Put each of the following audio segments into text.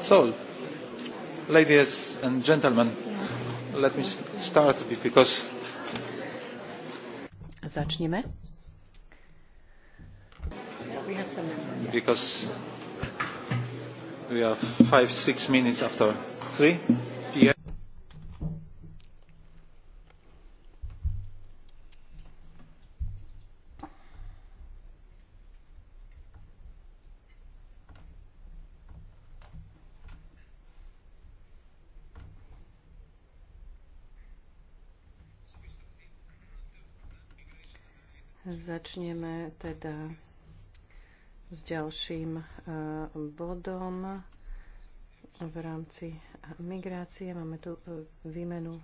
So, ladies and gentlemen, let me start because... Začneme. Because we are five, six minutes after three. Začneme teda s ďalším e, bodom v rámci migrácie. Máme tu e, výmenu.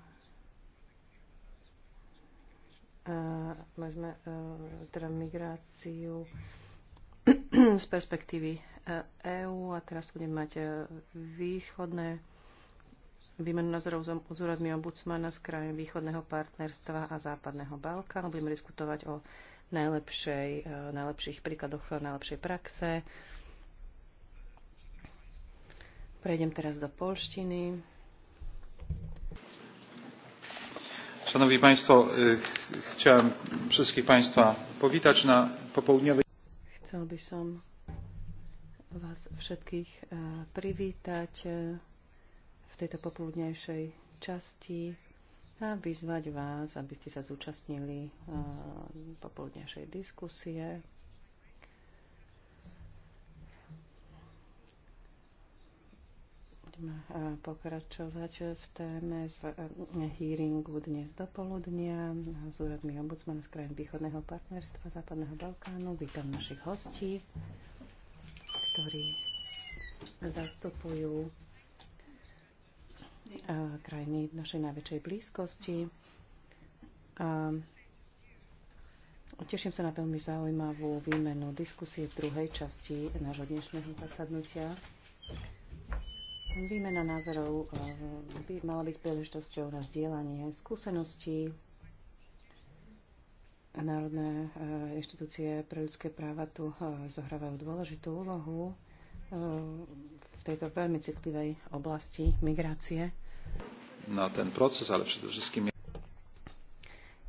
E, teda migráciu z perspektívy EÚ a teraz budeme mať východné výmenu názorov s úradmi ombudsmana z krajín východného partnerstva a západného Balkánu. Budeme diskutovať o najlepšej, eh, najlepších príkladoch najlepšej praxe. Prejdem teraz do polštiny. Szanowni Państwo, eh, chciałem wszystkich Państwa powitać na popołudniowej. Chciałby som wszystkich eh, przywitać w tej popołudniejszej części. časti a vyzvať vás, aby ste sa zúčastnili e, popoludnejšej diskusie. Budeme e, pokračovať v téme z e, hearingu dnes do poludnia s úradmi ombudsmana z krajín východného partnerstva Západného Balkánu. Vítam našich hostí, ktorí zastupujú krajiny v našej najväčšej blízkosti. A teším sa na veľmi zaujímavú výmenu diskusie v druhej časti nášho dnešného zasadnutia. Výmena názorov e, by mala byť príležitosťou na zdieľanie skúseností. Národné e, inštitúcie pre ľudské práva tu e, zohrávajú dôležitú úlohu v tejto veľmi citlivej oblasti migrácie. Na ten proces, ale je...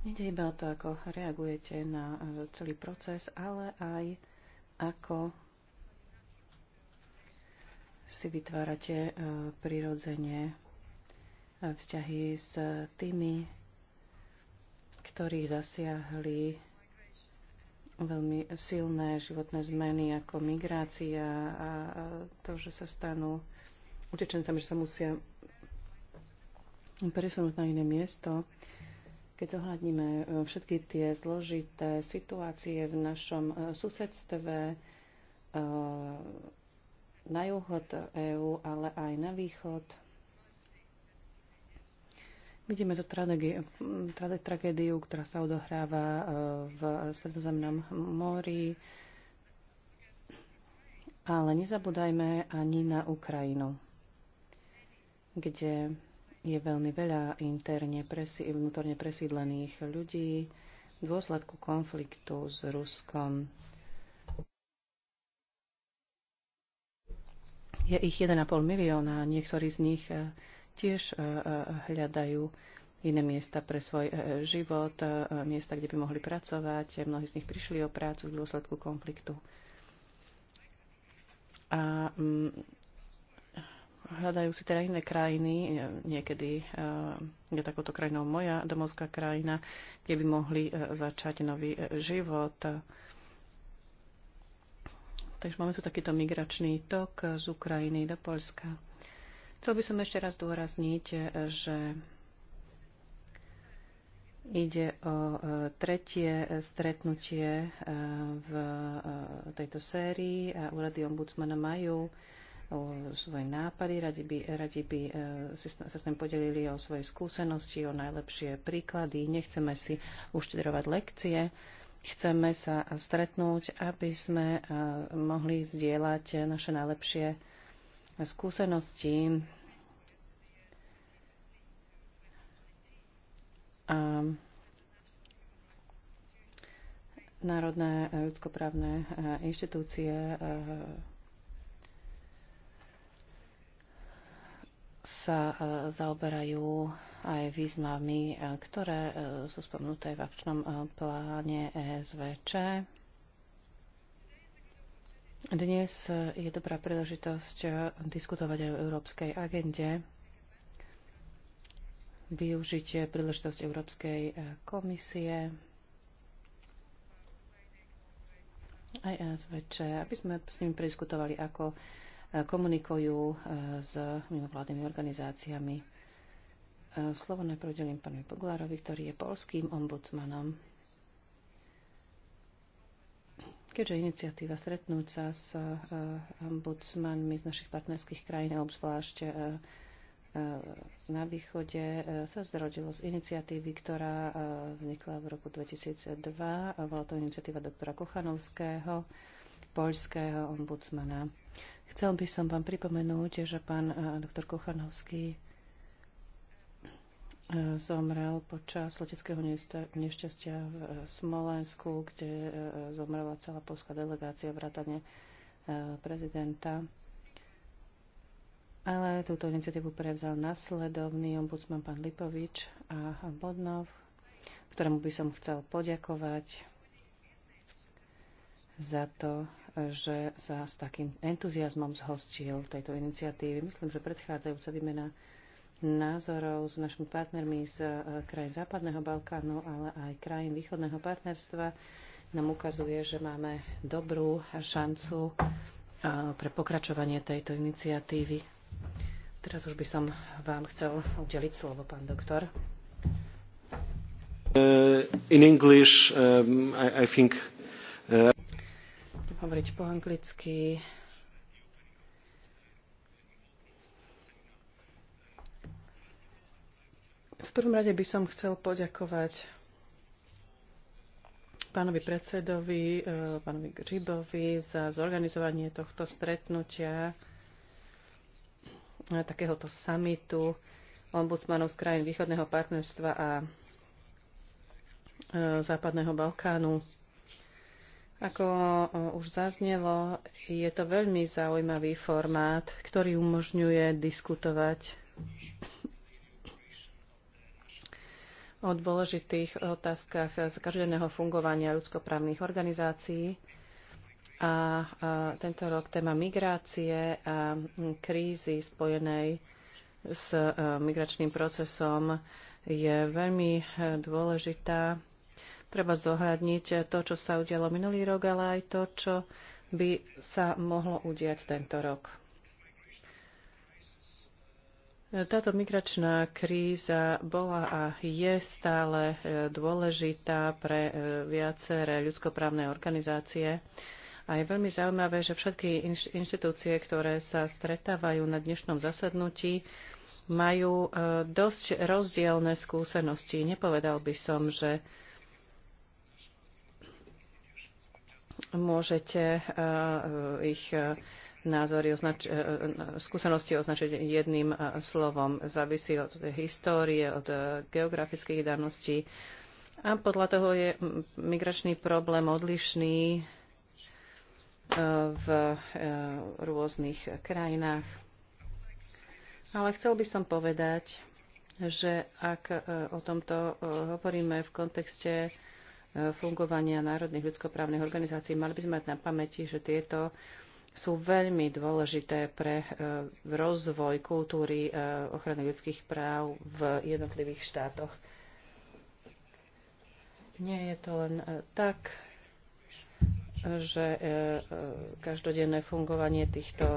Nede iba o to, ako reagujete na e, celý proces, ale aj ako si vytvárate e, prirodzene e, vzťahy s tými, ktorých zasiahli veľmi silné životné zmeny ako migrácia a to, že sa stanú utečencami, že sa musia presunúť na iné miesto. Keď zohľadníme e, všetky tie zložité situácie v našom e, susedstve, e, na juhod EÚ, ale aj na východ, Vidíme tu tragédiu, ktorá sa odohráva e, v Sredozemnom mori, ale nezabúdajme ani na Ukrajinu, kde je veľmi veľa interne presi- vnútorne presídlených ľudí v dôsledku konfliktu s Ruskom. Je ich 1,5 milióna, niektorí z nich e, tiež e, e, hľadajú iné miesta pre svoj e, život, miesta, kde by mohli pracovať. Mnohí z nich prišli o prácu v dôsledku konfliktu. A mm, hľadajú si teda iné krajiny, niekedy je takouto krajinou moja domovská krajina, kde by mohli začať nový život. Takže máme tu takýto migračný tok z Ukrajiny do Polska. Chcel by som ešte raz dôrazniť, e, že Ide o e, tretie e, stretnutie v tejto sérii a úrady ombudsmana majú svoje nápady, radi by, radi by sa s tým podelili o svoje skúsenosti, o najlepšie príklady. Nechceme si uštedrovať lekcie, chceme sa stretnúť, aby sme mohli zdieľať naše najlepšie skúsenosti. A národné ľudskoprávne e, inštitúcie e, sa e, zaoberajú aj výzvami, ktoré sú spomenuté v akčnom pláne SVČ. Dnes je dobrá príležitosť diskutovať o európskej agende, využiť príležitosť Európskej komisie, aj SVČ, aby sme s nimi prediskutovali, ako komunikujú eh, s mimovládnymi organizáciami. Eh, slovo najprv delím pánovi Poglárovi, ktorý je polským ombudsmanom. Keďže iniciatíva stretnúť sa s e, ombudsmanmi z našich partnerských krajín, obzvlášť e, e, na východe, sa zrodilo z iniciatívy, ktorá vznikla v roku 2002. Bola to iniciatíva doktora Kochanovského, poľského ombudsmana. Chcel by som vám pripomenúť, že pán doktor Kochanovský zomrel počas leteckého nešťastia v eh, Smolensku, kde eh, eh, zomrela celá polská delegácia vrátane prezidenta. Ale túto iniciatívu prevzal nasledovný ombudsman pán Lipovič a Bodnov, ktorému by som chcel poďakovať za to, že sa s takým entuziasmom zhostil tejto iniciatívy. Myslím, že predchádzajúca výmena názorov s našimi partnermi z e, krajín Západného Balkánu, ale aj krajín Východného partnerstva nám ukazuje, že máme dobrú šancu e, pre pokračovanie tejto iniciatívy. Teraz už by som vám chcel udeliť slovo, pán doktor. Uh, in English, um, I, I think... Uh... Hovoriť po anglicky V prvom rade by som chcel poďakovať pánovi predsedovi, eh, pánovi Gribovi za zorganizovanie tohto stretnutia, eh, takéhoto samitu ombudsmanov z krajín východného partnerstva a eh, západného Balkánu. Ako už zaznelo, je to veľmi zaujímavý formát, ktorý umožňuje diskutovať o dôležitých otázkach z každodenného fungovania ľudskoprávnych organizácií. A, tento rok téma migrácie a krízy spojenej s e, migračným procesom je veľmi e, dôležitá. Treba zohľadniť to, čo sa udialo minulý rok, ale aj to, čo by sa mohlo udiať tento rok. Táto migračná kríza bola a je stále e, dôležitá pre e, viaceré ľudskoprávne organizácie. A je veľmi zaujímavé, že všetky inštitúcie, ktoré sa stretávajú na dnešnom zasadnutí, majú e, dosť rozdielne skúsenosti. Nepovedal by som, že môžete ich názory, označ- e, e, e, skúsenosti označiť jedným slovom. Závisí od histórie, od geografických daností. A podľa toho je migračný problém odlišný v rôznych krajinách. Ale chcel by som povedať, že ak o tomto hovoríme v kontexte fungovania národných ľudskoprávnych organizácií, mali by sme mať na pamäti, že tieto sú veľmi dôležité pre e, rozvoj kultúry e, ochrany ľudských práv v jednotlivých štátoch. Nie je to len e, tak, že každodenné fungovanie týchto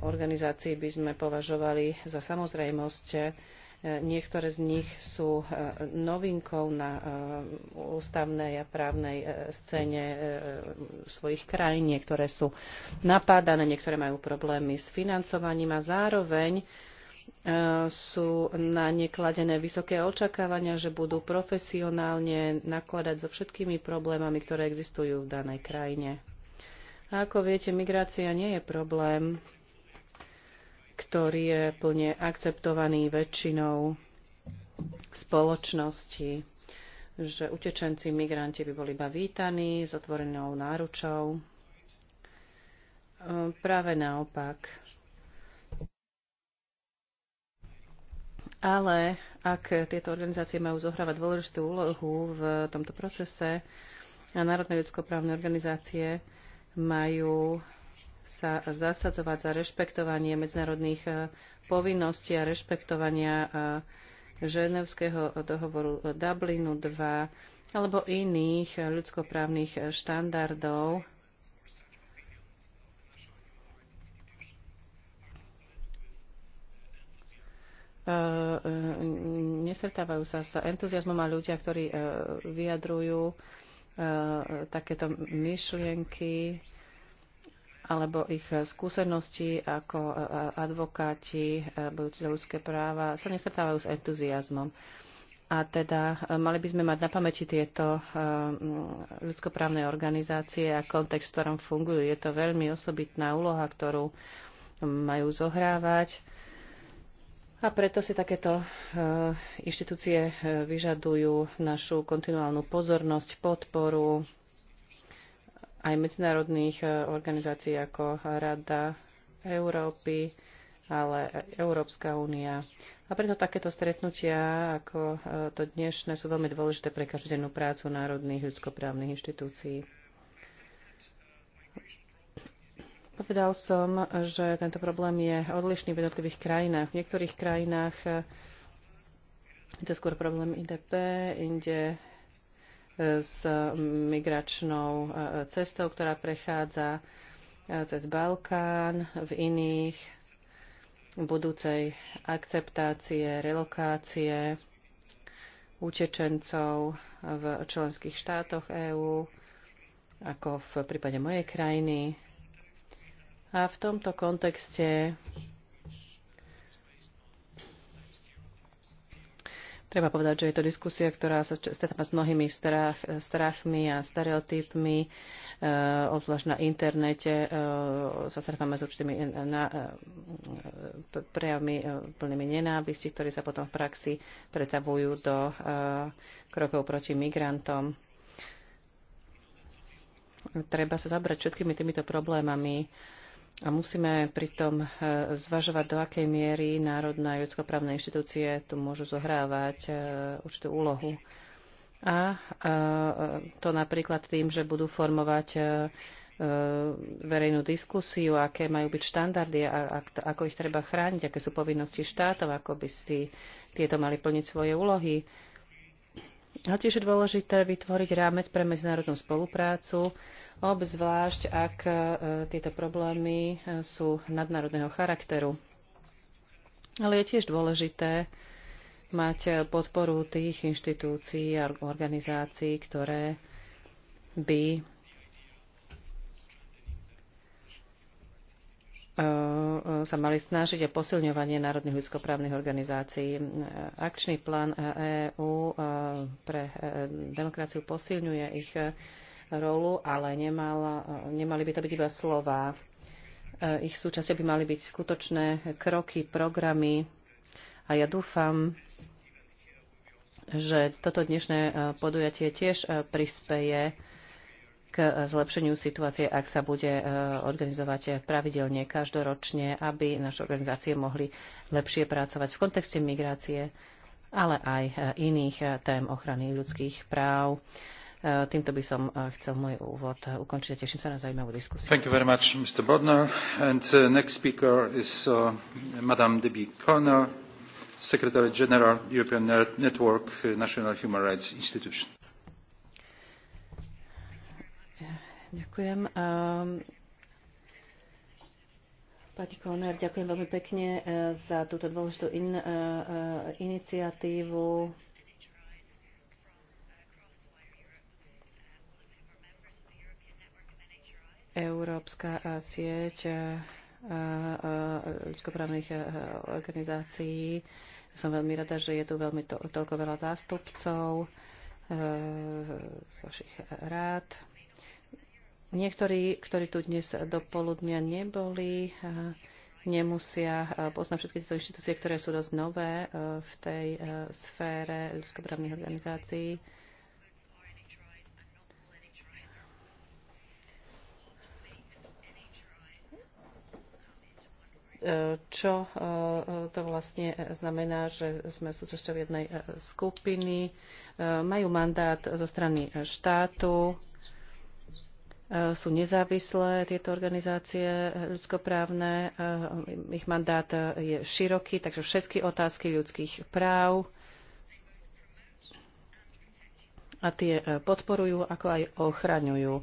organizácií by sme považovali za samozrejmosť Niektoré z nich sú e, novinkou na e, ústavnej a právnej e, scéne svojich krajín, niektoré sú napádané, niektoré majú problémy s financovaním a zároveň sú na ne kladené vysoké očakávania, že budú profesionálne nakladať so všetkými problémami, ktoré existujú v danej krajine. A ako viete, migrácia nie je problém, ktorý je plne akceptovaný väčšinou spoločnosti, že utečenci, migranti by boli iba vítaní s otvorenou náručou. E, práve naopak. Ale ak tieto organizácie majú zohrávať dôležitú úlohu v tomto procese, a národné ľudskoprávne organizácie majú sa zasadzovať za rešpektovanie medzinárodných e, povinností a rešpektovania e, Ženevského dohovoru e, Dublinu 2 alebo iných ľudskoprávnych štandardov. Nesretávajú sa s entuziasmom a ľudia, ktorí vyjadrujú takéto myšlienky alebo ich eh, skúsenosti ako eh, eh, advokáti budúci za ľudské práva sa nestretávajú s entuziasmom. A teda mali by sme mať na pamäti tieto mm, ľudskoprávne organizácie a kontext, v ktorom fungujú. Je to veľmi osobitná úloha, ktorú majú zohrávať. A preto si takéto inštitúcie vyžadujú našu kontinuálnu pozornosť, podporu, aj medzinárodných e, organizácií ako Rada Európy, ale Európska únia. A preto takéto stretnutia ako e, to dnešné sú veľmi dôležité pre každodennú prácu národných ľudskoprávnych inštitúcií. Povedal som, že tento problém je odlišný v jednotlivých krajinách. V niektorých krajinách e, je to skôr problém IDP, inde s migračnou e, cestou, ktorá prechádza e, cez Balkán, v iných budúcej akceptácie, relokácie utečencov v členských štátoch EÚ, ako v prípade mojej krajiny. A v tomto kontexte Treba povedať, že je to diskusia, ktorá sa stretáva s mnohými strach, strachmi a stereotypmi, e, obzvlášť na internete e, sa stretávame s určitými e, na, e, prejavmi e, plnými nenávisti, ktorí sa potom v praxi pretavujú do e, krokov proti migrantom. Treba sa zabrať všetkými týmito problémami a musíme pritom e, zvažovať, do akej miery národné ľudskoprávne inštitúcie tu môžu zohrávať e, určitú úlohu. A e, to napríklad tým, že budú formovať verejnú diskusiu, aké majú byť štandardy, ako ich treba chrániť, aké sú povinnosti štátov, ako by si tieto mali plniť svoje úlohy a tiež je dôležité vytvoriť rámec pre medzinárodnú spoluprácu, obzvlášť ak e, tieto problémy e, sú nadnárodného charakteru. Ale je tiež dôležité mať podporu tých inštitúcií a organizácií, ktoré by Eh, sa mali snažiť o posilňovanie národných ľudskoprávnych organizácií. Akčný plán EÚ e eh, pre eh, demokraciu posilňuje ich rolu, ale nemal, nemali by to byť iba slova. Ich súčasťou by mali byť skutočné kroky, programy. A ja dúfam, že toto dnešné podujatie tiež prispeje Eh, zlepšeniu situácie, ak sa bude eh, organizovať eh, pravidelne, každoročne, aby naše organizácie mohli lepšie pracovať v kontexte migrácie, ale aj iných tém ochrany ľudských práv. Týmto by som chcel môj úvod ukončiť a teším sa na zaujímavú diskusiu. Thank you very much, Mr. Bodner. And uh, next speaker is uh, Madame Debbie Corner, Secretary General, European Network, National Human Rights Institution. Ďakujem. Ehm, pani Kolner, ďakujem veľmi pekne eh, za túto dôležitú in, eh, eh, iniciatívu. Európska sieť ľudskoprávnych organizácií. Som veľmi rada, že je tu veľmi to, toľko veľa zástupcov z vašich rád. Niektorí, ktorí tu dnes do poludnia neboli, eh, nemusia eh, poznať všetky tieto inštitúcie, ktoré sú dosť nové eh, v tej sfére ľudskoprávnych organizácií. Čo to vlastne znamená, že sme súčasťou jednej skupiny, majú mandát zo strany štátu, sú nezávislé tieto organizácie ľudskoprávne, e, ich mandát je široký, takže všetky otázky ľudských práv a tie e, podporujú, ako aj ochraňujú.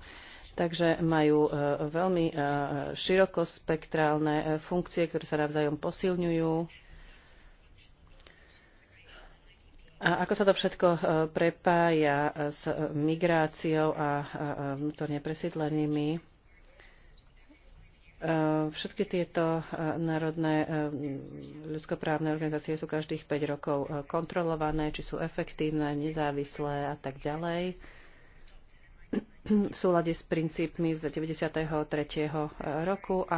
Takže majú e, veľmi širokospektrálne funkcie, ktoré sa navzájom posilňujú A ako sa to všetko e, prepája e, s e, migráciou a vnútorne presídlenými? Všetky tieto národné ľudskoprávne organizácie sú každých 5 rokov kontrolované, či sú efektívne, nezávislé a tak ďalej v súlade s princípmi z 93. roku a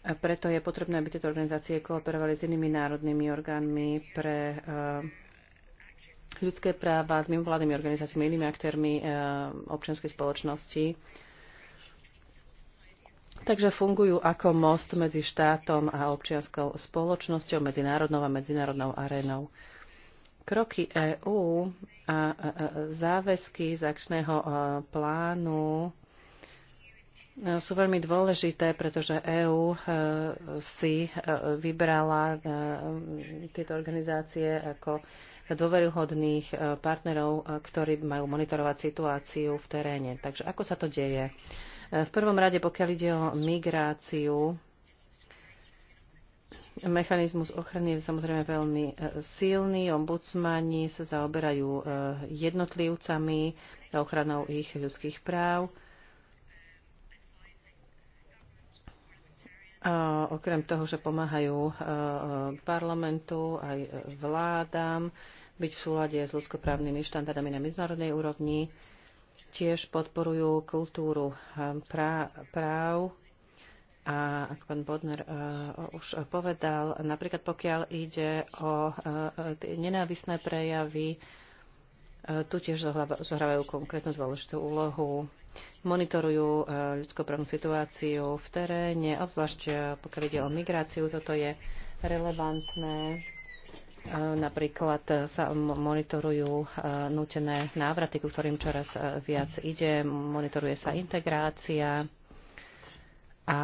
a preto je potrebné, aby tieto organizácie kooperovali s inými národnými orgánmi pre eh, ľudské práva, s mimovládnymi organizáciami, inými aktérmi eh, občianskej spoločnosti. Takže fungujú ako most medzi štátom a občianskou spoločnosťou, medzinárodnou a medzinárodnou arénou. Kroky EÚ a záväzky z akčného eh, plánu sú veľmi dôležité, pretože EÚ e, si e, vybrala e, tieto organizácie ako dôveruhodných partnerov, ktorí majú monitorovať situáciu v teréne. Takže ako sa to deje? V prvom rade, pokiaľ ide o migráciu, mechanizmus ochrany je samozrejme veľmi silný. Ombudsmani sa zaoberajú jednotlivcami a ochranou ich ľudských práv okrem toho, že pomáhajú e, e, parlamentu aj vládám byť v súlade s ľudskoprávnymi štandardami na medzinárodnej úrovni, tiež podporujú kultúru e, práv a ako pán Bodner už povedal, napríklad pokiaľ ide o nenávisné prejavy, tu tiež zohrávajú konkrétnu dôležitú úlohu monitorujú e, ľudskoprávnu situáciu v teréne, obzvlášť e, pokiaľ ide o migráciu, toto je relevantné. E, napríklad sa monitorujú nútené návraty, ku ktorým čoraz viac ide, monitoruje sa integrácia a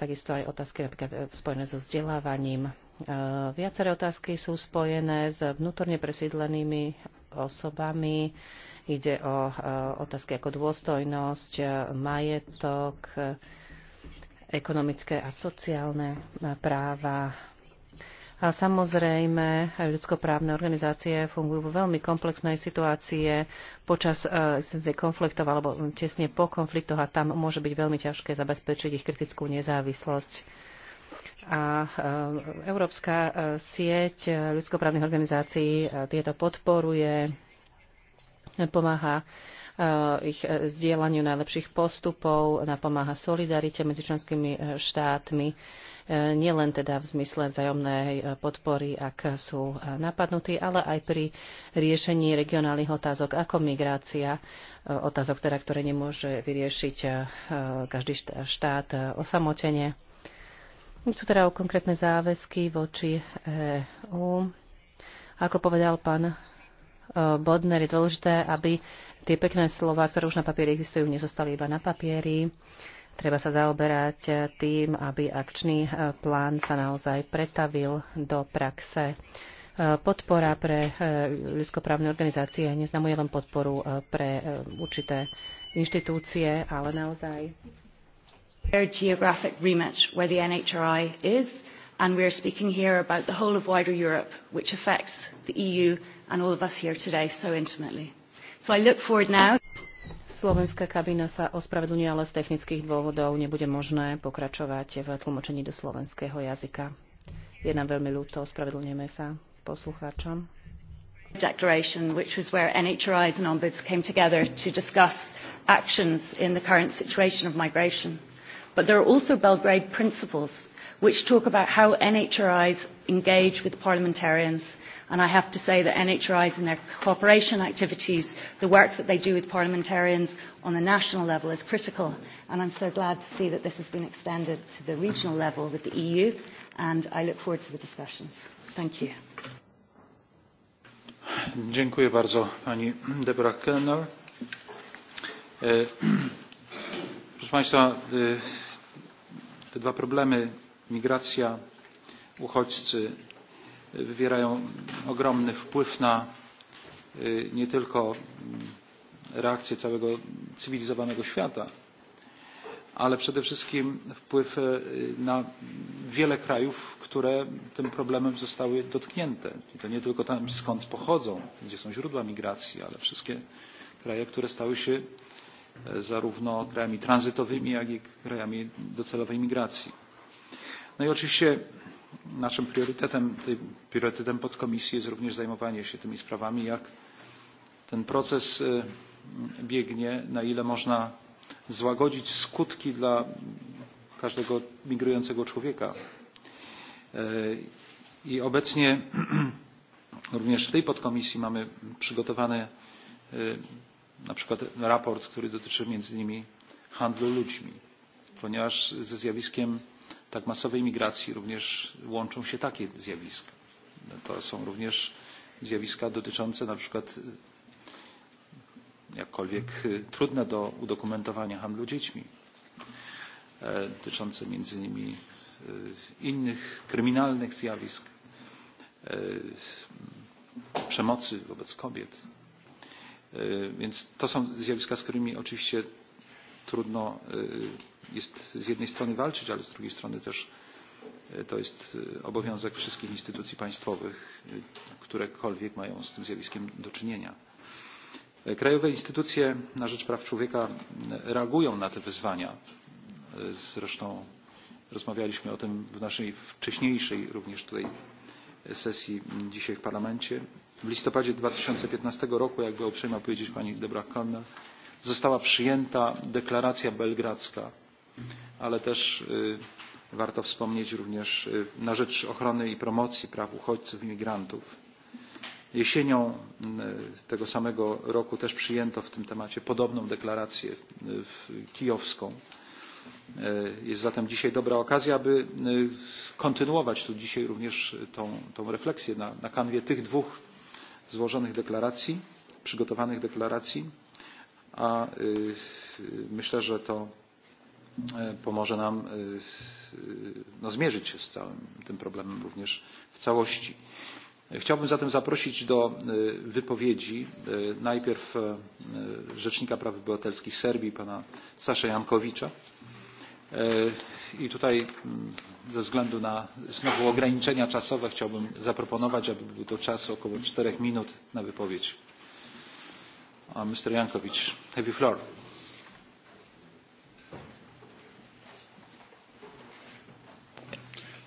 takisto aj otázky napríklad spojené so vzdelávaním. Viaceré otázky sú spojené s vnútorne presídlenými osobami, Ide o e, otázky ako dôstojnosť, e, majetok, e, ekonomické a sociálne práva. A samozrejme, ľudskoprávne organizácie fungujú vo veľmi komplexnej situácie počas uh, konfliktov alebo tesne po konfliktoch a tam môže byť veľmi ťažké zabezpečiť ich kritickú nezávislosť. A Európska sieť ľudskoprávnych organizácií tieto podporuje pomáha eh, ich eh, zdieľaniu najlepších postupov, napomáha solidarite medzi členskými eh, štátmi, nielen teda v zmysle vzájomnej podpory, ak sú napadnutí, ale aj pri riešení regionálnych otázok ako migrácia, otázok teda, ktoré nemôže vyriešiť každý štát osamotene. Tu teda o konkrétne záväzky voči EU. E ako povedal pán E, Bodner, je dôležité, aby tie pekné slova, ktoré už na papieri existujú, nezostali iba na papieri. Treba sa zaoberať tým, aby akčný e, plán sa naozaj pretavil do praxe. E, Podpora pre ľudskoprávne organizácie neznamuje len podporu pre určité inštitúcie, ale naozaj geographic remit where the NHRI is and we are speaking here about the whole of wider Europe, which affects the EU and all of us here today so intimately. So I look forward now. Slovenská kabína sa ospravedlňuje, ale z technických dôvodov nebude možné pokračovať v tlmočení do slovenského jazyka. Je nám veľmi ľúto, ospravedlňujeme sa poslucháčom. Declaration, which was where NHRIs and ombuds came together to discuss actions in the current situation of migration. But there are also Belgrade principles which talk about how NHRIs engage with parliamentarians. And I have to say that NHRIs in their cooperation activities, the work that they do with parliamentarians on the national level is critical. And I'm so glad to see that this has been extended to the regional level with the EU. And I look forward to the discussions. Thank you. Dziękuję bardzo pani Deborah Kellner. E, proszę państwa, e, te dwa problemy migracja, uchodźcy wywierają ogromny wpływ na nie tylko mm, reakcję całego cywilizowanego świata, ale przede wszystkim wpływ na wiele krajów, które tym problemem zostały dotknięte. I to nie tylko tam, skąd pochodzą, gdzie są źródła migracji, ale wszystkie kraje, które stały się zarówno krajami tranzytowymi, jak i krajami docelowej migracji. No i oczywiście naszym priorytetem, priorytetem podkomisji jest również zajmowanie się tymi sprawami, jak ten proces biegnie, na ile można złagodzić skutki dla każdego migrującego człowieka. I obecnie również w tej podkomisji mamy przygotowany na przykład raport, który dotyczy między innymi handlu ludźmi, ponieważ ze zjawiskiem tak masowej migracji również łączą się takie zjawiska. To są również zjawiska dotyczące na przykład jakkolwiek trudne do udokumentowania handlu dziećmi, dotyczące między innymi innych kryminalnych zjawisk, przemocy wobec kobiet. Więc to są zjawiska, z którymi oczywiście trudno jest z jednej strony walczyć, ale z drugiej strony też e, to jest e, obowiązek wszystkich instytucji państwowych, e, którekolwiek mają z tym zjawiskiem do czynienia. Krajowe instytucje na rzecz praw człowieka reagują na te wyzwania. Zresztą rozmawialiśmy o tym w naszej wcześniejszej również tutaj sesji dzisiaj w parlamencie. W listopadzie 2015 roku, jakby uprzejma powiedzieć pani Debra Kalner, została przyjęta deklaracja belgradzka ale też warto wspomnieć również na rzecz ochrony i promocji praw uchodźców i migrantów. Jesienią tego samego roku też przyjęto w tym temacie podobną deklarację kijowską. Jest zatem dzisiaj dobra okazja, aby kontynuować tu dzisiaj również tą, tą refleksję na, na kanwie tych dwóch złożonych deklaracji, przygotowanych deklaracji, a myślę, że to E, pomoże nam e, e, no, zmierzyć się z całym tym problemem również w całości. Chciałbym zatem zaprosić do wypowiedzi najpierw Rzecznika Praw Obywatelskich Serbii, pana Sasza Jankowicza. I tutaj mm, ze względu na znowu ograniczenia czasowe chciałbym zaproponować, aby był to czas około czterech minut na wypowiedź. Mr. Jankowicz, have you floor.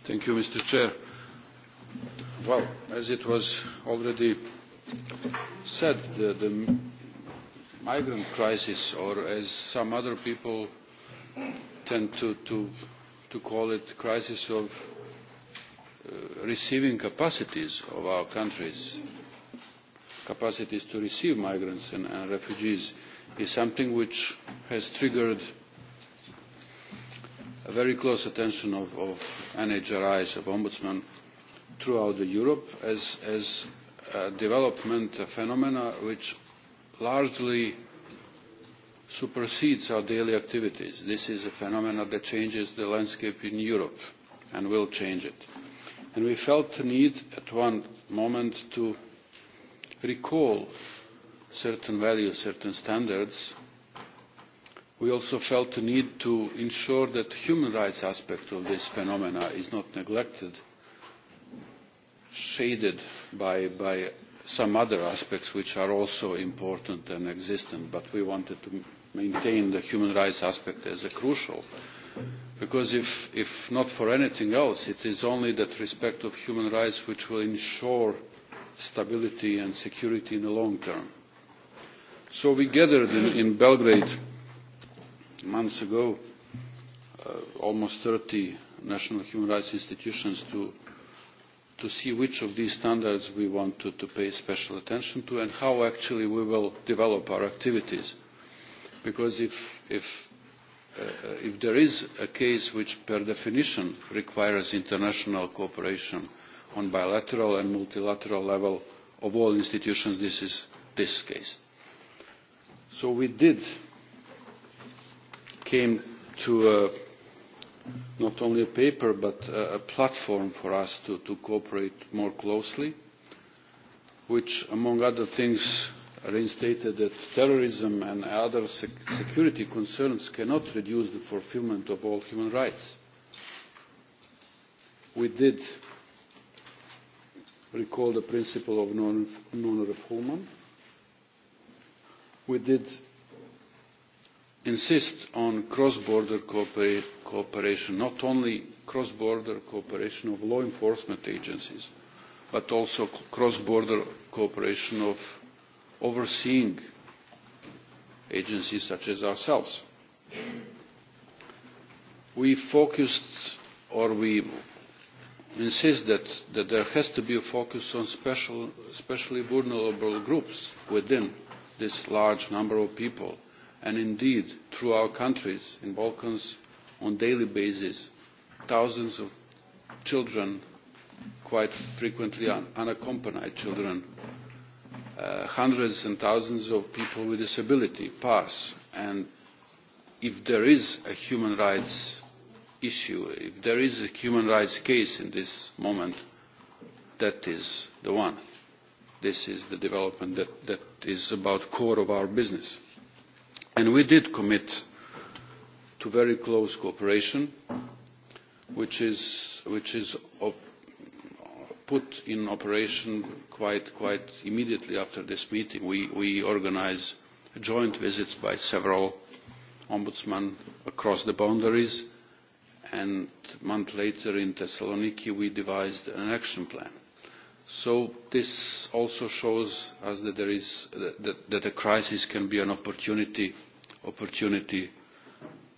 Thank you, Mr. Chair. Well, as it was already said, the, the migrant crisis, or as some other people tend to, to, to call it, crisis of uh, receiving capacities of our countries, capacities to receive migrants and, and refugees, is something which has triggered very close attention of, of NHRIs, of ombudsmen throughout Europe as, as a development a phenomena which largely supersedes our daily activities. This is a phenomenon that changes the landscape in Europe and will change it. And we felt the need at one moment to recall certain values, certain standards we also felt the need to ensure that the human rights aspect of this phenomena is not neglected, shaded by, by some other aspects which are also important and existent, but we wanted to maintain the human rights aspect as a crucial, because if, if not for anything else, it is only that respect of human rights which will ensure stability and security in the long term. So we gathered in, in Belgrade months ago, uh, almost 30 national human rights institutions to, to see which of these standards we want to, to pay special attention to and how actually we will develop our activities. Because if, if, uh, if there is a case which per definition requires international cooperation on bilateral and multilateral level of all institutions, this is this case. So we did came to a, not only a paper but a, a platform for us to, to cooperate more closely, which, among other things, reinstated that terrorism and other sec security concerns cannot reduce the fulfilment of all human rights. We did recall the principle of non-refoulement. non we did insist on cross-border cooperation, not only cross-border cooperation of law enforcement agencies, but also cross-border cooperation of overseeing agencies such as ourselves. We focused or we insist that, that there has to be a focus on special, especially vulnerable groups within this large number of people – and indeed through our countries in the Balkans on a daily basis, thousands of children, quite frequently unaccompanied children, uh, hundreds and thousands of people with disability pass. And if there is a human rights issue, if there is a human rights case in this moment, that is the one. This is the development that, that is about the core of our business and we did commit to very close cooperation which is, which is put in operation quite, quite immediately after this meeting. We, we joint visits by several ombudsmen across the boundaries and a month later in Thessaloniki we devised an action plan so this also shows us that there is that, that a crisis can be an opportunity, opportunity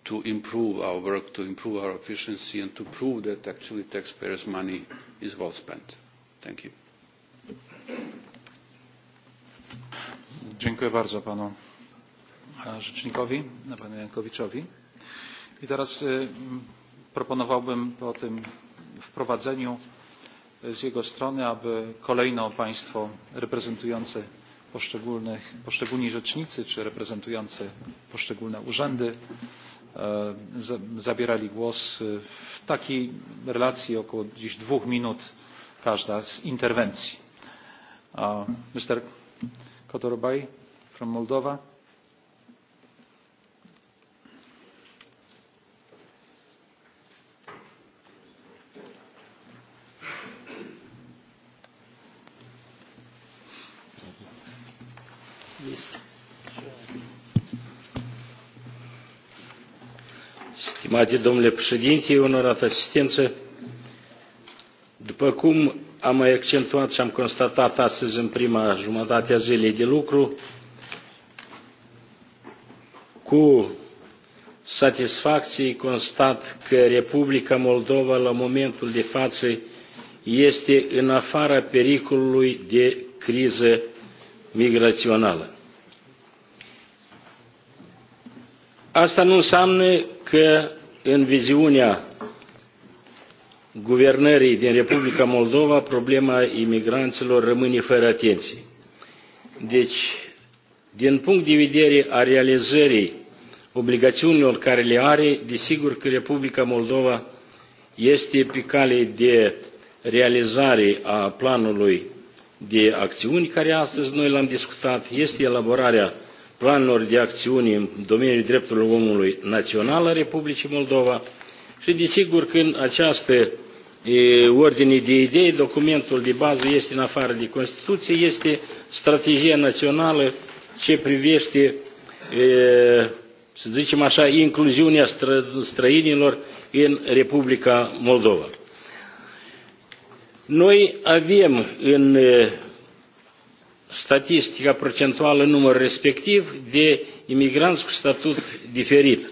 to improve our work, to improve our efficiency, and to prove that actually taxpayers' money is well spent. Thank you. Dziękuję bardzo panu e, rzecznikowi, e, panu Jankowiczowi. I teraz y, e, proponowałbym po tym wprowadzeniu z jego strony aby kolejno państwo reprezentujące poszczególni rzecznicy czy reprezentujący poszczególne urzędy e, zabierali głos e, w takiej relacji około gdzieś dwóch minut każda z interwencji. Mr. Kotorobaj from Moldova. Stimate domnule președinte, onorată asistență, după cum am mai accentuat și am constatat astăzi în prima jumătate a zilei de lucru, cu satisfacție constat că Republica Moldova la momentul de față este în afara pericolului de criză migrațională. Asta nu înseamnă că în viziunea guvernării din Republica Moldova, problema imigranților rămâne fără atenție. Deci, din punct de vedere a realizării obligațiunilor care le are, desigur că Republica Moldova este pe cale de realizare a planului de acțiuni care astăzi noi l-am discutat, este elaborarea planurilor de acțiuni în domeniul drepturilor omului național al Republicii Moldova și, desigur, că în această e, ordine de idei, documentul de bază este în afară de Constituție, este strategia națională ce privește, e, să zicem așa, incluziunea străinilor în Republica Moldova. Noi avem în statistica procentuală în număr respectiv de imigranți cu statut diferit.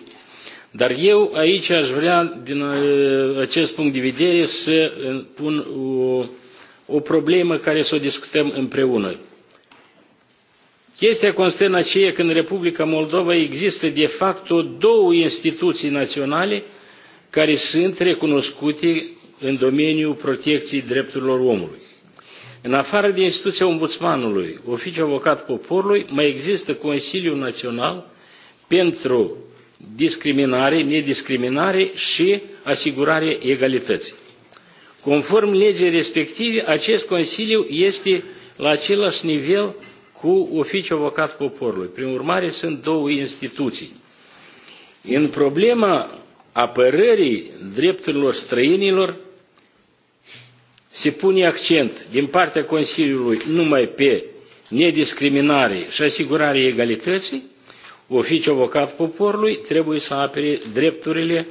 Dar eu aici aș vrea, din uh, acest punct de vedere, să pun o, o problemă care să o discutăm împreună. Chestia constă în aceea că în Republica Moldova există de fapt două instituții naționale care sunt recunoscute în domeniul protecției drepturilor omului. În afară de instituția ombudsmanului, oficiul avocat poporului, mai există Consiliul Național pentru discriminare, nediscriminare și asigurare egalității. Conform legii respective, acest Consiliu este la același nivel cu oficiul avocat poporului. Prin urmare, sunt două instituții. În problema apărării drepturilor străinilor, se pune accent din partea Consiliului numai pe nediscriminare și asigurarea egalității, oficiul avocat poporului trebuie să apere drepturile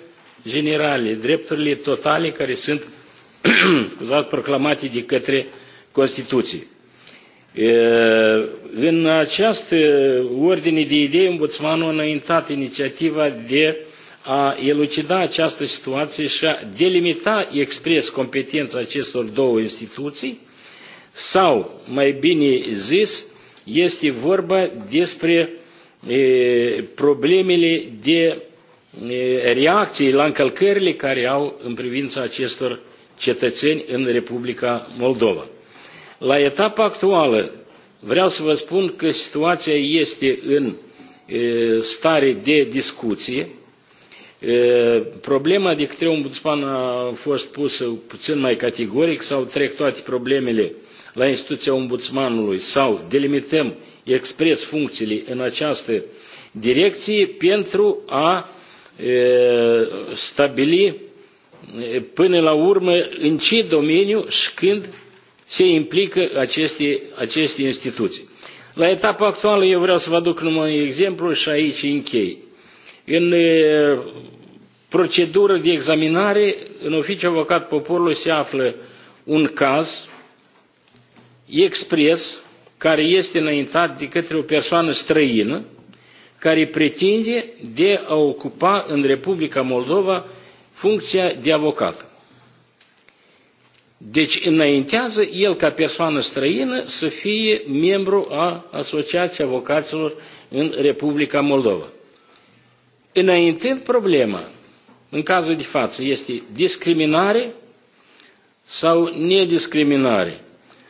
generale, drepturile totale care sunt scuzați, proclamate de către Constituție. E, în această ordine de idei, ombudsmanul a înaintat inițiativa de a elucida această situație și a delimita expres competența acestor două instituții sau, mai bine zis, este vorba despre e, problemele de e, reacții la încălcările care au în privința acestor cetățeni în Republica Moldova. La etapa actuală vreau să vă spun că situația este în e, stare de discuție, Problema de către ombudsman a fost pusă puțin mai categoric sau trec toate problemele la instituția ombudsmanului sau delimităm expres funcțiile în această direcție pentru a stabili până la urmă în ce domeniu și când se implică aceste, aceste instituții. La etapa actuală eu vreau să vă aduc numai un exemplu și aici închei în e, procedură de examinare în oficiul avocat poporului se află un caz expres care este înaintat de către o persoană străină care pretinde de a ocupa în Republica Moldova funcția de avocat. Deci înaintează el ca persoană străină să fie membru a Asociației Avocaților în Republica Moldova. Înainte, e problema, în um cazul de față, este discriminare sau nediscriminare,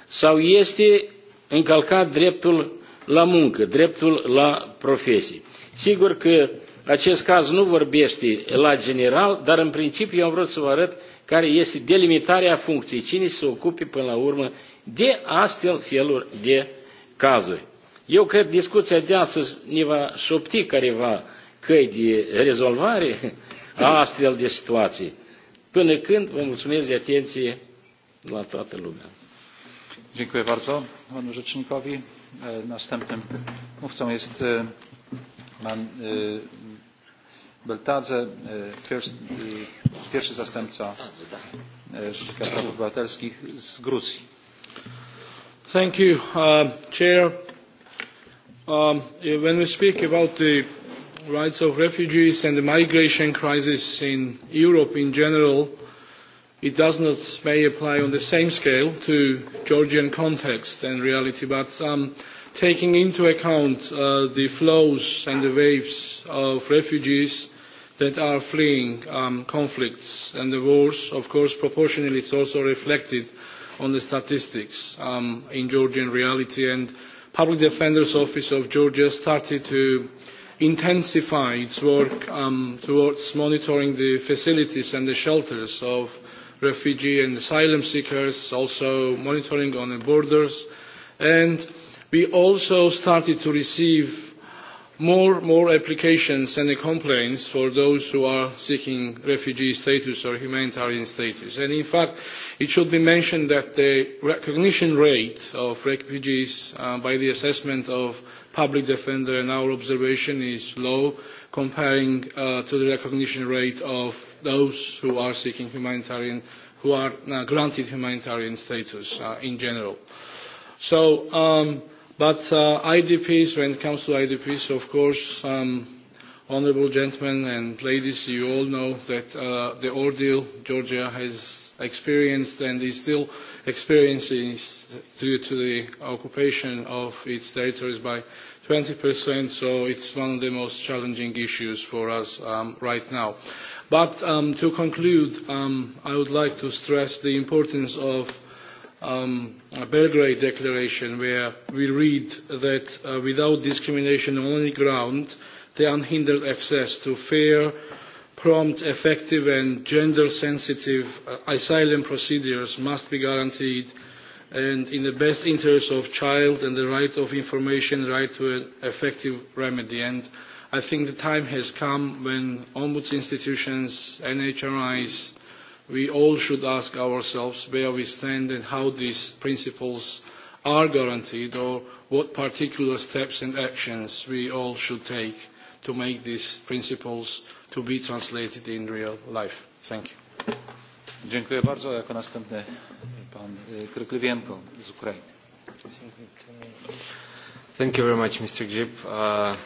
sau este încălcat dreptul la muncă, dreptul la profesie. Sigur că acest caz nu vorbește la general, dar în principiu eu am vrut să vă arăt care este delimitarea funcției, cine se ocupe până la urmă de astfel feluri de cazuri. Eu cred discuția de astăzi ne va șopti careva căi e de rezolvare a astfel de situații. Până când vă mulțumesc de atenție la toată lumea. Dziękuję bardzo panu rzecznikowi. E, następnym mówcą jest e, pan Beltadze, pierwszy, pierwszy zastępca Rzecznika Praw Obywatelskich z Gruzji. Thank you, uh, Chair. Um, when we speak about the rights of refugees and the migration crisis in Europe in general, it does not may apply on the same scale to Georgian context and reality, but um, taking into account uh, the flows and the waves of refugees that are fleeing um, conflicts and the wars, of course, proportionally it's also reflected on the statistics um, in Georgian reality. And Public Defender's Office of Georgia started to intensified work um, towards monitoring the facilities and the shelters of refugee and asylum seekers, also monitoring on the borders. And we also started to receive more more applications and complaints for those who are seeking refugee status or humanitarian status and in fact it should be mentioned that the recognition rate of refugees uh, by the assessment of public defender and our observation is low comparing uh, to the recognition rate of those who are seeking humanitarian who are uh, granted humanitarian status uh, in general so um, But uh, IDPs, when it comes to IDPs, of course, um, honorable gentlemen and ladies, you all know that uh, the ordeal Georgia has experienced and is still experiencing due to the occupation of its territories by 20%, so it's one of the most challenging issues for us um, right now. But um, to conclude, um, I would like to stress the importance of um, Belgrade Declaration, where we read that uh, without discrimination on any ground, the unhindered access to fair, prompt, effective and gender-sensitive uh, asylum procedures must be guaranteed and in the best interest of child and the right of information, right to an effective remedy. And I think the time has come when ombuds institutions, NHRIs, we all should ask ourselves where we stand and how these principles are guaranteed or what particular steps and actions we all should take to make these principles to be translated in real life. Thank you. Thank you very much, Mr. Grzyb. Uh,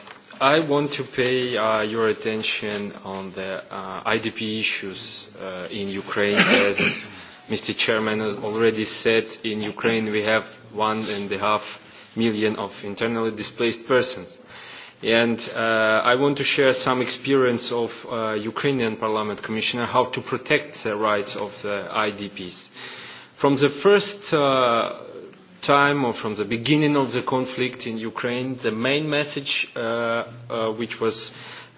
i want to pay uh, your attention on the uh, IDP issues uh, in Ukraine. As Mr. Chairman has already said, in Ukraine we have one and a half million of internally displaced persons. And uh, I want to share some experience of uh, Ukrainian Parliament Commissioner how to protect the rights of the IDPs. From the first uh, time or from the beginning of the conflict in Ukraine, the main message uh, uh, which was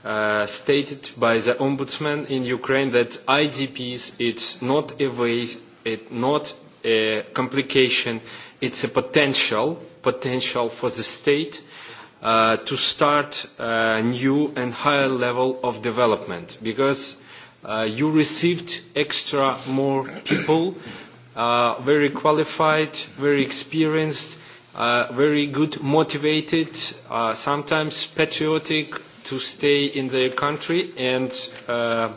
uh, stated by the ombudsman in Ukraine that IDPs it's not a waste, it's not a complication, it's a potential, potential for the state uh, to start a uh, new and higher level of development because uh, you received extra more people uh, very qualified, very experienced, uh, very good motivated, uh, sometimes patriotic to stay in their country and uh,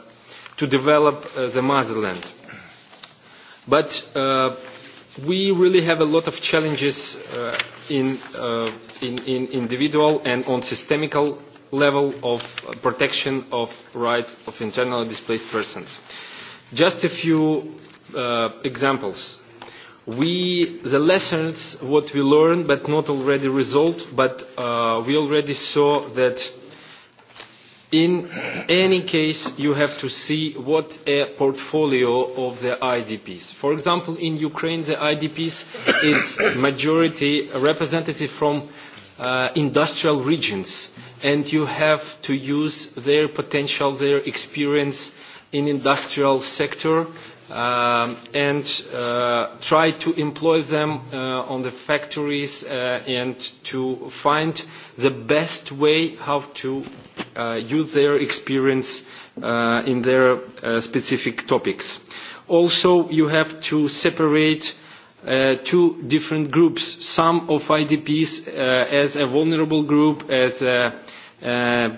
to develop uh, the motherland. But uh, we really have a lot of challenges uh, in, uh, in, in individual and on systemical level of protection of rights of internally displaced persons. Just a few uh, examples. We, the lessons, what we learned but not already resolved, but uh, we already saw that in any case you have to see what a portfolio of the IDPs. For example, in Ukraine the IDPs is majority representative from uh, industrial regions and you have to use their potential, their experience in industrial sector um, and uh, try to employ them uh, on the factories uh, and to find the best way how to uh, use their experience uh, in their uh, specific topics. Also, you have to separate uh, two different groups, some of IDPs uh, as a vulnerable group, as a, uh,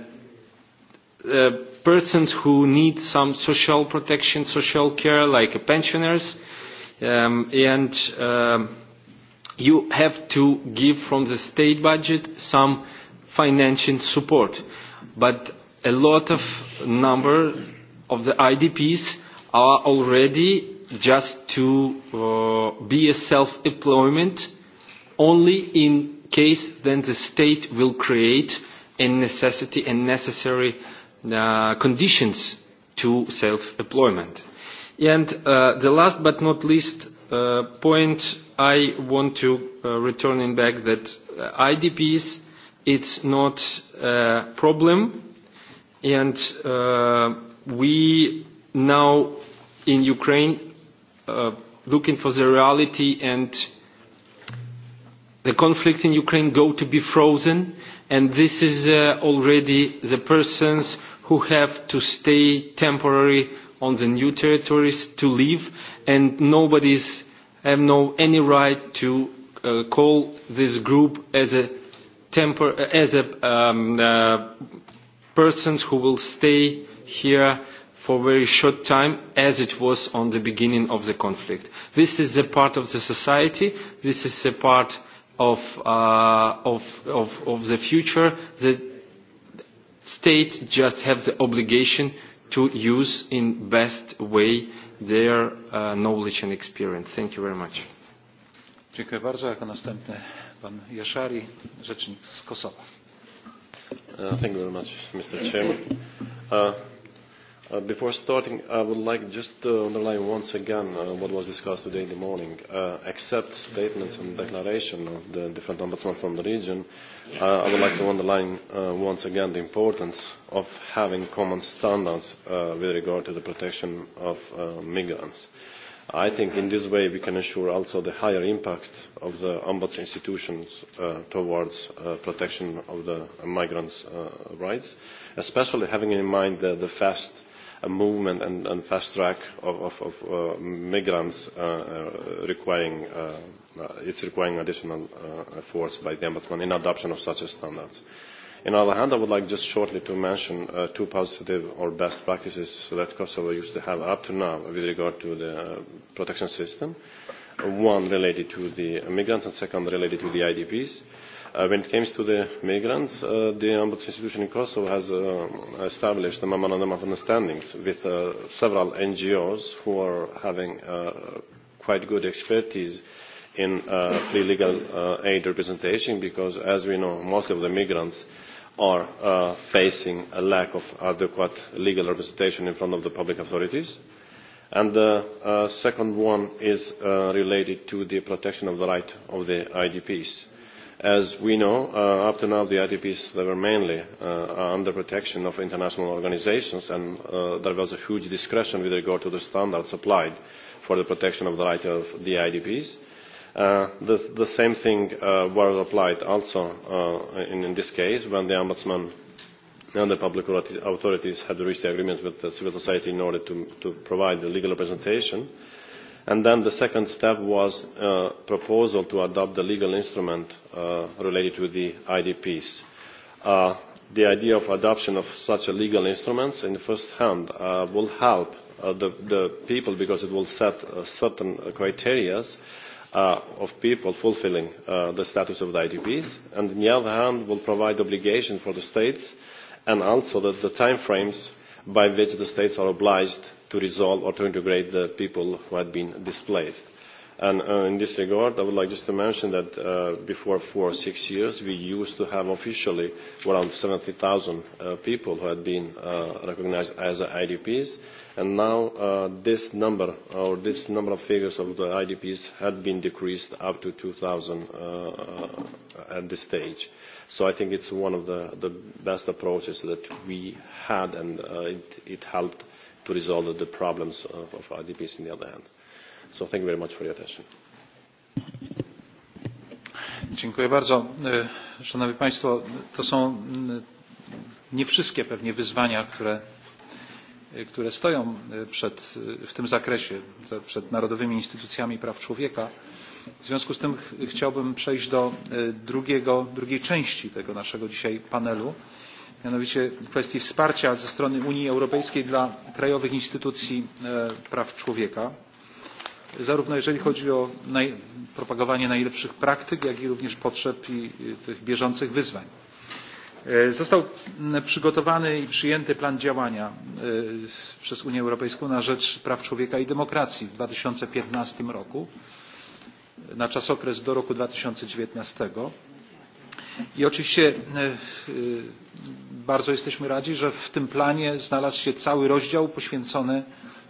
a uh, persons who need some social protection, social care, like pensioners, um, and um, you have to give from the state budget some financial support. But a lot of number of the IDPs are already just to uh, be a self-employment only in case then the state will create a necessity and necessary uh, Uh, conditions to self-employment. And uh, the last but not least uh, point I want to uh, return in back that uh, IDPs, it's not a problem. And uh, we now in Ukraine uh, looking for the reality and the conflict in Ukraine go to be frozen and this is uh, already the persons who have to stay temporarily on the new territories to leave, and nobody's have no any right to uh, call this group as a tempor as a um, uh, persons who will stay here for a very short time as it was on the beginning of the conflict. This is a part of the society, this is a part of, uh, of, of, of the future, the state just have the obligation to use in best way their uh, knowledge and experience. Thank you very much. Dziękuję bardzo. Jako następny pan Jaszari, rzecznik z Kosowa. Uh, thank you very much, Mr. Chairman. Uh, Uh, before starting, I would like just to underline once again uh, what was discussed today in the morning. Uh, except statements and declaration of the different ombudsmen from the region, uh, I would like to underline uh, once again the importance of having common standards uh, with regard to the protection of uh, migrants. I think in this way we can ensure also the higher impact of the ombuds institutions uh, towards uh, protection of the migrants' uh, rights, especially having in mind the, the fast a movement and, and fast track of, of, of uh, migrants uh, uh requiring uh, uh, it's requiring additional uh, efforts by the ombudsman in adoption of such standards. On the other hand, I would like just shortly to mention uh, two positive or best practices that Kosovo used to have up to now with regard to the uh, protection system. One related to the migrants and second related to the IDPs. Uh, Uh, when it comes to the migrants, uh, the Ombuds Institution in Kosovo has uh, established a memorandum of understandings with uh, several NGOs who are having uh, quite good expertise in uh, free legal uh, aid representation because, as we know, most of the migrants are uh, facing a lack of adequate legal representation in front of the public authorities. And the uh, uh, second one is uh, related to the protection of the right of the IDPs. Uh, As we know, uh, up to now the IDPs they were mainly uh, under protection of international organizations and uh, there was a huge discretion with regard to the standards applied for the protection of the rights of the IDPs. Uh, the, the same thing uh, was applied also uh, in, in this case when the Ombudsman and the public authorities had reached agreements with the civil society in order to, to provide the legal representation. Uh, and then the second step was a proposal to adopt the legal instrument uh, related to the idps. Uh, the idea of adoption of such a legal instrument in the first hand uh, will help uh, the, the people because it will set uh, certain criteria uh, of people fulfilling the status of the idps and on the other hand will provide obligation for the states and also the, the time frames by which the states are obliged to resolve or to integrate the people who had been displaced. And uh, in this regard, I would like just to mention that uh, before four or six years, we used to have officially around 70,000 uh, people who had been uh, recognized as IDPs. And now uh, this number, or this number of figures of the IDPs had been decreased up to 2,000 uh, uh, at this stage. So I think it's one of the, the best approaches that we had, and uh, it, it helped to resolve the problems of, of IDPs on the other hand. So thank you very much for your attention. Dziękuję bardzo. E, Szanowni Państwo, to są nie wszystkie pewnie wyzwania, które, e, które stoją e, przed, w tym zakresie, przed Narodowymi Instytucjami Praw Człowieka. W związku z tym ch chciałbym przejść do drugiego, drugiej części tego naszego dzisiaj panelu mianowicie kwestii wsparcia ze strony Unii Europejskiej dla krajowych instytucji e, praw człowieka, zarówno jeżeli chodzi o propagowanie najlepszych praktyk, jak i również potrzeb i tych bieżących wyzwań. E, został przygotowany i przyjęty plan działania e, przez Unię Europejską na rzecz praw człowieka i demokracji w 2015 roku na czas okres do roku 2019 i oczywiście e, e, bardzo jesteśmy radzi, że w tym planie znalazł się cały rozdział poświęcony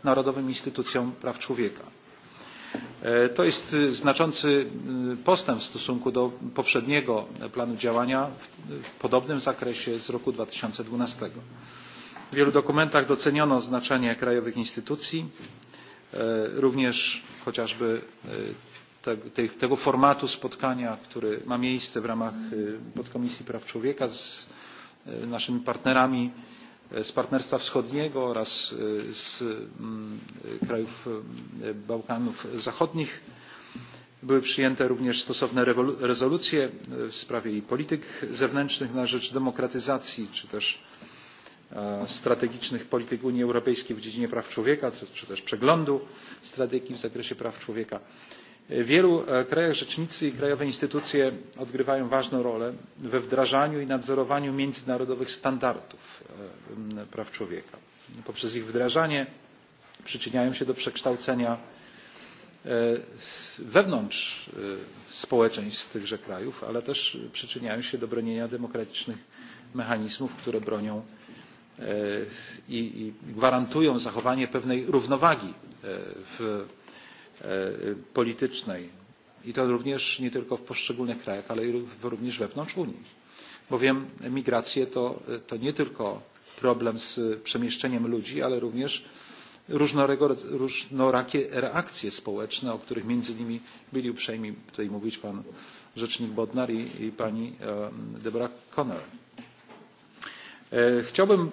Narodowym Instytucjom Praw Człowieka. E, to jest znaczący postęp w stosunku do poprzedniego planu działania w podobnym zakresie z roku 2012. W wielu dokumentach doceniono znaczenie krajowych instytucji, również chociażby tego formatu spotkania, które ma miejsce w ramach podkomisji praw człowieka z naszymi partnerami z Partnerstwa Wschodniego oraz z mm, krajów Bałkanów Zachodnich. Były przyjęte również stosowne rezolucje w sprawie polityk zewnętrznych na rzecz demokratyzacji czy też strategicznych polityk Unii Europejskiej w dziedzinie praw człowieka, czy też przeglądu strategii w zakresie praw człowieka. W wielu e, krajach rzecznicy i krajowe instytucje odgrywają ważną rolę we wdrażaniu i nadzorowaniu międzynarodowych standardów e, praw człowieka. Poprzez ich wdrażanie przyczyniają się do przekształcenia e, wewnątrz społeczeństw tychże krajów, ale też przyczyniają się do bronienia demokratycznych mechanizmów, które bronią i gwarantują zachowanie pewnej równowagi w E, politycznej. I to również nie tylko w poszczególnych krajach, ale również wewnątrz Unii. Bowiem migracje to, to nie tylko problem z przemieszczeniem ludzi, ale również różnorakie reakcje społeczne, o których między innymi byli uprzejmi tutaj mówić pan rzecznik Bodnar i, i pani e, Deborah Conner. E, chciałbym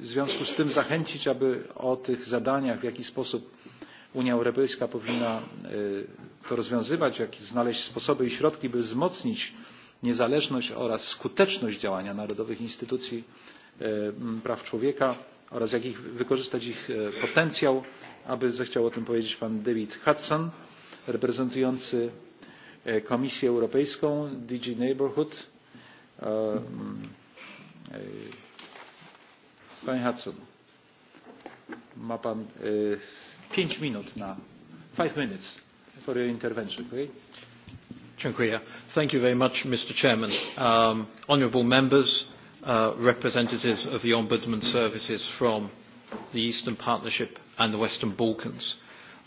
w związku z tym zachęcić, aby o tych zadaniach, w jaki sposób Unia Europejska powinna e, to rozwiązywać, jak i znaleźć sposoby i środki, by wzmocnić niezależność oraz skuteczność działania narodowych instytucji e, praw człowieka oraz jak ich, wykorzystać ich e, potencjał, aby zechciał o tym powiedzieć pan David Hudson, reprezentujący Komisję Europejską, DG Neighborhood. Panie Hudson, ma pan 5 minut na 5 minutes for your intervention. Okay? Dziękuję. Thank you very much, Mr. Chairman. Um, honourable members, uh, representatives of the Ombudsman Services from the Eastern Partnership and the Western Balkans.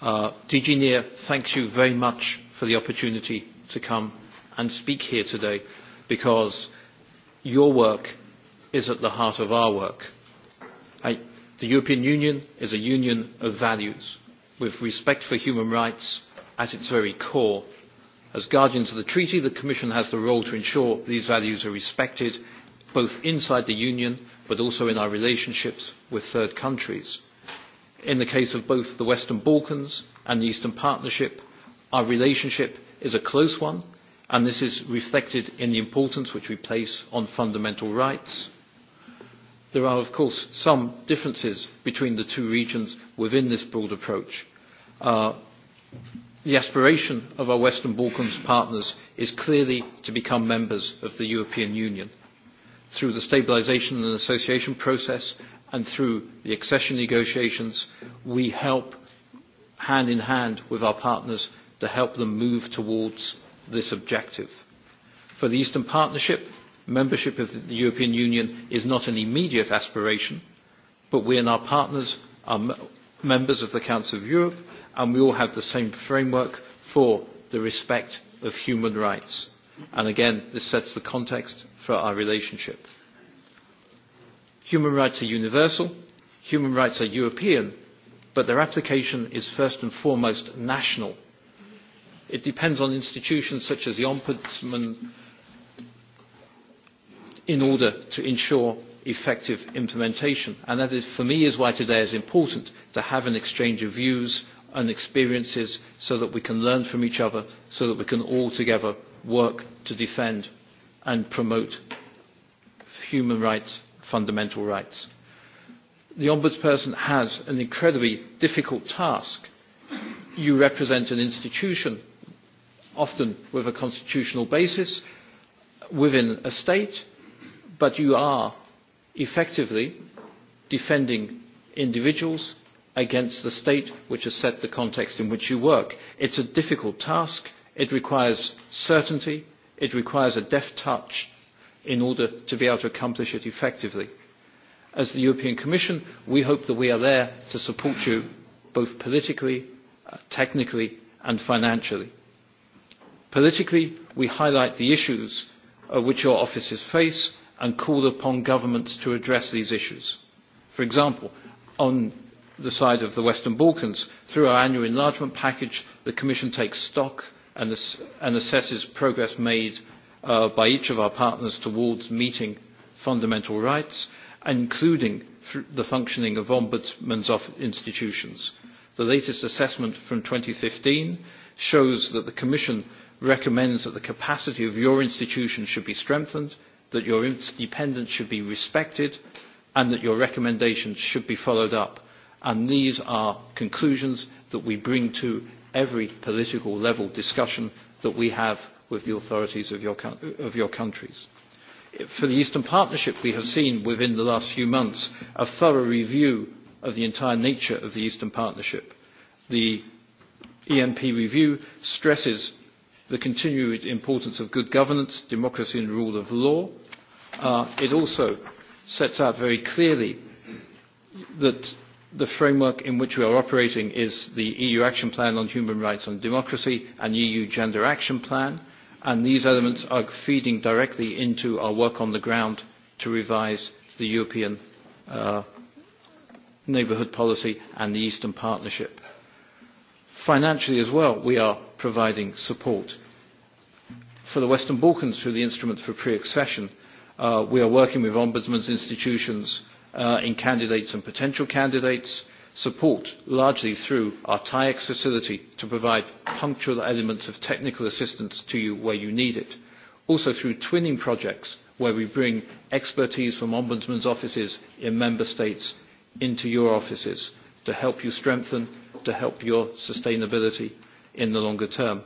Uh, DG NIR thanks you very much for the opportunity to come and speak here today because your work is at the heart of our work The European Union is a union of values, with respect for human rights at its very core. As guardians of the treaty, the Commission has the role to ensure these values are respected, both inside the Union but also in our relationships with third countries. In the case of both the Western Balkans and the Eastern Partnership, our relationship is a close one, and this is reflected in the importance which we place on fundamental rights There are, of course, some differences between the two regions within this broad approach. Uh, the aspiration of our Western Balkans partners is clearly to become members of the European Union through the stabilisation and association process and through the accession negotiations, we help hand in hand with our partners to help them move towards this objective. For the Eastern Partnership, membership of the European Union is not an immediate aspiration, but we and our partners are members of the Council of Europe, and we all have the same framework for the respect of human rights. And again, this sets the context for our relationship. Human rights are universal, human rights are European, but their application is first and foremost national. It depends on institutions such as the Ombudsman in order to ensure effective implementation. And that is, for me is why today is important to have an exchange of views and experiences so that we can learn from each other, so that we can all together work to defend and promote human rights, fundamental rights. The Ombudsperson has an incredibly difficult task. You represent an institution, often with a constitutional basis, within a state, but you are effectively defending individuals against the state which has set the context in which you work. It's a difficult task. It requires certainty. It requires a deft touch in order to be able to accomplish it effectively. As the European Commission, we hope that we are there to support you both politically, uh, technically and financially. Politically, we highlight the issues uh, which your offices face and call upon governments to address these issues. For example, on the side of the Western Balkans, through our annual enlargement package, the Commission takes stock and, ass and assesses progress made uh, by each of our partners towards meeting fundamental rights, including the functioning of Ombudsman's institutions. The latest assessment from fifteen shows that the Commission recommends that the capacity of your institution should be strengthened that your independence should be respected and that your recommendations should be followed up. And these are conclusions that we bring to every political level discussion that we have with the authorities of your, of your countries. For the Eastern Partnership, we have seen within the last few months a thorough review of the entire nature of the Eastern Partnership. The ENP review stresses the continued importance of good governance, democracy and rule of law, Uh, it also sets out very clearly that the framework in which we are operating is the EU Action Plan on Human Rights and Democracy and EU Gender Action Plan, and these elements are feeding directly into our work on the ground to revise the European uh, neighbourhood policy and the Eastern Partnership. Financially as well, we are providing support for the Western Balkans through the Instrument for Pre-Accession Uh, we are working with ombudsman's institutions uh, in candidates and potential candidates, support largely through our TIEX facility to provide punctual elements of technical assistance to you where you need it. Also through twinning projects where we bring expertise from ombudsman's offices in member states into your offices to help you strengthen, to help your sustainability in the longer term.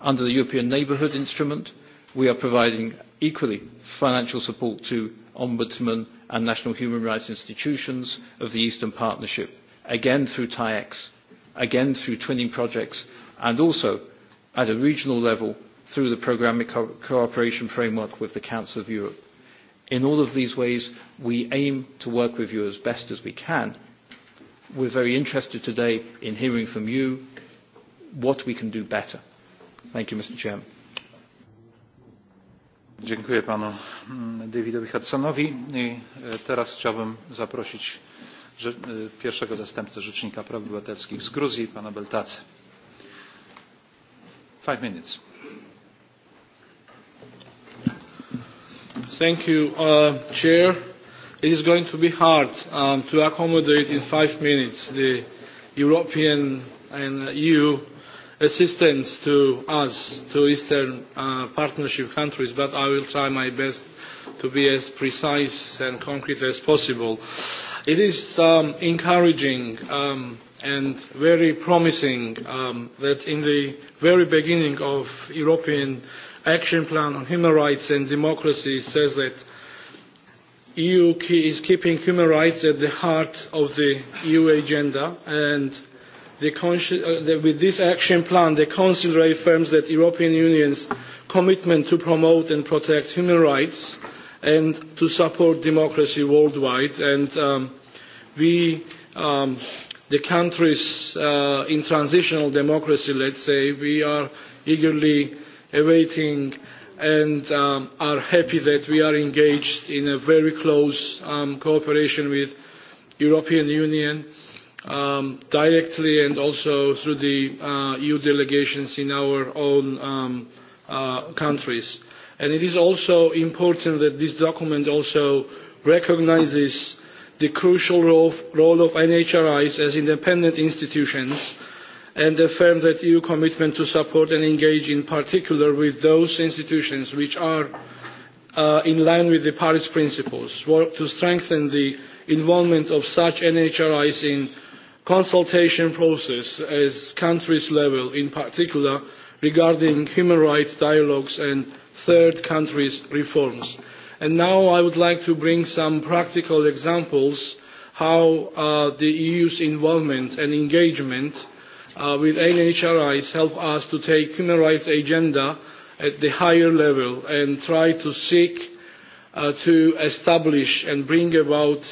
Under the European Neighbourhood Instrument, we are providing equally financial support to ombudsmen and national human rights institutions of the Eastern Partnership, again through TIEX, again through twinning projects, and also at a regional level through the programming co cooperation framework with the Council of Europe. In all of these ways, we aim to work with you as best as we can. We're very interested today in hearing from you what we can do better. Thank you, Mr. Chairman. Dziękuję panu mm, Davidowi Hudsonowi. I e, teraz chciałbym zaprosić e, pierwszego zastępcę Rzecznika Praw Obywatelskich z Gruzji, pana Beltace. Five minutes. Thank you, uh, Chair. It is going to be hard um, to accommodate in five minutes the European and EU assistance to us, to Eastern uh, Partnership countries, but I will try my best to be as precise and concrete as possible. It is um, encouraging um, and very promising um, that in the very beginning of European Action Plan on Human Rights and Democracy says that EU is keeping human rights at the heart of the EU agenda and The, uh, the, with this action plan, the Council reaffirms that European Union's commitment to promote and protect human rights and to support democracy worldwide. And um, we, um, the countries uh, in transitional democracy, let's say, we are eagerly awaiting and um, are happy that we are engaged in a very close um, cooperation with European Union um, directly and also through the uh, EU delegations in our own um, uh, countries. And it is also important that this document also recognizes the crucial role of, role of NHRIs as independent institutions and affirm that EU commitment to support and engage in particular with those institutions which are uh, in line with the Paris principles, work to strengthen the involvement of such NHRIs in consultation process at countries level in particular regarding human rights dialogues and third countries reforms. And now I would like to bring some practical examples how uh, the EU's involvement and engagement uh, with NHRIs help us to take human rights agenda at the higher level and try to seek uh, to establish and bring about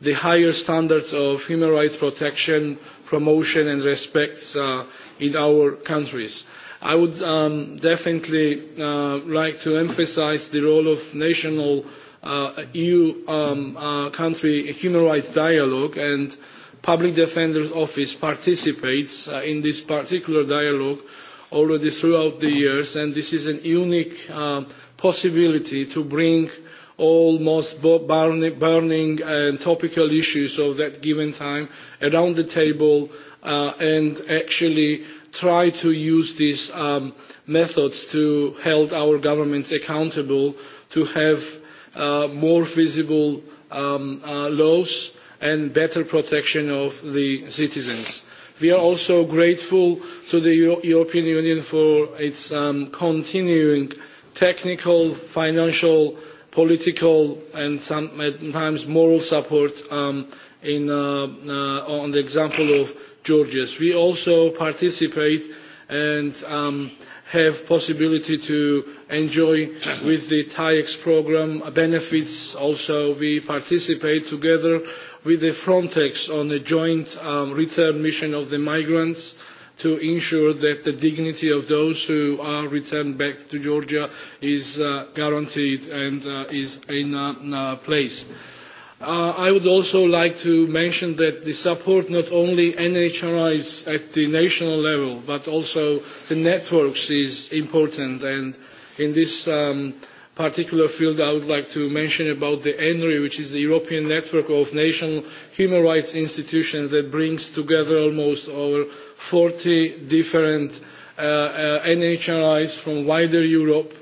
the higher standards of human rights protection, promotion and respect uh, in our countries. I would um, definitely uh, like to emphasize the role of national uh, EU um, uh, country human rights dialogue and public defender's office participates uh, in this particular dialogue already throughout the years and this is a unique uh, possibility to bring uh, almost burning and topical issues of that given time around the table uh, and actually try to use these um, methods to hold our governments accountable to have uh, more visible um, uh, laws and better protection of the citizens. We are also grateful to the Euro European Union for its um, continuing technical, financial political and sometimes moral support um, in, uh, uh, on the example of Georgia. We also participate and um, have possibility to enjoy with the TAIEX program benefits. Also, we participate together with the Frontex on a joint um, return mission of the migrants to ensure that the dignity of those who are returned back to Georgia is uh, guaranteed and uh, is in uh, place. Uh, I would also like to mention that the support not only NHRIs at the national level, but also the networks is important. And in this um, particular field, I would like to mention about the ENRI, which is the European network of national human rights institutions that brings together almost over 40 different uh, uh, NHRIs from wider Europe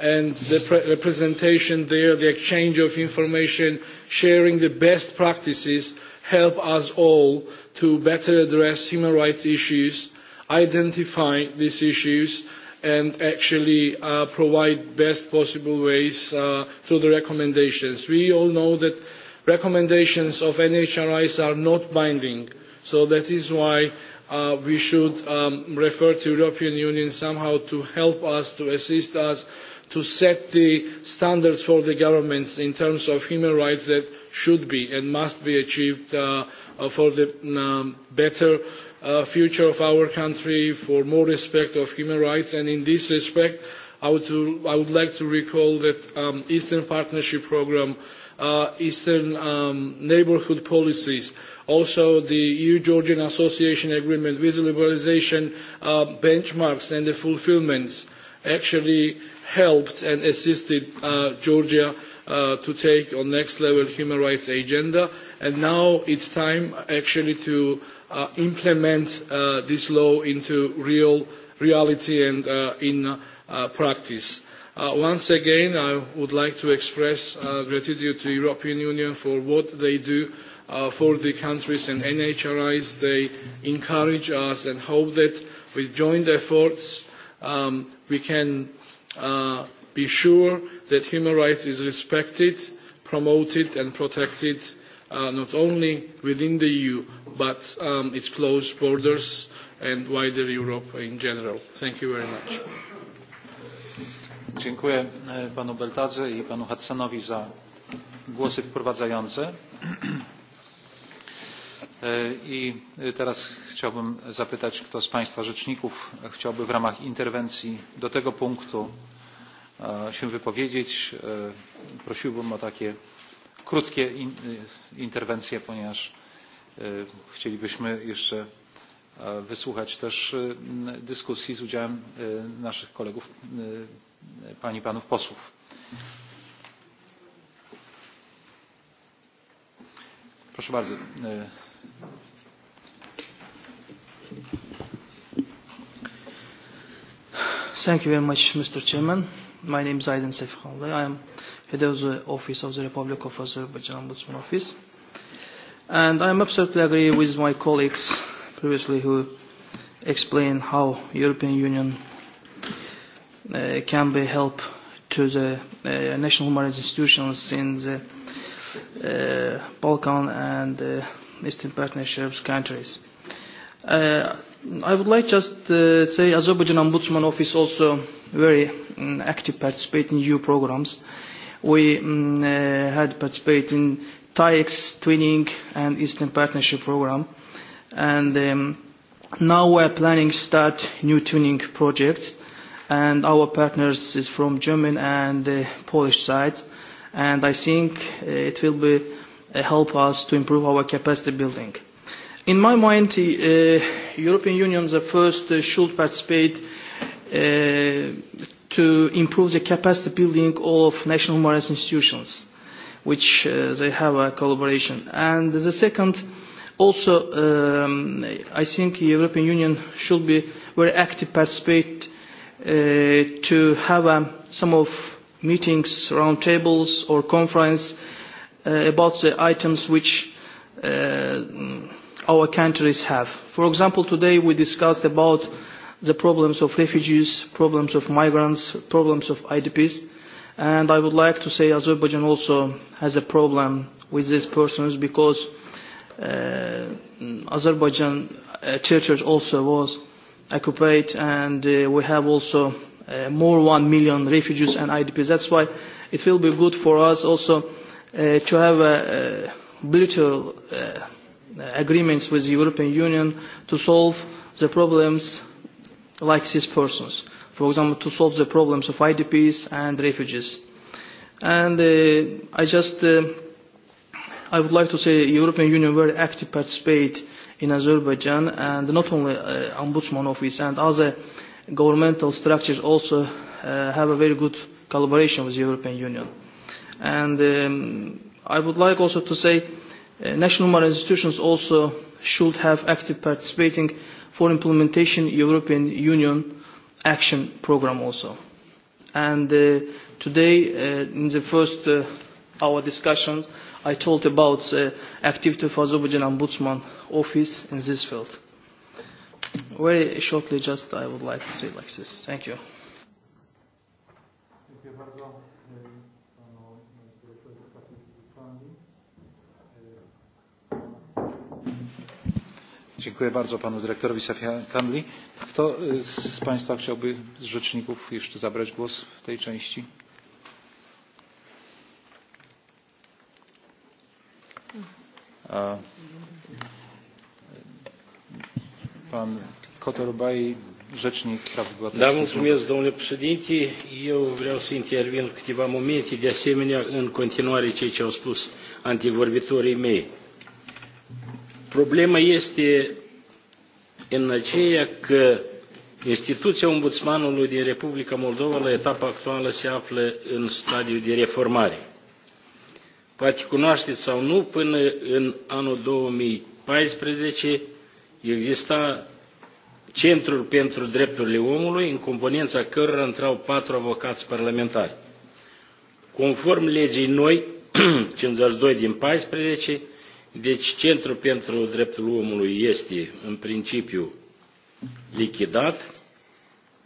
and the pre- representation there, the exchange of information, sharing the best practices help us all to better address human rights issues, identify these issues, and actually uh, provide best possible ways uh, through the recommendations. We all know that recommendations of NHRIs are not binding, so that is why uh, we should um, refer to European Union somehow to help us, to assist us, to set the standards for the governments in terms of human rights that should be and must be achieved uh, uh for the um, better uh, future of our country, for more respect of human rights. And in this respect, I would, to, I would like to recall that um, Eastern Partnership Programme uh, eastern um, neighborhood policies. Also, the EU-Georgian Association Agreement with liberalization uh, benchmarks and the fulfillments actually helped and assisted uh, Georgia uh, to take on next level human rights agenda. And now it's time actually to uh, implement uh, this law into real reality and uh, in uh, practice. Uh, once again, I would like to express uh, gratitude to the European Union for what they do uh, for the countries and NHRIs. They encourage us and hope that with joint efforts um, we can uh, be sure that human rights is respected, promoted and protected uh, not only within the EU but um, its close borders and wider Europe in general. Thank you very much. Dziękuję e, panu Beltadze i panu Hudsonowi za głosy wprowadzające. E, I teraz chciałbym zapytać, kto z Państwa rzeczników chciałby w ramach interwencji do tego punktu e, się wypowiedzieć. Prosiłbym o takie krótkie interwencje, ponieważ chcielibyśmy jeszcze wysłuchać też dyskusji z udziałem naszych kolegów pani i panów posłów! proszę bardzo Thank you very much, Mr. Chairman. My name is Aydin Sefkhanlı. I am head of the Office of the Republic of Azerbaijan Ombudsman Office. And I am absolutely agree with my colleagues previously who explained how European Union uh, can be help to the uh, national humanitarian institutions in the uh, Balkan and uh, Eastern Partnership countries. Uh, I would like just to uh, say Azerbaijan Ombudsman Office also very um, active participate in EU programs. We um, uh, had participate in TIEX twinning and Eastern Partnership program. And um, now we are planning to start new twinning projects and our partners is from German and uh, Polish sides. And I think uh, it will be, uh, help us to improve our capacity building. In my mind, the uh, European Union the first uh, should participate uh, to improve the capacity building of national maritime institutions, which uh, they have a collaboration. And the second, also, um, I think the European Union should be very active participate Uh, to have um, some of meetings, round tables or conference uh, about the items which uh, our countries have. For example, today we discussed about the problems of refugees, problems of migrants, problems of IDPs, and I would like to say Azerbaijan also has a problem with these persons because uh, Azerbaijan uh, churches also was occupied, and uh, we have also uh, more 1 million refugees and IDPs. That's why it will be good for us also uh, to have a, a bilateral uh, agreements with the European Union to solve the problems like these persons. For example, to solve the problems of IDPs and refugees. And uh, I just, uh, I would like to say European Union very active participate in Azerbaijan and not only uh, Ombudsman Office and other governmental structures also uh, have a very good collaboration with the European Union. And um, I would like also to say uh, national moral institutions also should have active participating for implementation European Union action program also. And uh, today uh, in the first uh, our discussion i told about the uh, activity of Azerbaijan Ombudsman Office in this field. Very shortly, just I would like to say like this. Thank you. Uh, Dziękuję bardzo panu dyrektorowi Safia Safiankanli. Kto e, z państwa chciałby z rzeczników jeszcze zabrać głos w tej części? Pan Cotorbay, rzecznik praw obywatelskich. domnule președinte. Eu vreau să intervin câteva momente, de asemenea, în continuare ceea ce au spus antivorbitorii mei. Problema este în aceea că instituția ombudsmanului din Republica Moldova la etapa actuală se află în stadiu de reformare poate cunoaște sau nu, până în anul 2014 exista Centrul pentru Drepturile Omului, în componența cărora intrau patru avocați parlamentari. Conform legii noi, 52 din 14, deci Centrul pentru Dreptul Omului este, în principiu, lichidat.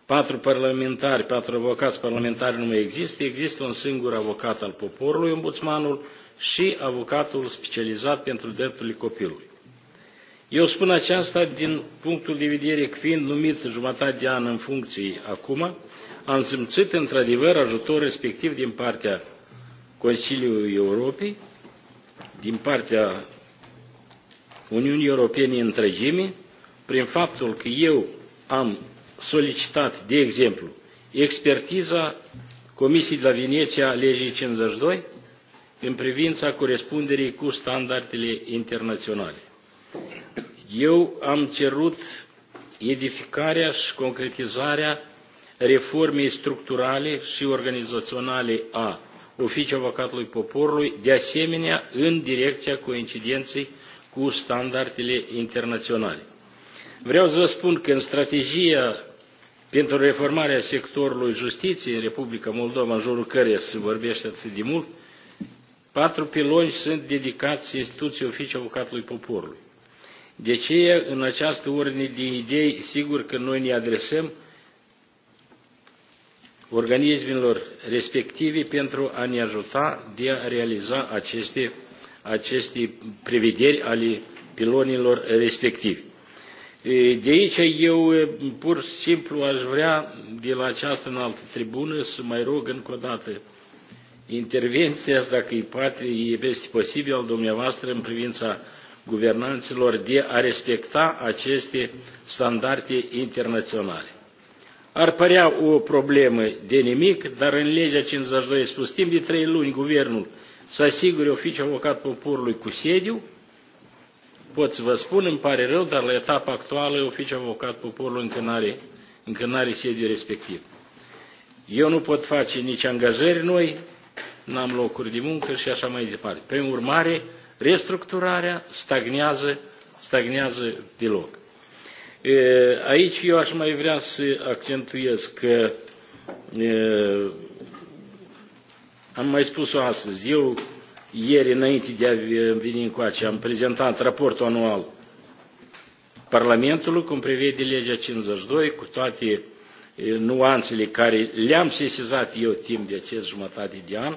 Patru parlamentari, patru avocați parlamentari nu mai există, există un singur avocat al poporului, ombudsmanul, și avocatul specializat pentru drepturile copilului. Eu spun aceasta din punctul de vedere că fiind numit jumătate de an în funcție acum, am simțit într-adevăr ajutor respectiv din partea Consiliului Europei, din partea Uniunii Europene întregime, prin faptul că eu am solicitat, de exemplu, expertiza Comisiei de la Veneția legii 52, în privința corespunderii cu standardele internaționale. Eu am cerut edificarea și concretizarea reformei structurale și organizaționale a Oficiul Avocatului Poporului, de asemenea în direcția coincidenței cu standardele internaționale. Vreau să vă spun că în strategia pentru reformarea sectorului justiției în Republica Moldova, în jurul căreia se vorbește atât de mult, Patru piloni sunt dedicați instituției oficii Avocatului Poporului. De aceea, în această ordine de idei, sigur că noi ne adresăm organismelor respective pentru a ne ajuta de a realiza aceste, aceste prevederi ale pilonilor respectivi. E, de aici eu e, pur și simplu aș vrea de la această înaltă tribună să mai rog încă o dată intervenția asta, dacă e poate, e este posibil al dumneavoastră în privința guvernanților de a respecta aceste standarde internaționale. Ar părea o problemă de nimic, dar în legea 52 e spus, timp de trei luni, guvernul să asigure oficiul avocat poporului cu sediu, pot să vă spun, îmi pare rău, dar la etapa actuală oficiul avocat poporului încă nu are, încă are sediu respectiv. Eu nu pot face nici angajări noi, n-am locuri de muncă și așa mai departe. Prin urmare, restructurarea stagnează, stagnează deloc. E, aici eu aș mai vrea să accentuez că e, am mai spus-o astăzi, eu ieri înainte de a veni coace am prezentat raportul anual Parlamentului cum privede legea 52 cu toate e, nuanțele care le-am sesizat eu timp de acest jumătate de an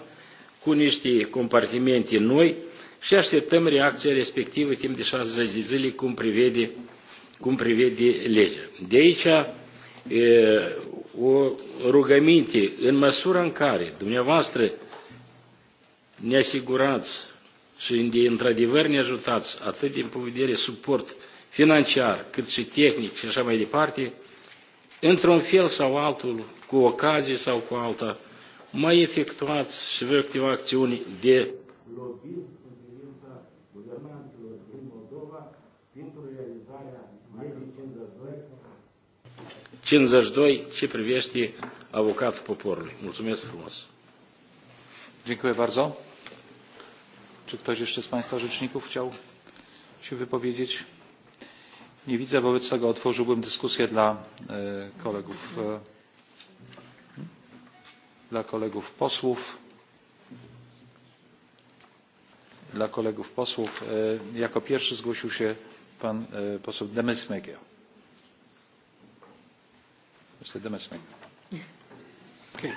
cu niște compartimente noi și așteptăm reacția respectivă timp de 60 de zile cum prevede, cum prevede legea. De aici e, o rugăminte, în măsura în care dumneavoastră ne asigurați și într-adevăr ne ajutați atât din punct de vedere suport financiar, cât și tehnic și așa mai departe, într-un fel sau altul, cu ocazie sau cu alta, mai efectuați și vă activa acțiuni de lobby 52 ce privește avocatul poporului. Mulțumesc frumos! Dziękuję bardzo. Czy ktoś jeszcze z Państwa rzeczników chciał się wypowiedzieć? Nie widzę, wobec tego otworzyłbym dyskusję dla e, kolegów. E, dla kolegów posłów. Dla kolegów posłów e, jako pierwszy zgłosił się pan e, poseł Demesmaker. Mr. Demesmaker. Okay.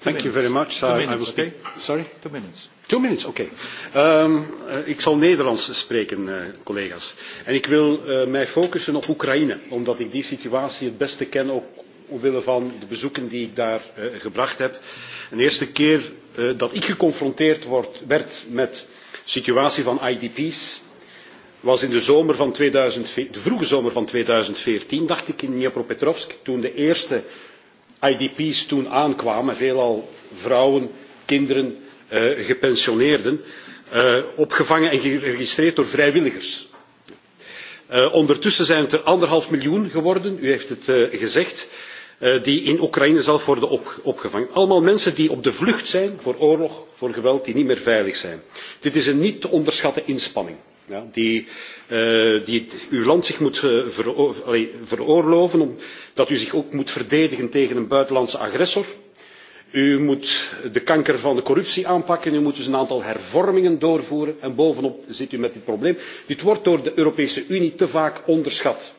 Thank you very much. Two minutes, I will speak. Okay? Sorry? Two minutes. Two minutes, oké. Okay. Um, ik zal Nederlands spreken, uh, collega's. En ik wil uh, mij focussen op Oekraïne, omdat ik die situatie het beste ken, ook omwille van de bezoeken die ik daar eh, gebracht heb. Een eerste keer eh, dat ik geconfronteerd word, werd met de situatie van IDP's was in de, zomer van 2000, de vroege zomer van 2014, dacht ik, in Dnipropetrovsk, toen de eerste IDP's toen aankwamen, veelal vrouwen, kinderen, uh, gepensioneerden, uh, opgevangen en geregistreerd door vrijwilligers. Uh, ondertussen zijn het er anderhalf miljoen geworden, u heeft het gezegd Eh, die in Oekraïne zelf worden opgevangen. Allemaal mensen die op de vlucht zijn voor oorlog, voor geweld, die niet meer veilig zijn. Dit is een niet te onderschatte inspanning eh, die, uw land zich moet eh, veroorloven, omdat u zich ook moet verdedigen tegen een buitenlandse agressor. U moet de kanker van de corruptie aanpakken, u moet dus een aantal hervormingen doorvoeren en bovenop zit u met dit probleem. Dit wordt door de Europese Unie te vaak onderschat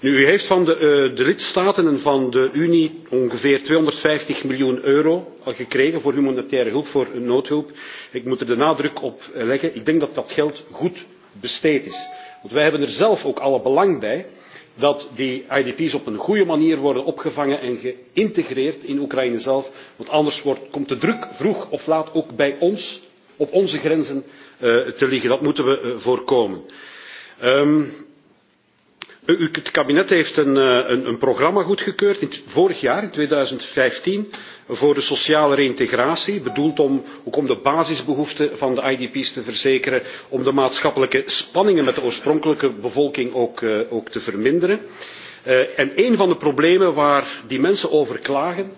u heeft van eh, de, lidstaten en van de unie ongeveer tweehonderdvijftig miljoen euro gekregen voor humanitaire hulp voor noodhulp. ik moet er de nadruk op eh, leggen ik denk dat dat geld goed besteed is want wij hebben er zelf ook alle belang bij dat die idp's op een goede manier worden opgevangen en geïntegreerd in oekraïne zelf want anders komt de druk vroeg of laat ook bij ons op onze grenzen eh, te liggen. dat moeten we voorkomen. Ehm, Eh, het kabinet heeft een, eh, programma goedgekeurd in, vorig jaar, in tweeduizendvijftien voor de sociale reïntegratie, bedoeld om ook om de basisbehoeften van de IDP's te verzekeren, om de maatschappelijke spanningen met de oorspronkelijke bevolking ook, eh, te verminderen. en een van de problemen waar die mensen over klagen,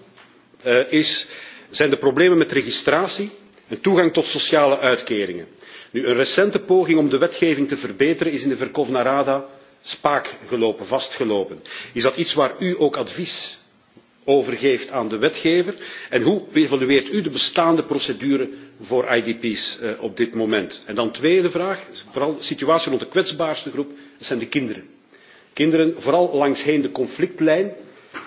zijn de problemen met registratie en toegang tot sociale uitkeringen. een recente poging om de wetgeving te verbeteren is in de Verkovna Rada spaak gelopen, vastgelopen. Is dat iets waar u ook advies over geeft aan de wetgever? En hoe evalueert u de bestaande procedure voor IDP's eh, op dit moment? En dan tweede vraag, vooral de situatie rond de kwetsbaarste groep, dat zijn de kinderen. Kinderen, vooral langsheen de conflictlijn.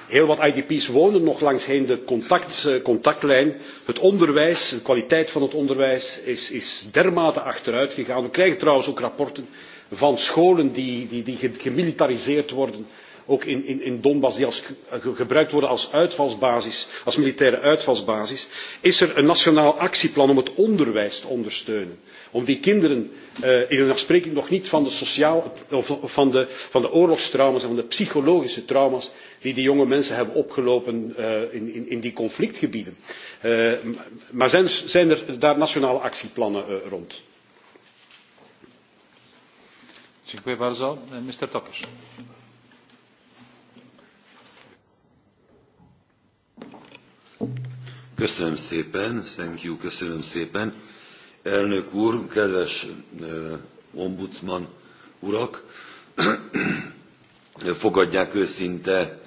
Heel wat IDP's wonen nog langsheen de contact, eh, contactlijn. Het onderwijs, de kwaliteit van het onderwijs is, is dermate achteruit gegaan. We krijgen trouwens ook rapporten van scholen die, die, die gemilitariseerd worden ook in, in, in Donbass, die als, gebruikt worden als uitvalsbasis, als militaire uitvalsbasis, is er een nationaal actieplan om het onderwijs te ondersteunen. Om die kinderen, eh, in dan spreek ik nog niet van de, sociaal, of van de, van de oorlogstrauma's en van de psychologische trauma's die die jonge mensen hebben opgelopen eh, in, in, in die conflictgebieden. Eh, maar zijn, zijn er daar nationale actieplannen eh, rond? Köszönöm szépen, thank you, köszönöm szépen. Elnök úr, kedves eh, ombudsman urak, fogadják őszinte eh,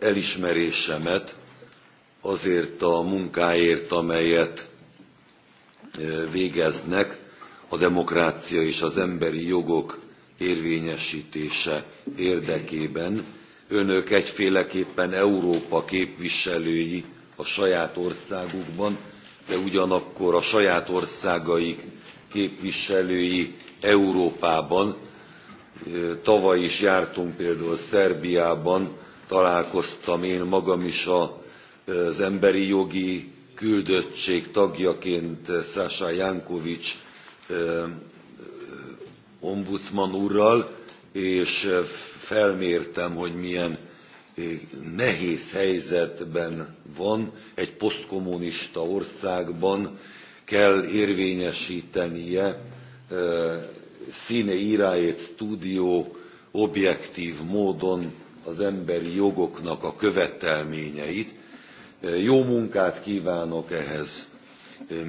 elismerésemet azért a munkáért, amelyet eh, végeznek a demokrácia és az emberi jogok érvényesítése érdekében. Önök egyféleképpen Európa képviselői a saját országukban, de ugyanakkor a saját országaik képviselői Európában. Tavaly is jártunk például Szerbiában, találkoztam én magam is az emberi jogi küldöttség tagjaként Szása Jankovics Eh, ombudsman úrral, és eh, felmértem, hogy milyen eh, nehéz helyzetben van egy posztkommunista országban, kell érvényesítenie színe irájét stúdió objektív módon az emberi jogoknak a követelményeit. Jó munkát kívánok ehhez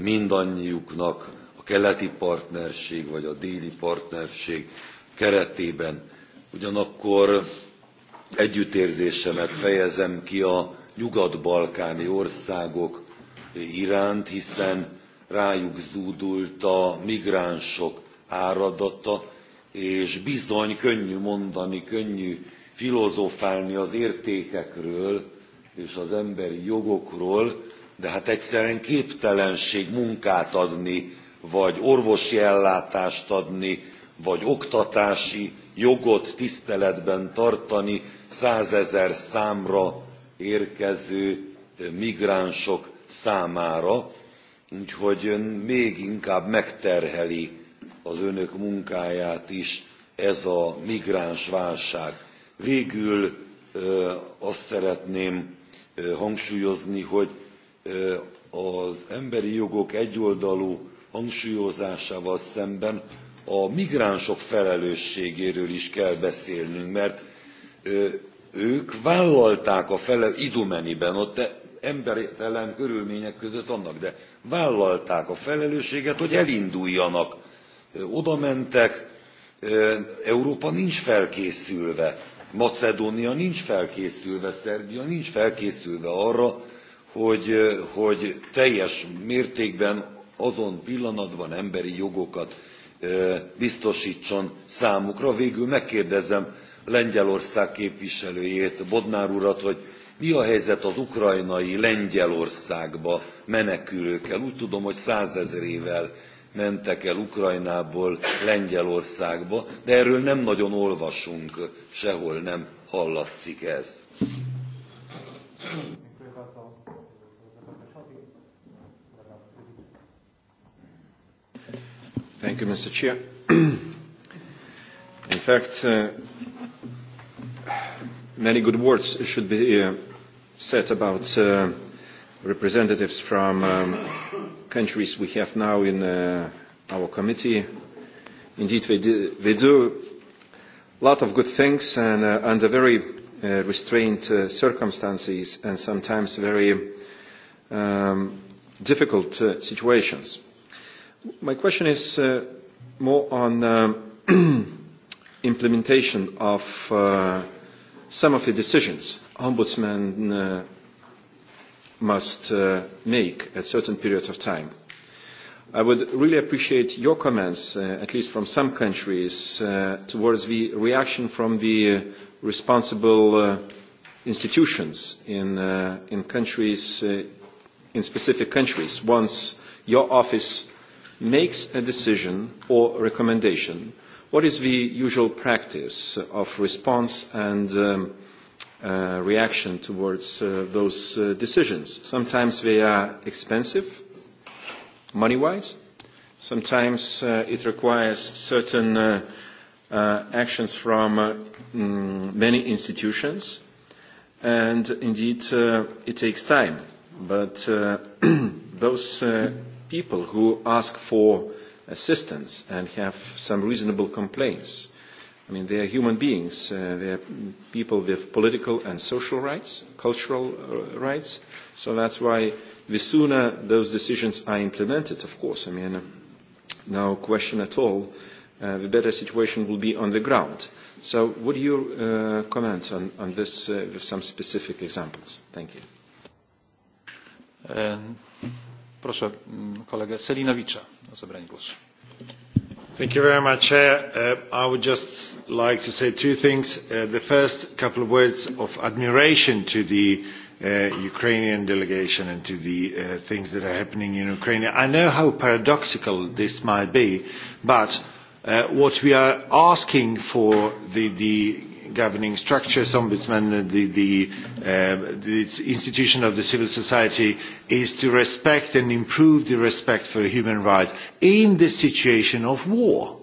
mindannyiuknak, keleti partnerség vagy a déli partnerség keretében. Ugyanakkor együttérzésemet fejezem ki a nyugat-balkáni országok iránt, hiszen rájuk zúdult a migránsok áradata, és bizony könnyű mondani, könnyű filozofálni az értékekről és az emberi jogokról, de hát egyszerűen képtelenség munkát adni vagy orvosi ellátást adni, vagy oktatási jogot tiszteletben tartani százezer számra érkező migránsok számára, úgyhogy még inkább megterheli az önök munkáját is ez a migráns válság. Végül azt szeretném hangsúlyozni, hogy az emberi jogok egyoldalú hangsúlyozásával szemben a migránsok felelősségéről is kell beszélnünk mert ők vállalták a fele idomeniben ott embertelen körülmények között vannak de vállalták a felelősséget hogy elinduljanak oda mentek európa nincs felkészülve macedónia nincs felkészülve szerbia nincs felkészülve arra hogy, hogy teljes mértékben azon pillanatban emberi jogokat biztostson számukra. végül megkérdezem lengyelország képviselőjét bodnár urat hogy mi a helyzet az ukrajnai lengyelországba menekülőkkel? úgy tudom hogy százezrével mentek el ukrajnából lengyelországba de erről nem nagyon olvasunk sehol nem hallatszik ez. Thank you, Mr. Chair. In fact, uh, many good words should be uh, said about uh, representatives from um, countries we have now in uh, our committee. Indeed, they do, they do a lot of good things and uh, under very uh, restrained uh, circumstances and sometimes very um, difficult uh, situations. My question is uh, more on um, implementation of uh, some of the decisions ombudsman uh, must uh, make at certain periods of time. I would really appreciate your comments, uh, at least from some countries, uh, towards the reaction from the uh, responsible uh, institutions in, uh, in countries, uh, in specific countries, once your office makes a decision or recommendation, what is the usual practice of response and um, uh, reaction towards uh, those uh, decisions? Sometimes they are expensive, money-wise. Sometimes uh, it requires certain uh, uh, actions from uh, mm, many institutions. And indeed, uh, it takes time. But uh, those uh, people who ask for assistance and have some reasonable complaints. I mean, they are human beings. Uh, they are people with political and social rights, cultural uh, rights. So that's why the sooner those decisions are implemented, of course, I mean, no question at all, uh, the better situation will be on the ground. So would you uh, comment on, on this uh, with some specific examples? Thank you. Um Proszę mm, kolegę Selinowicza o zabranie głosu. Thank you very much, Chair. Uh, I would just like to say two things. Uh, the first couple of words of admiration to the uh, Ukrainian delegation and to the uh, things that are happening in Ukraine. I know how paradoxical this might be, but uh, what we are asking for the, the governing structures, ombudsman, the, the, uh, the institution of the civil society, is to respect and improve the respect for human rights in the situation of war.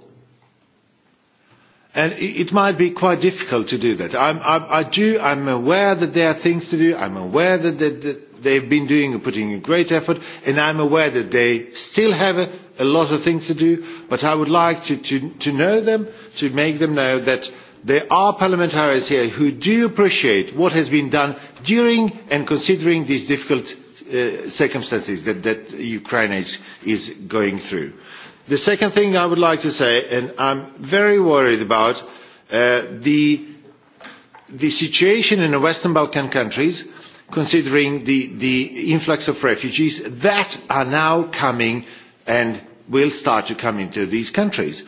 And it, it might be quite difficult to do that. I'm, I, I do, I'm aware that there are things to do. I'm aware that, that, that they've been doing and putting a great effort. And I'm aware that they still have a, a lot of things to do. But I would like to, to, to know them, to make them know that there are parliamentarians here who do appreciate what has been done during and considering these difficult uh, circumstances that, that Ukraine is, is going through. The second thing I would like to say, and I'm very worried about, uh, the, the situation in the Western Balkan countries, considering the, the influx of refugees that are now coming and will start to come into these countries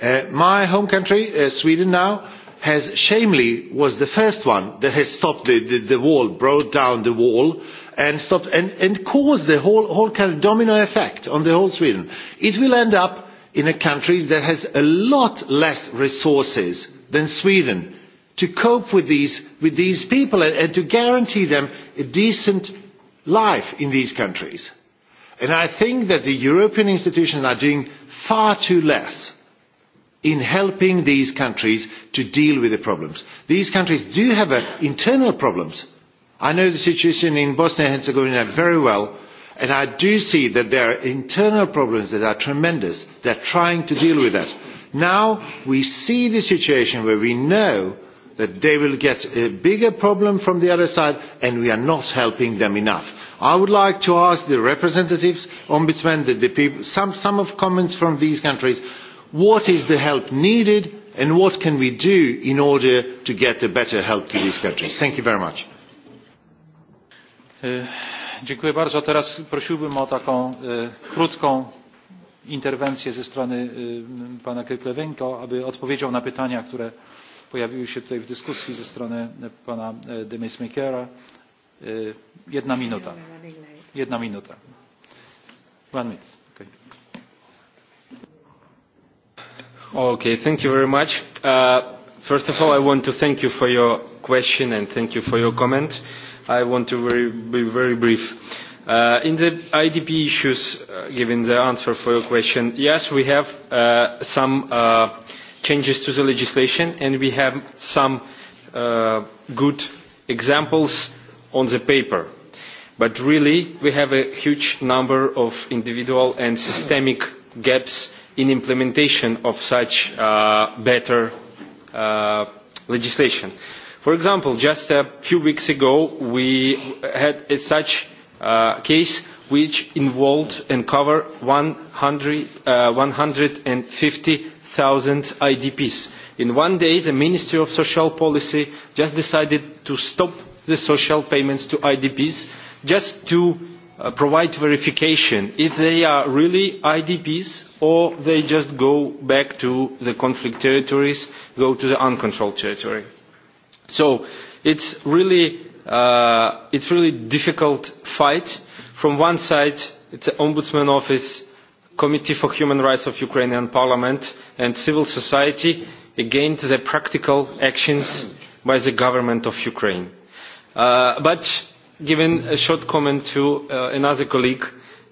Uh, my home country, uh, Sweden now, has shamefully was the first one that has stopped the, the, the wall, brought down the wall and stopped and, and caused the whole, whole kind of domino effect on the whole Sweden. It will end up in a country that has a lot less resources than Sweden to cope with these, with these people and, and to guarantee them a decent life in these countries. And I think that the European institutions are doing far too less in helping these countries to deal with the problems. These countries do have uh, internal problems. I know the situation in Bosnia and Herzegovina very well, and I do see that there are internal problems that are tremendous. They are trying to deal with that. Now we see the situation where we know that they will get a bigger problem from the other side, and we are not helping them enough. I would like to ask the representatives, ombudsman, the, the people, some, some of comments from these countries what is the help needed and what can we do in order to get a better help to these countries? Thank you very much. E, dziękuję bardzo. Teraz prosiłbym o taką e, krótką interwencję ze strony e, pana Kirklewenko, aby odpowiedział na pytania, które pojawiły się tutaj w dyskusji ze strony pana Demesmakera. Jedna minuta. Jedna minuta. One minute. Okay, thank you very much. Uh, first of all, I want to thank you for your question and thank you for your comment. I want to very, be very brief. Uh, in the IDP issues, uh, given the answer for your question, yes, we have uh, some uh, changes to the legislation and we have some uh, good examples on the paper. But really, we have a huge number of individual and systemic gaps in implementation of such uh, better uh, legislation. For example, just a few weeks ago, we had a such uh, case which involved and covered 100, uh, 150,000 IDPs. In one day, the Ministry of Social Policy just decided to stop the social payments to IDPs just to Uh, provide verification if they are really IDPs or they just go back to the conflict territories, go to the uncontrolled territory. So it's really, uh, it's really difficult fight. From one side, it's the Ombudsman Office, Committee for Human Rights of Ukrainian Parliament and civil society against the practical actions by the government of Ukraine. Uh, but given a short comment to uh, another colleague.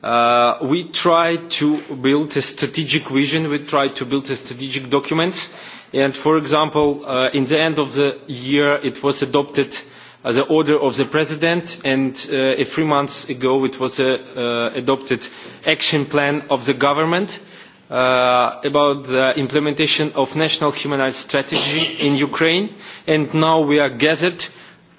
Uh, we try to build a strategic vision, we try to build a strategic document, and for example, uh, in the end of the year it was adopted uh, the order of the president, and uh, a three months ago it was a, uh, adopted action plan of the government uh, about the implementation of national human rights strategy in Ukraine, and now we are gathered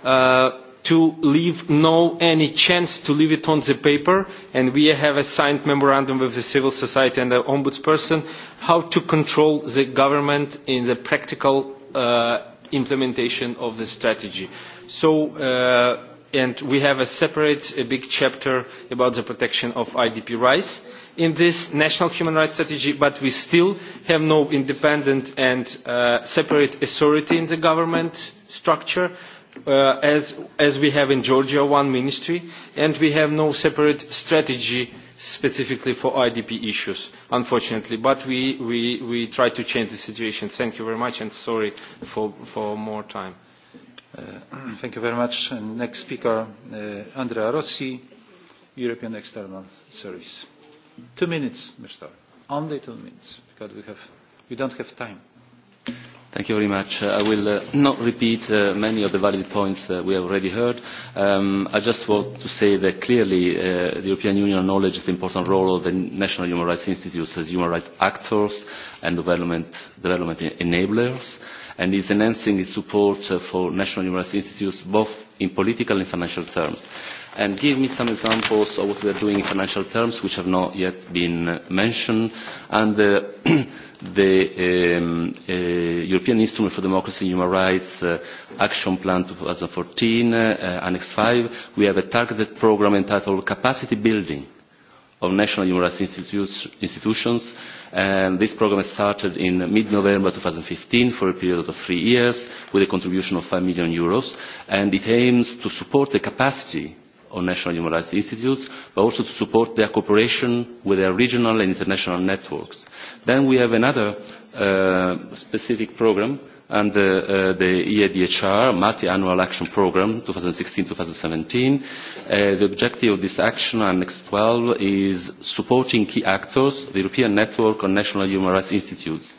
uh, to leave no any chance to leave it on the paper and we have a signed memorandum with the civil society and the ombudsperson how to control the government in the practical uh, implementation of the strategy so uh, and we have a separate a big chapter about the protection of idp rights in this national human rights strategy but we still have no independent and uh, separate authority in the government structure uh, as, as we have in Georgia, one ministry, and we have no separate strategy specifically for IDP issues, unfortunately. But we, we, we try to change the situation. Thank you very much, and sorry for, for more time. Uh, thank you very much. And next speaker, uh, Andrea Rossi, European External Service. Two minutes, Mr. Only two minutes, because we, have, we don't have time. Thank you very much. Uh, I will uh, not repeat uh, many of the valid points uh, we have already heard. Um, I just want to say that clearly uh, the European Union acknowledges the important role of the national human rights institutes as human rights actors and development, development e-, enablers and is enhancing its support uh, for national human rights institutes both in political and financial terms. And give me some examples of what we are doing in financial terms which have not yet been uh, mentioned. And, uh, the um, uh, European Instrument for Democracy and Human Rights uh, Action Plan 2014, uh, Annex 5, we have a targeted program entitled Capacity Building of National Human Rights institutes, Institutions. And this program started in mid-November 2015 for a period of three years with a contribution of 5 million euros. And it aims to support the capacity on national human rights institutes, but also to support their cooperation with their regional and international networks. Then we have another uh, specific program under uh, uh, the EADHR, Multi-Annual Action Program 2016-2017. Uh, the objective of this action and Annex 12 is supporting key actors, the European Network on National Human Rights Institutes,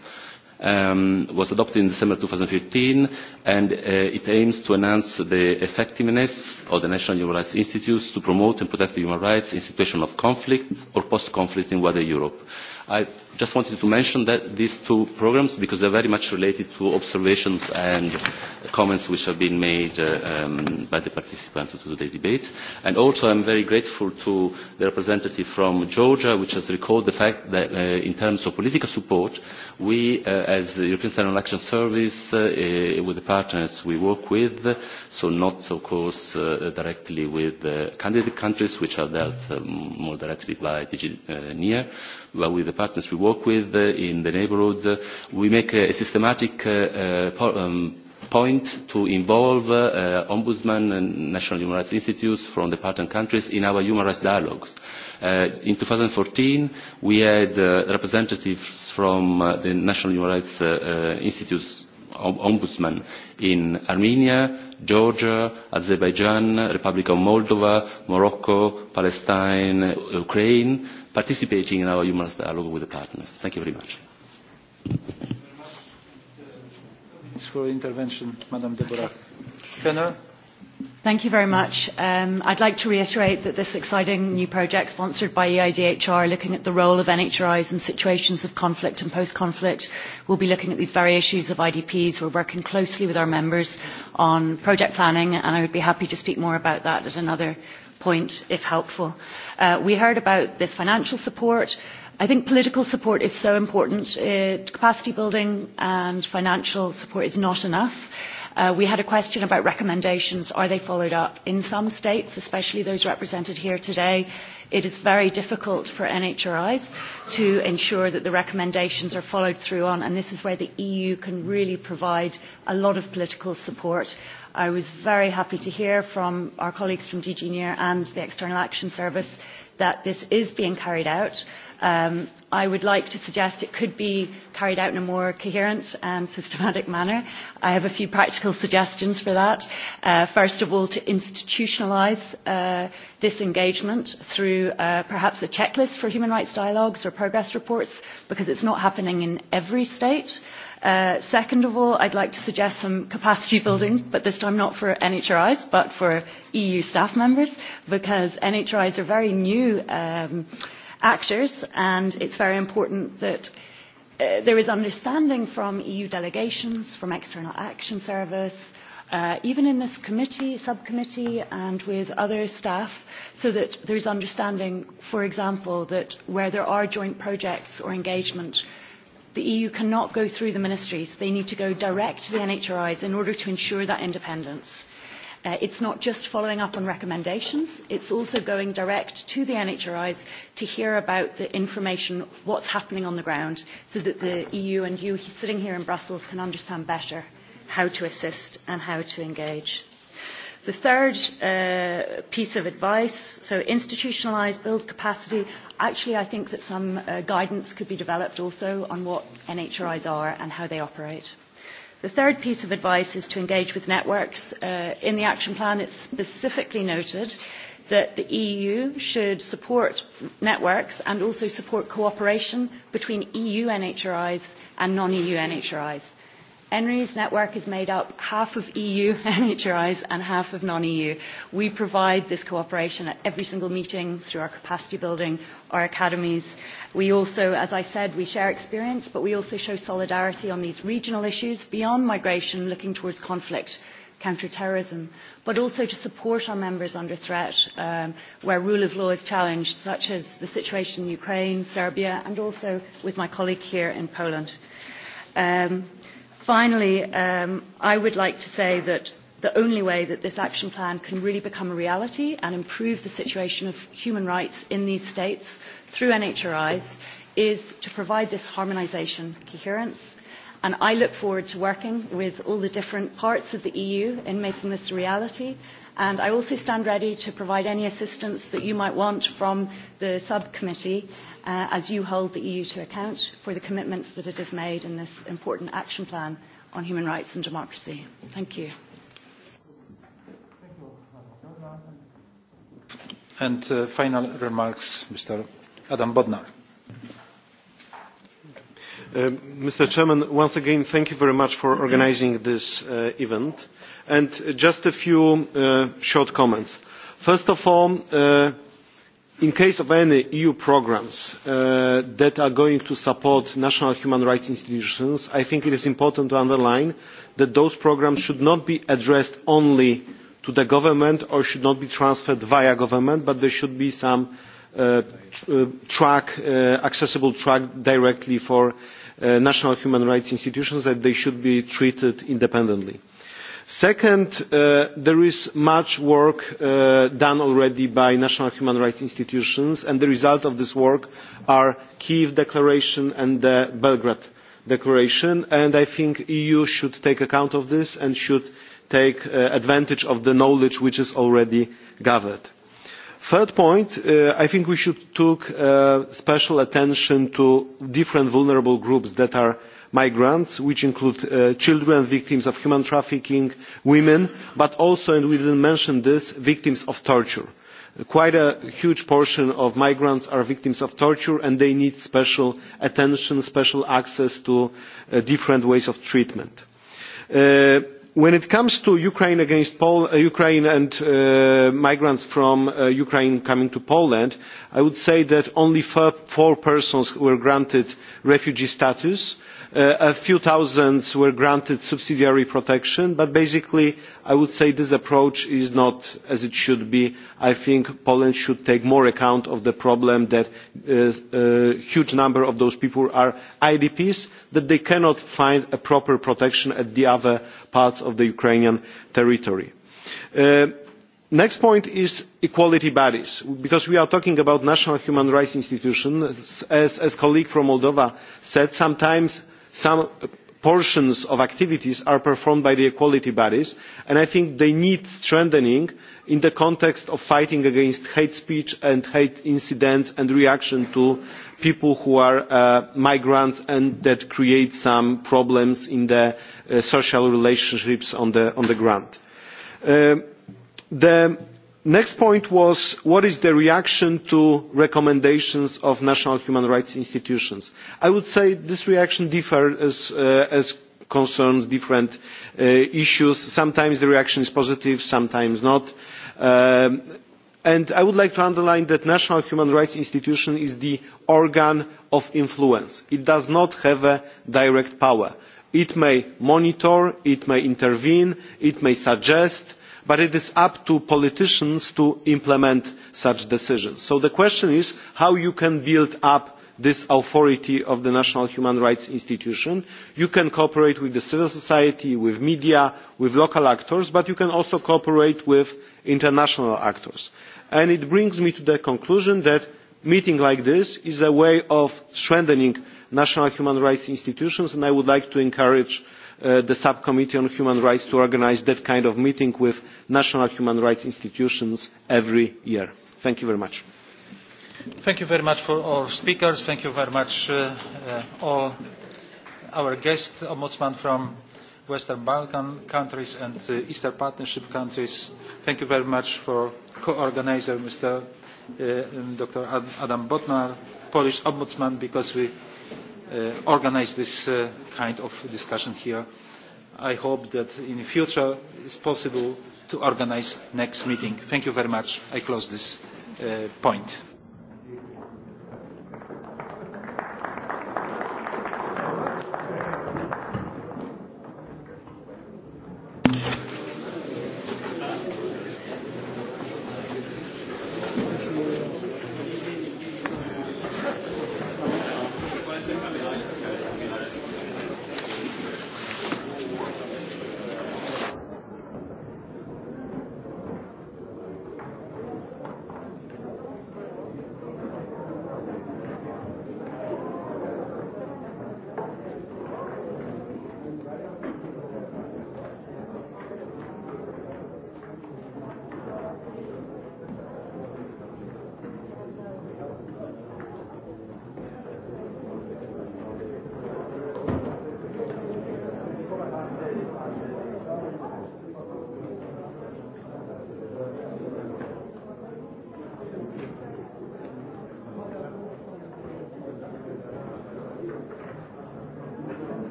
um, was adopted in December 2015 and uh, it aims to enhance the effectiveness of the National Human Rights Institutes to promote and protect human rights in situations of conflict or post-conflict in wider Europe i just wanted to mention that these two programs, because they are very much related to observations and comments which have been made uh, um, by the participants to today's debate. And also am very grateful to the representative from Georgia, which has recalled the fact that uh, in terms of political support, we, uh, as the European External Action Service, uh, uh, with the partners we work with, so not, of course, uh, directly with the candidate countries, which are dealt um, more directly by DG uh, NIR, well, with the partners we work with uh, in the neighborhood, uh, we make a, a systematic uh, uh, um, point to involve uh, uh, ombudsman and national human rights institutes from the partner countries in our human rights dialogues. Uh, in 2014, we had uh, representatives from uh, the national human rights uh, uh, institutes ombudsman in Armenia, Georgia, Azerbaijan, Republic of Moldova, Morocco, Palestine, Ukraine, participating in our human dialogue with the partners. Thank you very much. Thanks for intervention, Madam Deborah Kenner. Thank you very much. Um, I'd like to reiterate that this exciting new project sponsored by EIDHR looking at the role of NHRIs in situations of conflict and post-conflict will be looking at these very issues of IDPs. We're working closely with our members on project planning and I would be happy to speak more about that at another point if helpful. Uh, we heard about this financial support. I think political support is so important. Uh, capacity building and financial support is not enough Uh, we had a question about recommendations. Are they followed up? In some states, especially those represented here today, it is very difficult for NHRIs to ensure that the recommendations are followed through on, and this is where the EU can really provide a lot of political support. I was very happy to hear from our colleagues from DG NIR and the External Action Service that this is being carried out um, I would like to suggest it could be carried out in a more coherent and systematic manner. I have a few practical suggestions for that. Uh, first of all, to institutionalise uh, this engagement through uh, perhaps a checklist for human rights dialogues or progress reports, because it's not happening in every state. Uh, second of all, I'd like to suggest some capacity building, but this time not for NHRIs, but for EU staff members, because NHRIs are very new. Um, actors and it is very important that uh, there is understanding from EU delegations, from External Action Service, uh, even in this committee, subcommittee, and with other staff, so that there is understanding, for example, that where there are joint projects or engagement, the EU cannot go through the ministries. They need to go direct to the NHRIs in order to ensure that independence Uh, it is not just following up on recommendations, it is also going direct to the NHRIs to hear about the information, what is happening on the ground, so that the EU and you sitting here in Brussels can understand better how to assist and how to engage. The third uh, piece of advice, so institutionalise, build capacity. Actually, I think that some uh, guidance could be developed also on what NHRIs are and how they operate. The third piece of advice is to engage with networks. Uh, in the action plan, it's specifically noted that the EU should support networks and also support cooperation between EU NHRIs and non-EU NHRIs ENRI's network is made up half of EU NHRIs and half of non-EU. We provide this cooperation at every single meeting through our capacity building, our academies. We also, as I said, we share experience, but we also show solidarity on these regional issues beyond migration, looking towards conflict counter terrorism, but also to support our members under threat um, where rule of law is challenged, such as the situation in Ukraine, Serbia, and also with my colleague here in Poland. Um, Finally, um, I would like to say that the only way that this action plan can really become a reality and improve the situation of human rights in these states through NHRIs is to provide this harmonisation, coherence, and I look forward to working with all the different parts of the EU in making this a reality and I also stand ready to provide any assistance that you might want from the subcommittee uh, as you hold the EU to account for the commitments that it has made in this important action plan on human rights and democracy. Thank you. And uh, final remarks, Mr. Adam Bodnar. Uh, Mr. Chairman, once again, thank you very much for organizing this uh, event and just a few uh, short comments. first of all uh, in case of any eu programmes uh, that are going to support national human rights institutions i think it is important to underline that those programmes should not be addressed only to the government or should not be transferred via government but there should be some uh, uh track, uh, accessible track directly for uh, national human rights institutions that they should be treated independently second uh, there is much work uh, done already by national human rights institutions and the result of this work are the kiev declaration and the belgrade declaration and i think the eu should take account of this and should take uh, advantage of the knowledge which is already gathered. third point i think we should pay special attention to different vulnerable groups that are migrants which include uh, children victims of human trafficking women but also and we did not mention this victims of torture. quite a huge portion of migrants are victims of torture and they need special attention special access to uh, different ways of treatment. Uh, when it comes to ukraine against ukraine and migrants from ukraine coming to poland i would say that only four persons were granted refugee status. Uh, a few thousand were granted subsidiary protection but basically i would say this approach is not as it should be. i think poland should take more account of the problem that a uh, uh, huge number of those people are idps that they cannot find proper protection at the other parts of the ukrainian territory. The next point is equality bodies because we are talking about national human rights institutions. as a colleague from moldova said sometimes some portions of activities are performed by the equality bodies and i think they need strengthening in the context of fighting against hate speech and hate incidents and reaction to people who are uh, migrants and that create some problems in the uh, social relationships on the, on the ground. Uh, the next point was what is the reaction to recommendations of national human rights institutions? i would say this reaction differs as, uh, as concerns different uh, issues. sometimes the reaction is positive sometimes not. Um, and i would like to underline that the national human rights institution is the organ of influence. it does not have a direct power. it may monitor it may intervene it may suggest but it is up to politicians to implement such decisions. so the question is how you can build up this authority of the national human rights institution. you can cooperate with civil society with the media with local actors but you can also cooperate with international actors. And it brings me to the conclusion that a meeting like this is a way of strengthening national human rights institutions and i would like to encourage Uh, the subcommittee on human rights to organise that kind of meeting with national human rights institutions every year. Thank you very much. Thank you very much for our speakers. Thank you very much uh, uh, all our guests, Ombudsman from Western Balkan countries and uh, Eastern Partnership countries. Thank you very much for co-organizer, Mr. Uh, Dr. Adam Botnar, Polish Ombudsman, because we uh, organize this uh, kind of discussion here. I hope that in the future it's possible to organize next meeting. Thank you very much. I close this uh, point.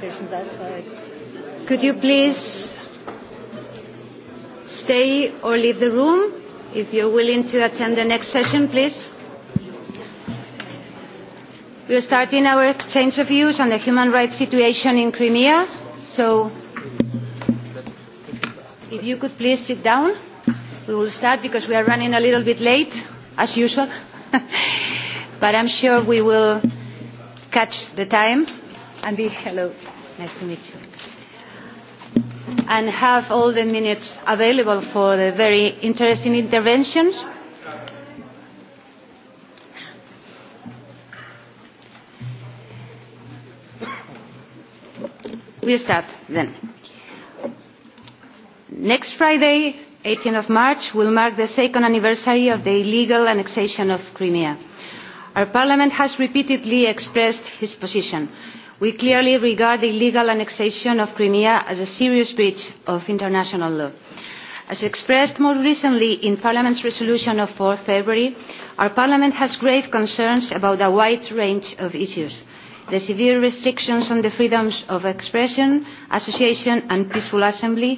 politicians outside. Could you please stay or leave the room if you're willing to attend the next session, please? We are starting our exchange of views on the human rights situation in Crimea. So, if you could please sit down, we will start because we are running a little bit late, as usual. but I'm sure we will catch the time and be hello. Nice to meet you. And have all the minutes available for the very interesting interventions. We start then. Next Friday, 18 of March, will mark the second anniversary of the illegal annexation of Crimea. Our Parliament has repeatedly expressed its position we clearly regard the illegal annexation of crimea as a serious breach of international law. as expressed more recently in parliament's resolution of four february our parliament has grave concerns about a wide range of issues the severe restrictions on the freedoms of expression association and peaceful assembly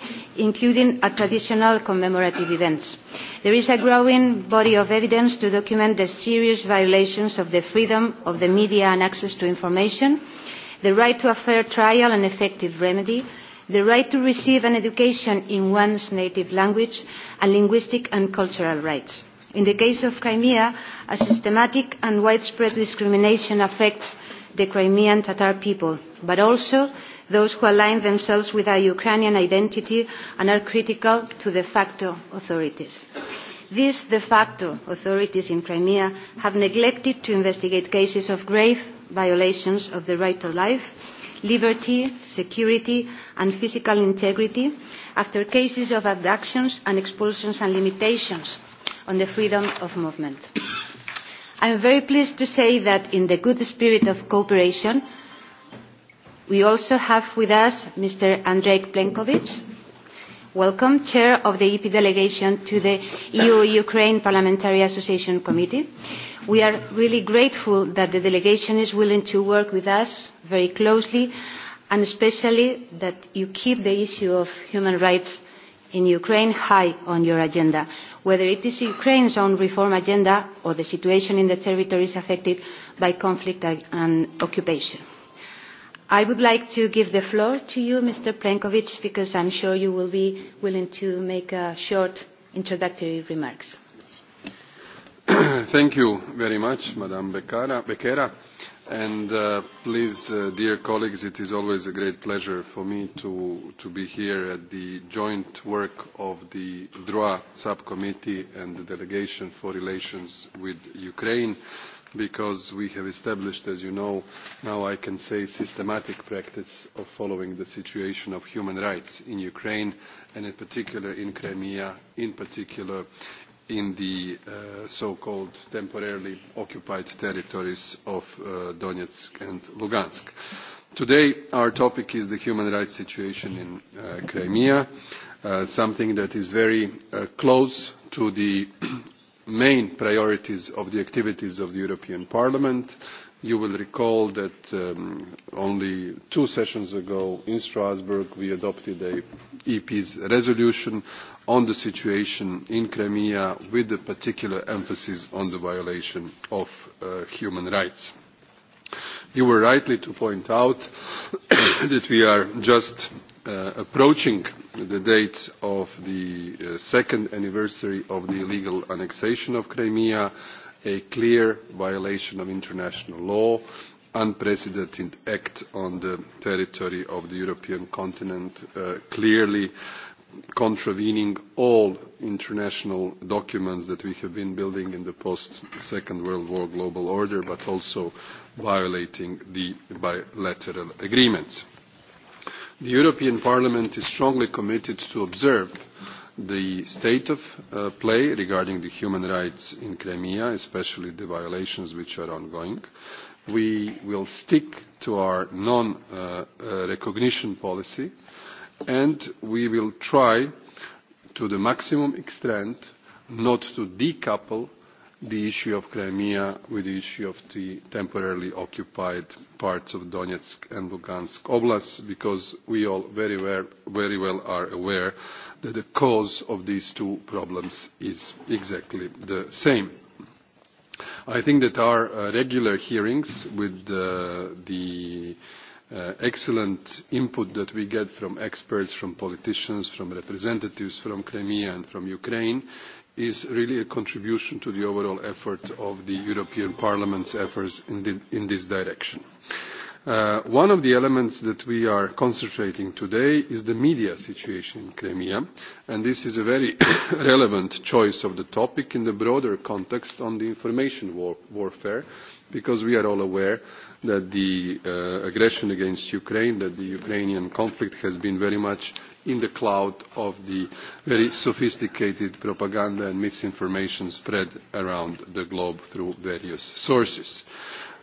including at traditional commemorative events. there is a growing body of evidence to document the serious violations of the freedom of the media and access to information and the right to a fair trial and effective remedy, the right to receive an education in one's native language, and linguistic and cultural rights. In the case of Crimea, a systematic and widespread discrimination affects the Crimean Tatar people, but also those who align themselves with a Ukrainian identity and are critical to de facto authorities. These de facto authorities in Crimea have neglected to investigate cases of grave violations of the right to life, liberty, security and physical integrity after cases of abductions and expulsions and limitations on the freedom of movement. I am very pleased to say that in the good spirit of cooperation, we also have with us Mr. Andrei Plenkovic, welcome, chair of the EP delegation to the EU-Ukraine Parliamentary Association Committee. We are really grateful that the delegation is willing to work with us very closely and especially that you keep the issue of human rights in Ukraine high on your agenda, whether it is Ukraine's own reform agenda or the situation in the territories affected by conflict and occupation. I would like to give the floor to you, Mr. Plenkovic, because I'm sure you will be willing to make a short introductory remarks. Thank you very much, Madam Becerra. And uh, please, uh, dear colleagues, it is always a great pleasure for me to, be here at the joint work of the DROA subcommittee and the Delegation for Relations with Ukraine, because we have established, as you know, now I can say a systematic practice of following the situation of human rights in Ukraine, and in particular in Crimea, in particular in the uh, so-called temporarily occupied territories of uh, Donetsk and Lugansk. Today, our topic is the human rights situation in uh, Crimea, uh, something that is very uh, close to the main priorities of the activities of the European Parliament, uh, you will recall that um, only two sessions ago in strasbourg we adopted an EP resolution on the situation in crimea with a particular emphasis on the violation of uh, human rights. you were rightly to point out that we are just uh, approaching the date of the uh, second anniversary of the illegal annexation of crimea a clear violation of international law, unprecedented act on the territory of the European continent, uh, clearly contravening all international documents that we have been building in the post second world war global order but also violating the bilateral agreements. the european parliament is strongly committed to observe the state of uh, play regarding the human rights in Crimea, especially the violations which are ongoing. We will stick to our non-recognition uh, uh, policy, and we will try to the maximum extent not to decouple the issue of Crimea with the issue of the temporarily occupied parts of Donetsk and Lugansk oblasts because we all very well, very well are aware that the cause of these two problems is exactly the same. I think that our uh, regular hearings with uh, the uh, excellent input that we get from experts from politicians from representatives from crimea and from ukraine is really a contribution to the overall effort of the European Parliament's efforts in, this direction. Uh, one of the elements that we are concentrating on today is the media situation in Crimea, and this is a very relevant choice of the topic in the broader context on the information warfare because we are all aware that the uh, aggression against Ukraine, that the Ukrainian conflict has been very much in the cloud of the very sophisticated propaganda and misinformation spread around the globe through various sources.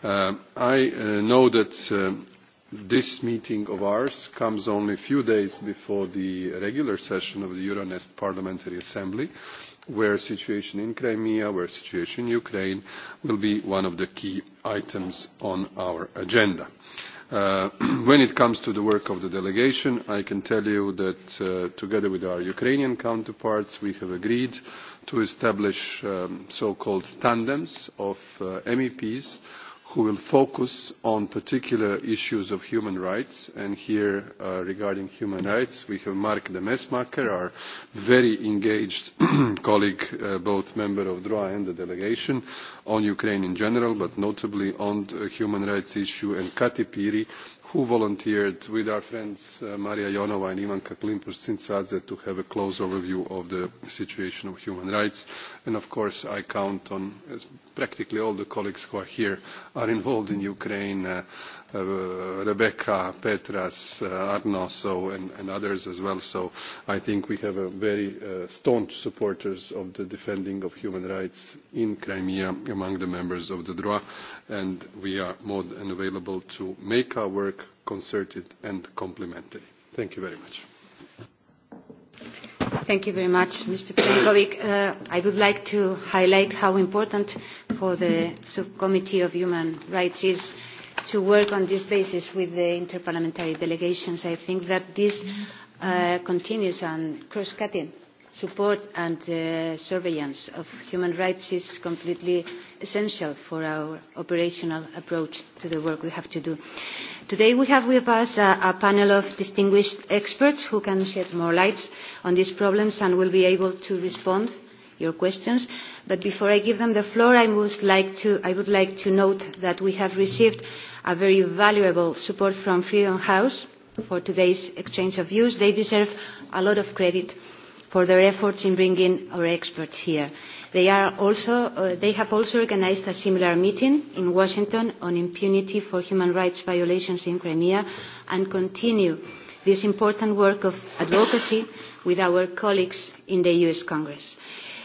Uh, I uh, know that um, this meeting of ours comes only a few days before the regular session of the Euronest Parliamentary Assembly, where the situation in Crimea, where the situation in Ukraine will be one of the key items on our agenda. Uh, when it comes to the work of the delegation, I can tell you that uh, together with our Ukrainian counterparts, we have agreed to establish um, so-called tandems of uh, MEPs who will focus on particular issues of human rights and here uh, regarding human rights we have marc de mesmaeker our very engaged colleague uh, both member of droi and the delegation on ukraine in general but notably on the human rights issue and kati piri who volunteered with our friends uh, Maria Ionova and Ivanka Klimpur-Tsinsadze to have a close overview of the situation of human rights. And of course, I count on, as practically all the colleagues who are here are involved in Ukraine, uh, Uh, Rebecca, Petras, uh, Arnaud, and, and others as well. So I think we have very uh, staunch supporters of the defending of human rights in Crimea among the members of the DROA, and we are more than available to make our work concerted and complementary. Thank you very much. Thank you very much, Mr. Plenkovic. Uh, I would like to highlight how important for the Subcommittee of Human Rights is to work on this basis with the interparliamentary delegations. I think that this uh, continuous and cross-cutting support and uh, surveillance of human rights is completely essential for our operational approach to the work we have to do. Today we have with us a, a panel of distinguished experts who can shed more lights on these problems and will be able to respond your questions. But before I give them the floor, I would like to, I would like to note that we have received a very valuable support from Freedom House for today's exchange of views. They deserve a lot of credit for their efforts in bringing our experts here. They, are also, uh, they have also organized a similar meeting in Washington on impunity for human rights violations in Crimea and continue this important work of advocacy with our colleagues in the US Congress.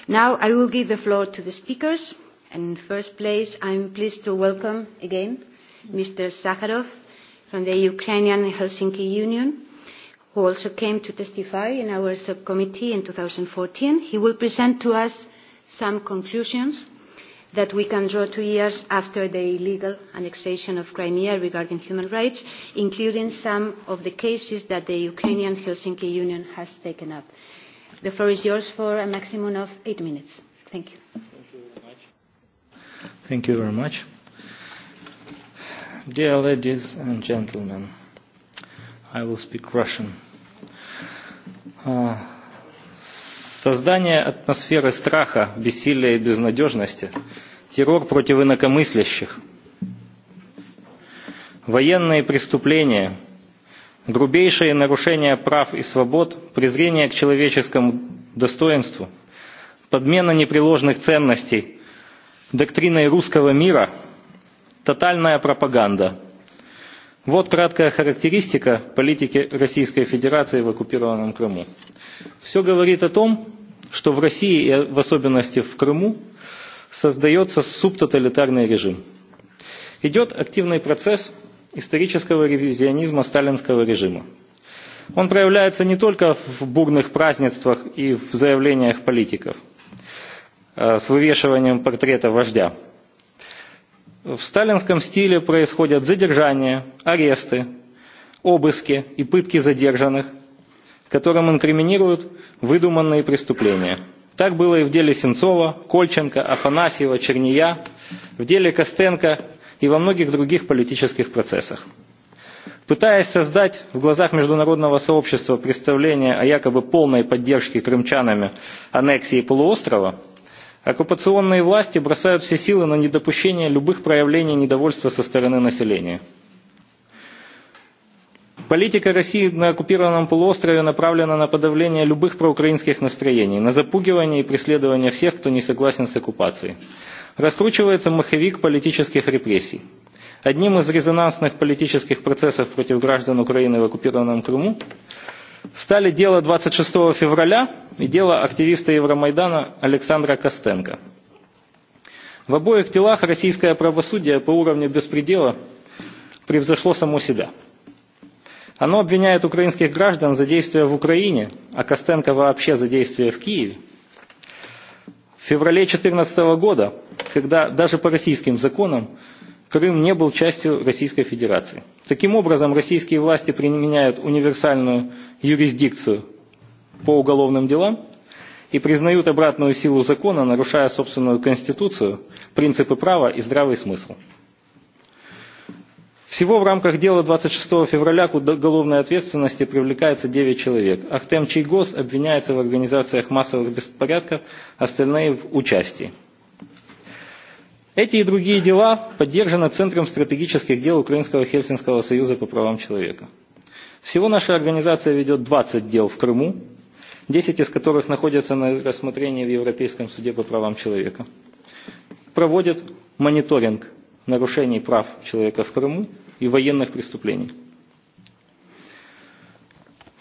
Now I will give the floor to the speakers. And in first place, I'm pleased to welcome again Mr. Sakharov from the Ukrainian Helsinki Union, who also came to testify in our subcommittee in 2014. He will present to us some conclusions that we can draw two years after the illegal annexation of Crimea regarding human rights, including some of the cases that the Ukrainian Helsinki Union has taken up. The floor is yours for a maximum of eight minutes. Thank you. Thank you very much. Thank you very much. Dear ladies and gentlemen, I will speak Russian. Создание атмосферы страха, бессилия и безнадежности, террор против инакомыслящих, военные преступления, грубейшие нарушения прав и свобод, презрение к человеческому достоинству, подмена непреложных ценностей, доктриной русского мира – тотальная пропаганда. Вот краткая характеристика политики Российской Федерации в оккупированном Крыму. Все говорит о том, что в России и в особенности в Крыму создается субтоталитарный режим. Идет активный процесс исторического ревизионизма сталинского режима. Он проявляется не только в бурных празднествах и в заявлениях политиков с вывешиванием портрета вождя – в сталинском стиле происходят задержания, аресты, обыски и пытки задержанных, которым инкриминируют выдуманные преступления. Так было и в деле Сенцова, Кольченко, Афанасьева, Черния, в деле Костенко и во многих других политических процессах. Пытаясь создать в глазах международного сообщества представление о якобы полной поддержке крымчанами аннексии полуострова – Оккупационные власти бросают все силы на недопущение любых проявлений недовольства со стороны населения. Политика России на оккупированном полуострове направлена на подавление любых проукраинских настроений, на запугивание и преследование всех, кто не согласен с оккупацией. Раскручивается маховик политических репрессий. Одним из резонансных политических процессов против граждан Украины в оккупированном Крыму стали дело 26 февраля и дело активиста Евромайдана Александра Костенко. В обоих делах российское правосудие по уровню беспредела превзошло само себя. Оно обвиняет украинских граждан за действия в Украине, а Костенко вообще за действия в Киеве. В феврале 2014 года, когда даже по российским законам Крым не был частью Российской Федерации. Таким образом, российские власти применяют универсальную юрисдикцию по уголовным делам и признают обратную силу закона, нарушая собственную конституцию, принципы права и здравый смысл. Всего в рамках дела 26 февраля к уголовной ответственности привлекается 9 человек. Ахтем Чайгос обвиняется в организациях массовых беспорядков, остальные в участии. Эти и другие дела поддержаны Центром стратегических дел Украинского Хельсинского союза по правам человека. Всего наша организация ведет 20 дел в Крыму, 10 из которых находятся на рассмотрении в Европейском суде по правам человека. Проводит мониторинг нарушений прав человека в Крыму и военных преступлений.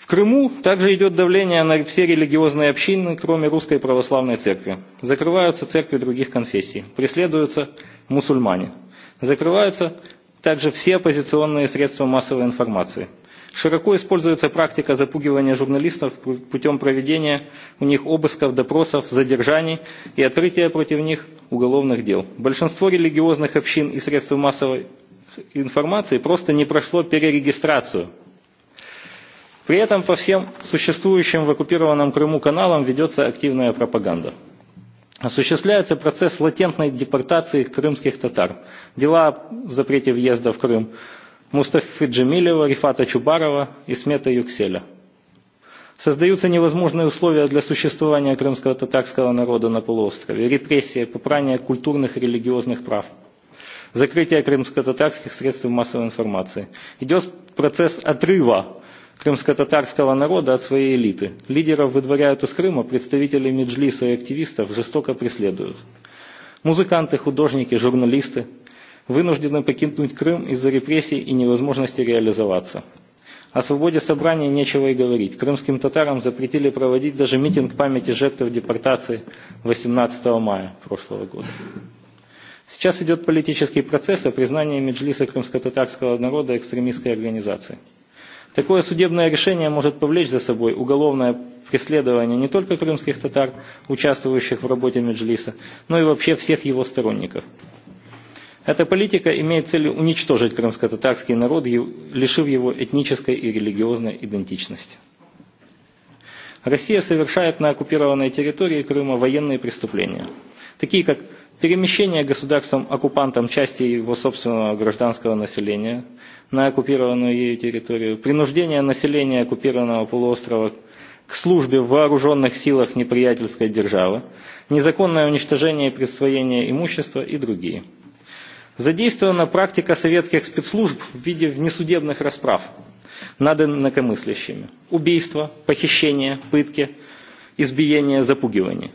В Крыму также идет давление на все религиозные общины, кроме Русской Православной Церкви. Закрываются церкви других конфессий, преследуются мусульмане. Закрываются также все оппозиционные средства массовой информации. Широко используется практика запугивания журналистов путем проведения у них обысков, допросов, задержаний и открытия против них уголовных дел. Большинство религиозных общин и средств массовой информации просто не прошло перерегистрацию – При этом по всем существующим в оккупированном Крыму каналам ведется активная пропаганда. Осуществляется процесс латентной депортации крымских татар. Дела о запрете въезда в Крым Мустафы Джамилева, Рифата Чубарова и Смета Юкселя. Создаются невозможные условия для существования крымского татарского народа на полуострове. Репрессии, попрание культурных и религиозных прав. Закрытие крымско-татарских средств массовой информации. Идет процесс отрыва крымско-татарского народа от своей элиты. Лидеров выдворяют из Крыма, представителей Меджлиса и активистов жестоко преследуют. Музыканты, художники, журналисты вынуждены покинуть Крым из-за репрессий и невозможности реализоваться. О свободе собрания нечего и говорить. Крымским татарам запретили проводить даже митинг памяти жертв депортации 18 мая прошлого года. Сейчас идет политический процесс о признании Меджлиса крымско-татарского народа экстремистской организацией. Такое судебное решение может повлечь за собой уголовное преследование не только крымских татар, участвующих в работе Меджлиса, но и вообще всех его сторонников. Эта политика имеет цель уничтожить крымско-татарский народ, лишив его этнической и религиозной идентичности. Россия совершает на оккупированной территории Крыма военные преступления, такие как перемещение государством-оккупантом части его собственного гражданского населения, на оккупированную ею территорию, принуждение населения оккупированного полуострова к службе в вооруженных силах неприятельской державы, незаконное уничтожение и присвоение имущества и другие. Задействована практика советских спецслужб в виде внесудебных расправ над инакомыслящими. Убийства, похищения, пытки, избиения, запугивания.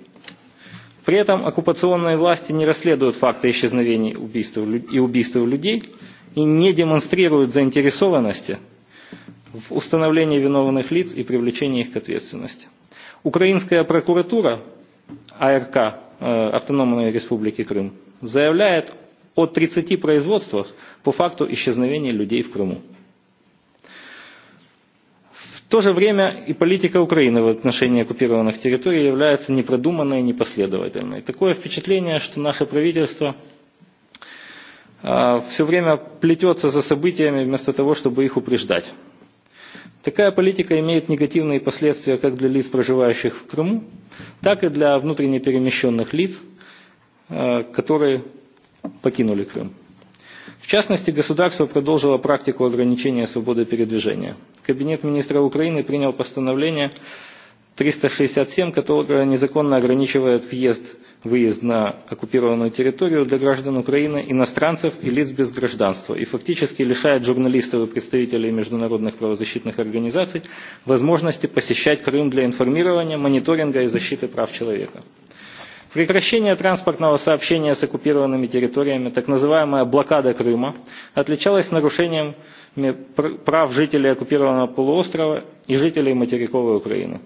При этом оккупационные власти не расследуют факты исчезновений убийств и убийств людей, и не демонстрируют заинтересованности в установлении виновных лиц и привлечении их к ответственности. Украинская прокуратура АРК Автономной Республики Крым заявляет о 30 производствах по факту исчезновения людей в Крыму. В то же время и политика Украины в отношении оккупированных территорий является непродуманной и непоследовательной. Такое впечатление, что наше правительство все время плетется за событиями вместо того, чтобы их упреждать. Такая политика имеет негативные последствия как для лиц, проживающих в Крыму, так и для внутренне перемещенных лиц, которые покинули Крым. В частности, государство продолжило практику ограничения свободы передвижения. Кабинет министра Украины принял постановление 367, которое незаконно ограничивает въезд выезд на оккупированную территорию для граждан Украины, иностранцев и лиц без гражданства и фактически лишает журналистов и представителей международных правозащитных организаций возможности посещать Крым для информирования, мониторинга и защиты прав человека. Прекращение транспортного сообщения с оккупированными территориями, так называемая блокада Крыма, отличалась нарушением прав жителей оккупированного полуострова и жителей материковой Украины.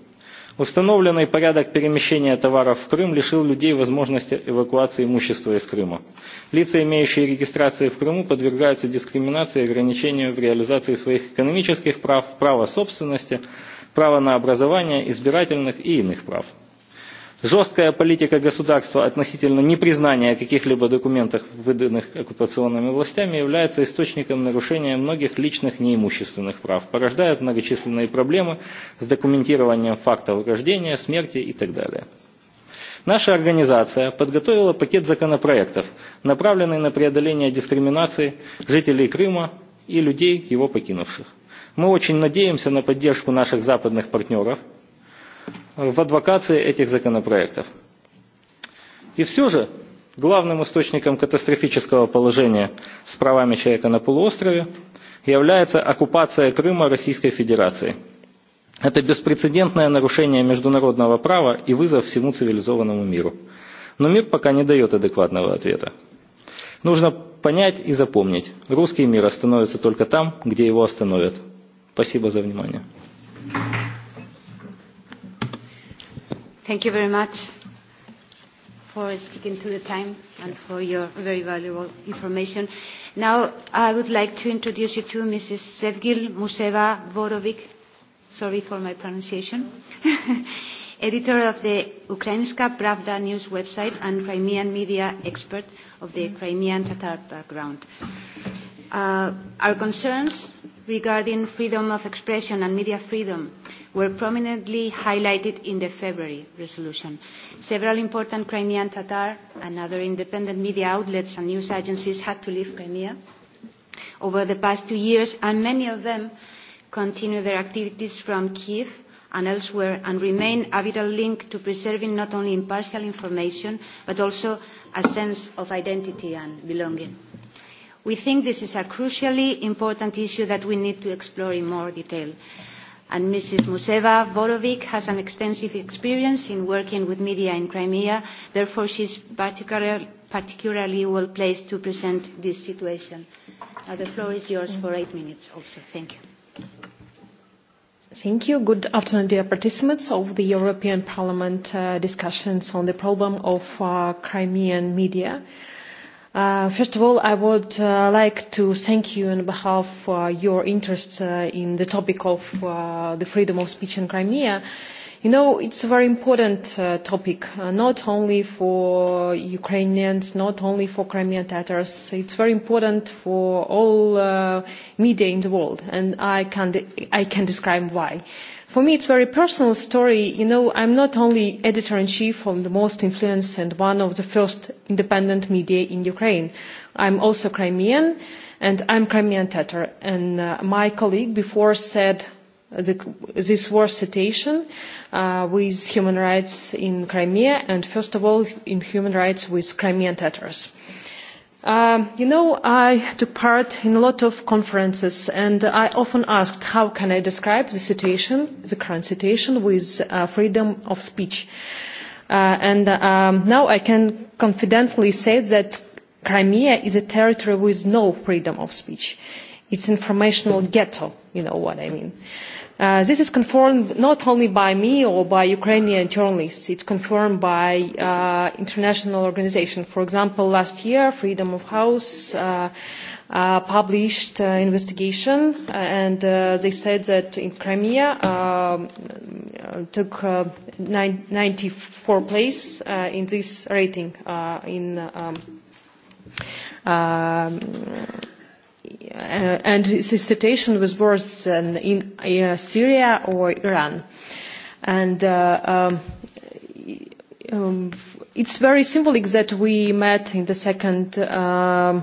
Установленный порядок перемещения товаров в Крым лишил людей возможности эвакуации имущества из Крыма. Лица, имеющие регистрации в Крыму, подвергаются дискриминации и ограничению в реализации своих экономических прав, права собственности, права на образование, избирательных и иных прав жесткая политика государства относительно непризнания каких-либо документов, выданных оккупационными властями, является источником нарушения многих личных неимущественных прав, порождает многочисленные проблемы с документированием фактов рождения, смерти и так далее. Наша организация подготовила пакет законопроектов, направленный на преодоление дискриминации жителей Крыма и людей, его покинувших. Мы очень надеемся на поддержку наших западных партнеров – в адвокации этих законопроектов. И все же главным источником катастрофического положения с правами человека на полуострове является оккупация Крыма Российской Федерацией. Это беспрецедентное нарушение международного права и вызов всему цивилизованному миру. Но мир пока не дает адекватного ответа. Нужно понять и запомнить, русский мир остановится только там, где его остановят. Спасибо за внимание. Thank you. Thank you very much for sticking to the time and for your very valuable information. Now I would like to introduce you to Mrs. Sevgil Museva Vorovic, sorry for my pronunciation, editor of the Ukrainska Pravda news website and Crimean media expert of the Crimean Tatar background. Uh, our concerns regarding freedom of expression and media freedom were prominently highlighted in the February resolution. Several important Crimean Tatar and other independent media outlets and news agencies had to leave Crimea over the past two years, and many of them continue their activities from Kiev and elsewhere and remain a vital link to preserving not only impartial information but also a sense of identity and belonging. We think this is a crucially important issue that we need to explore in more detail. And Mrs. Museva Borovic has an extensive experience in working with media in Crimea. Therefore, she is particular, particularly well placed to present this situation. Uh, the floor is yours for eight minutes also. Thank you. Thank you. Good afternoon, dear participants of the European Parliament uh, discussions on the problem of uh, Crimean media. Uh, Uh, first of all, I would uh, like to thank you on behalf of uh, your interest uh, in the topic of uh, the freedom of speech in Crimea. You know, it's a very important uh, topic, uh, not only for Ukrainians, not only for Crimean Tatars. It's very important for all uh, media in the world, and I can, de- I can describe why. Uh, For me, it's a very personal story. You know, I'm not only editor-in-chief of the most influenced and one of the first independent media in Ukraine. I'm also Crimean, and I'm Crimean Tatar. And uh, my colleague before said the, this war citation uh, with human rights in Crimea, and first of all, in human rights with Crimean Tatars Uh, you know, I took part in a lot of conferences, and I often asked how can I describe the situation, the current situation, with uh, freedom of speech. Uh, and uh, um, now I can confidently say that Crimea is a territory with no freedom of speech. It's informational ghetto, you know what I mean. Uh, Uh, this is confirmed not only by me or by Ukrainian journalists, it's confirmed by uh, international organizations. For example, last year, Freedom of House uh, uh, published an uh, investigation, uh, and uh, they said that in Crimea um, uh, took uh, nine, 94 place uh, in this rating uh, in um, uh, uh, and the situation was worse than in uh, Syria or Iran. And uh, um, um, it's very symbolic that we met in the second, uh,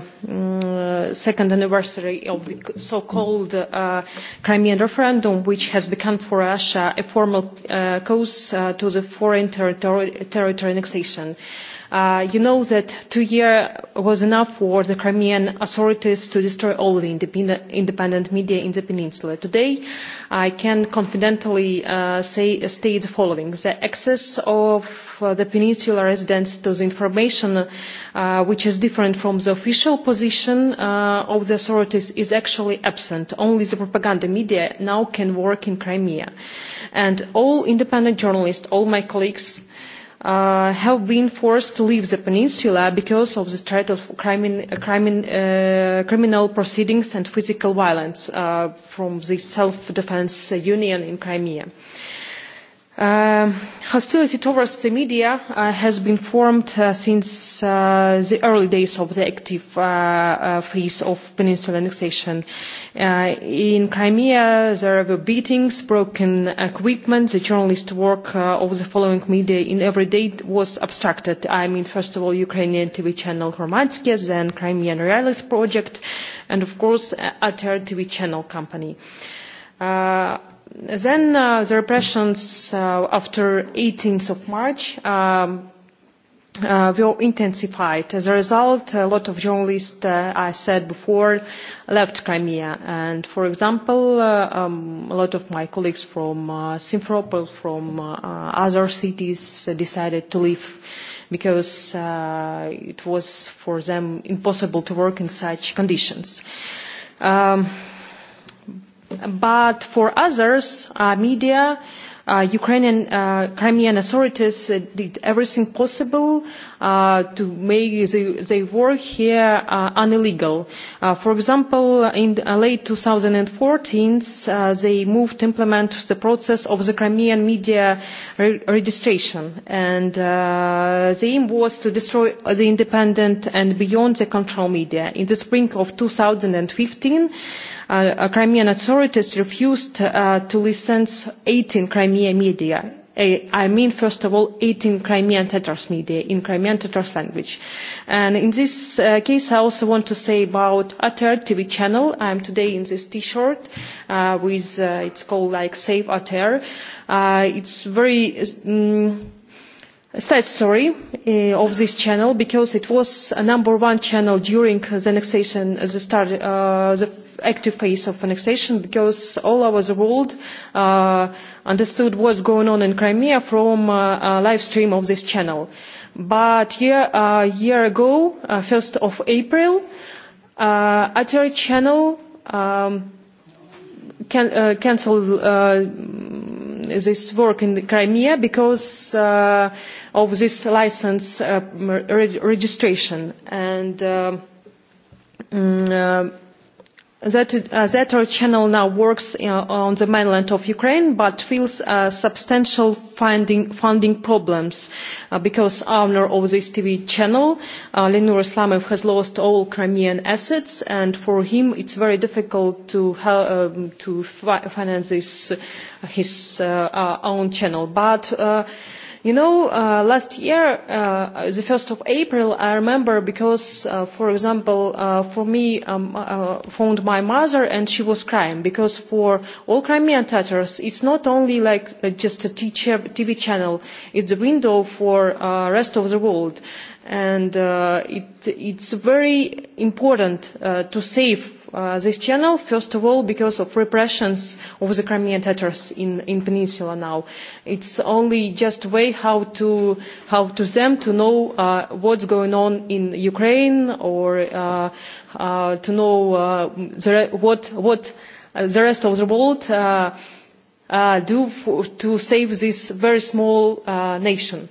um, mm, second anniversary of the so-called uh, Crimean referendum, which has become for Russia a formal uh, cause uh, to the foreign territory, territory annexation. Uh, Uh, you know that two years was enough for the Crimean authorities to destroy all the independent, independent media in the peninsula. Today, I can confidently uh, say, state the following. The access of uh, the peninsula residents to the information uh, which is different from the official position uh, of the authorities is actually absent. Only the propaganda media now can work in Crimea. And all independent journalists, all my colleagues, uh, have been forced to leave the peninsula because of the threat of crime, in, uh, crime in, uh, criminal proceedings and physical violence uh, from the self-defense union in Crimea. Uh, Um hostility towards the media uh, has been formed uh, since uh, the early days of the active uh, uh, phase of peninsula annexation. Uh, in Crimea, there were beatings, broken equipment, the journalist work uh, of the following media in every day was obstructed. I mean, first of all, Ukrainian TV channel Romansky, then Crimean Realist Project, and of course, a third TV channel company. Uh, then uh, the repressions uh, after 18th of March um, uh, were intensified. As a result, a lot of journalists, uh, I said before, left Crimea. And for example, uh, um, a lot of my colleagues from uh, Simferopol, from uh, uh other cities, uh, decided to leave because uh, it was for them impossible to work in such conditions. Um, But for others, uh, media, uh, Ukrainian uh, Crimean authorities uh, did everything possible uh, to make the, the work here uh, unillegal. Uh, for example, in uh, late 2014, uh, they moved to implement the process of the Crimean media re- registration, and uh, the aim was to destroy the independent and beyond the control media. In the spring of 2015, uh, Crimean authorities refused uh, to license 18 Crimean media. I mean, first of all, 18 Crimean Tatars media in Crimean Tatars language. And in this uh, case, I also want to say about a third TV channel. I'm today in this T-shirt uh, with, uh, it's called like Save Ater. Uh, it's very, um, sad story uh, of this channel because it was a number one channel during the annexation, the, start, uh, the active phase of annexation because all over the world uh, understood what's going on in Crimea from uh, a live stream of this channel. But year, uh, year ago, uh, 1st of April, uh, Atari channel um, can, uh, cancelled uh, this work in Crimea because uh, of this license uh, re registration and uh, um, that, uh, that our channel now works uh, on the mainland of Ukraine but feels uh, substantial finding, funding problems uh, because owner of this TV channel, uh, Lenur Islamov, has lost all Crimean assets and for him it's very difficult to, help um to fi finance this, his uh, uh, own channel. But uh, You know, uh, last year, uh, the 1st of April, I remember because, uh, for example, uh, for me, um, uh, phoned my mother and she was crying because for all Crimean Tatars, it's not only like uh, just a teacher, TV channel, it's a window for uh, rest of the world. And uh, it, it's very important uh, to save uh, this channel, first of all, because of repressions of the Crimean Tatars in, in Peninsula now. It's only just a way how to, how to them to know uh, what's going on in Ukraine or uh, uh, to know uh, the re- what, what uh, the rest of the world uh, uh, do f- to save this very small uh, nation.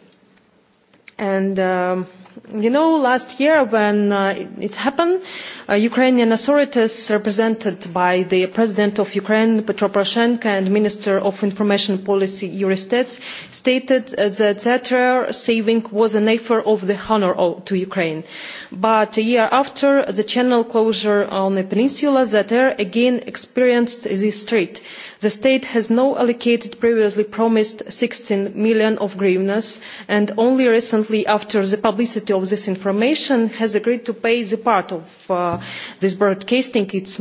And, um, you know, last year when uh, it, it happened, uh, Uh, Ukrainian authorities, represented by the President of Ukraine, Petro Poroshenko, and Minister of Information Policy, Yuri Stets, stated that that terror saving was an effort of the honor to Ukraine. But a year after the channel closure on the peninsula, the air again experienced this threat the state has no allocated previously promised eur sixteen million of grievance and only recently after the publicity of this information has agreed to pay the part of uh, this broadcasting its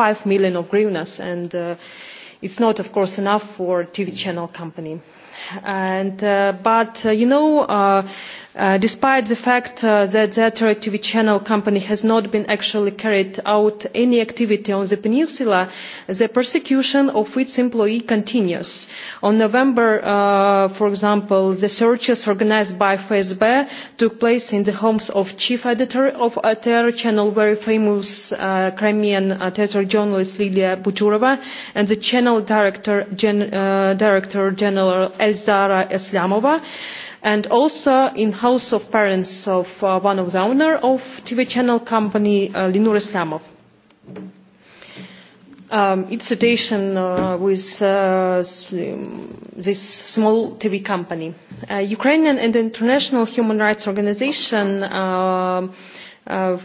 five million of grievance and it uh, it's not of course enough for a tv channel company uh, but you know uh, Uh, despite the fact uh, that the Atari TV channel company has not been actually carried out any activity on the peninsula, the persecution of its employee continues. On November, uh, for example, the searches organized by FSB took place in the homes of chief editor of Atari channel, very famous uh, Crimean uh, theater journalist Lilia Buturova, and the channel director, gen, uh, director general Elzara Eslamova and also in the house of parents of uh, one of the owners of TV channel company, uh, Linur Islamov. Um, its situation uh, with uh, um, this small TV company. Uh, Ukrainian and international human rights organization um, uh, uh,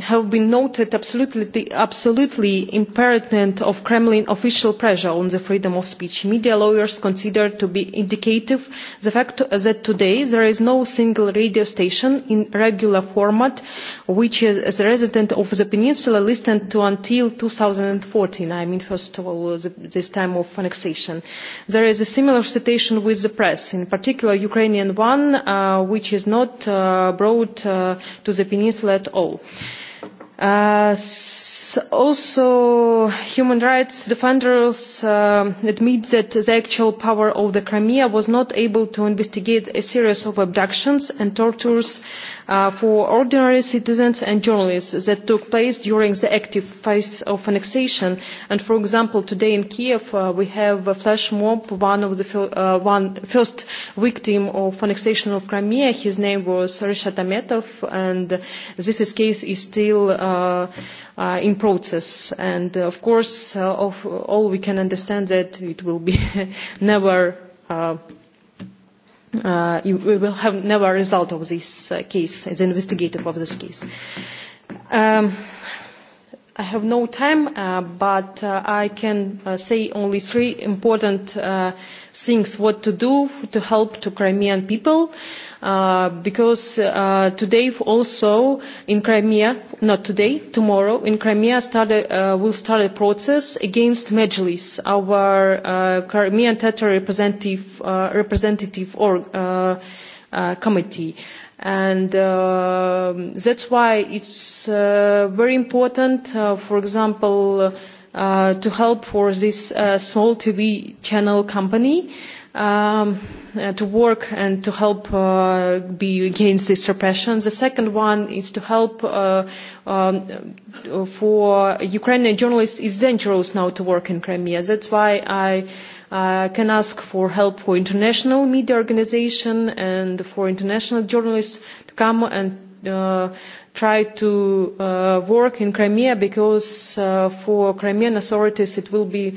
have been noted absolutely, absolutely impertinent of Kremlin official pressure on the freedom of speech. Media lawyers consider to be indicative the fact that today there is no single radio station in regular format which as a resident of the peninsula listened to until 2014, fourteen i mean first of all the, this time of annexation. there is a similar situation with the press in particular the ukrainian one uh, which is not uh, brought uh, to the peninsula at all. Uh, also human rights defenders uh, admit that the actual power of the crimea was not able to investigate a series of abductions and tortures Uh, for ordinary citizens and journalists that took place during the active phase of annexation. And for example, today in Kiev, uh, we have a flash mob, one of the uh, one first victim of annexation of Crimea. His name was Rishat Ametov, and this is case is still uh, uh, in process. And uh, of course, uh, of, all we can understand that it will be never uh, uh, you, we will have never a result of this uh, case, the investigative of this case. Um, I have no time, uh, but uh, I can uh, say only three important uh, things what to do to help to Crimean people. Uh, uh, because uh, today also in Crimea, not today, tomorrow in Crimea started, uh, will start a process against Mejlis, our uh, Crimean Tatar representative, uh, representative or uh, uh, committee and uh, that's why it's uh, very important, uh, for example, uh, to help for this uh, small TV channel company. Um, uh, to work and to help uh, be against this repression. The second one is to help uh, um, for Ukrainian journalists. It's dangerous now to work in Crimea. That's why I uh, can ask for help for international media organization and for international journalists to come and uh, try to uh, work in Crimea because uh, for Crimean authorities it will be uh,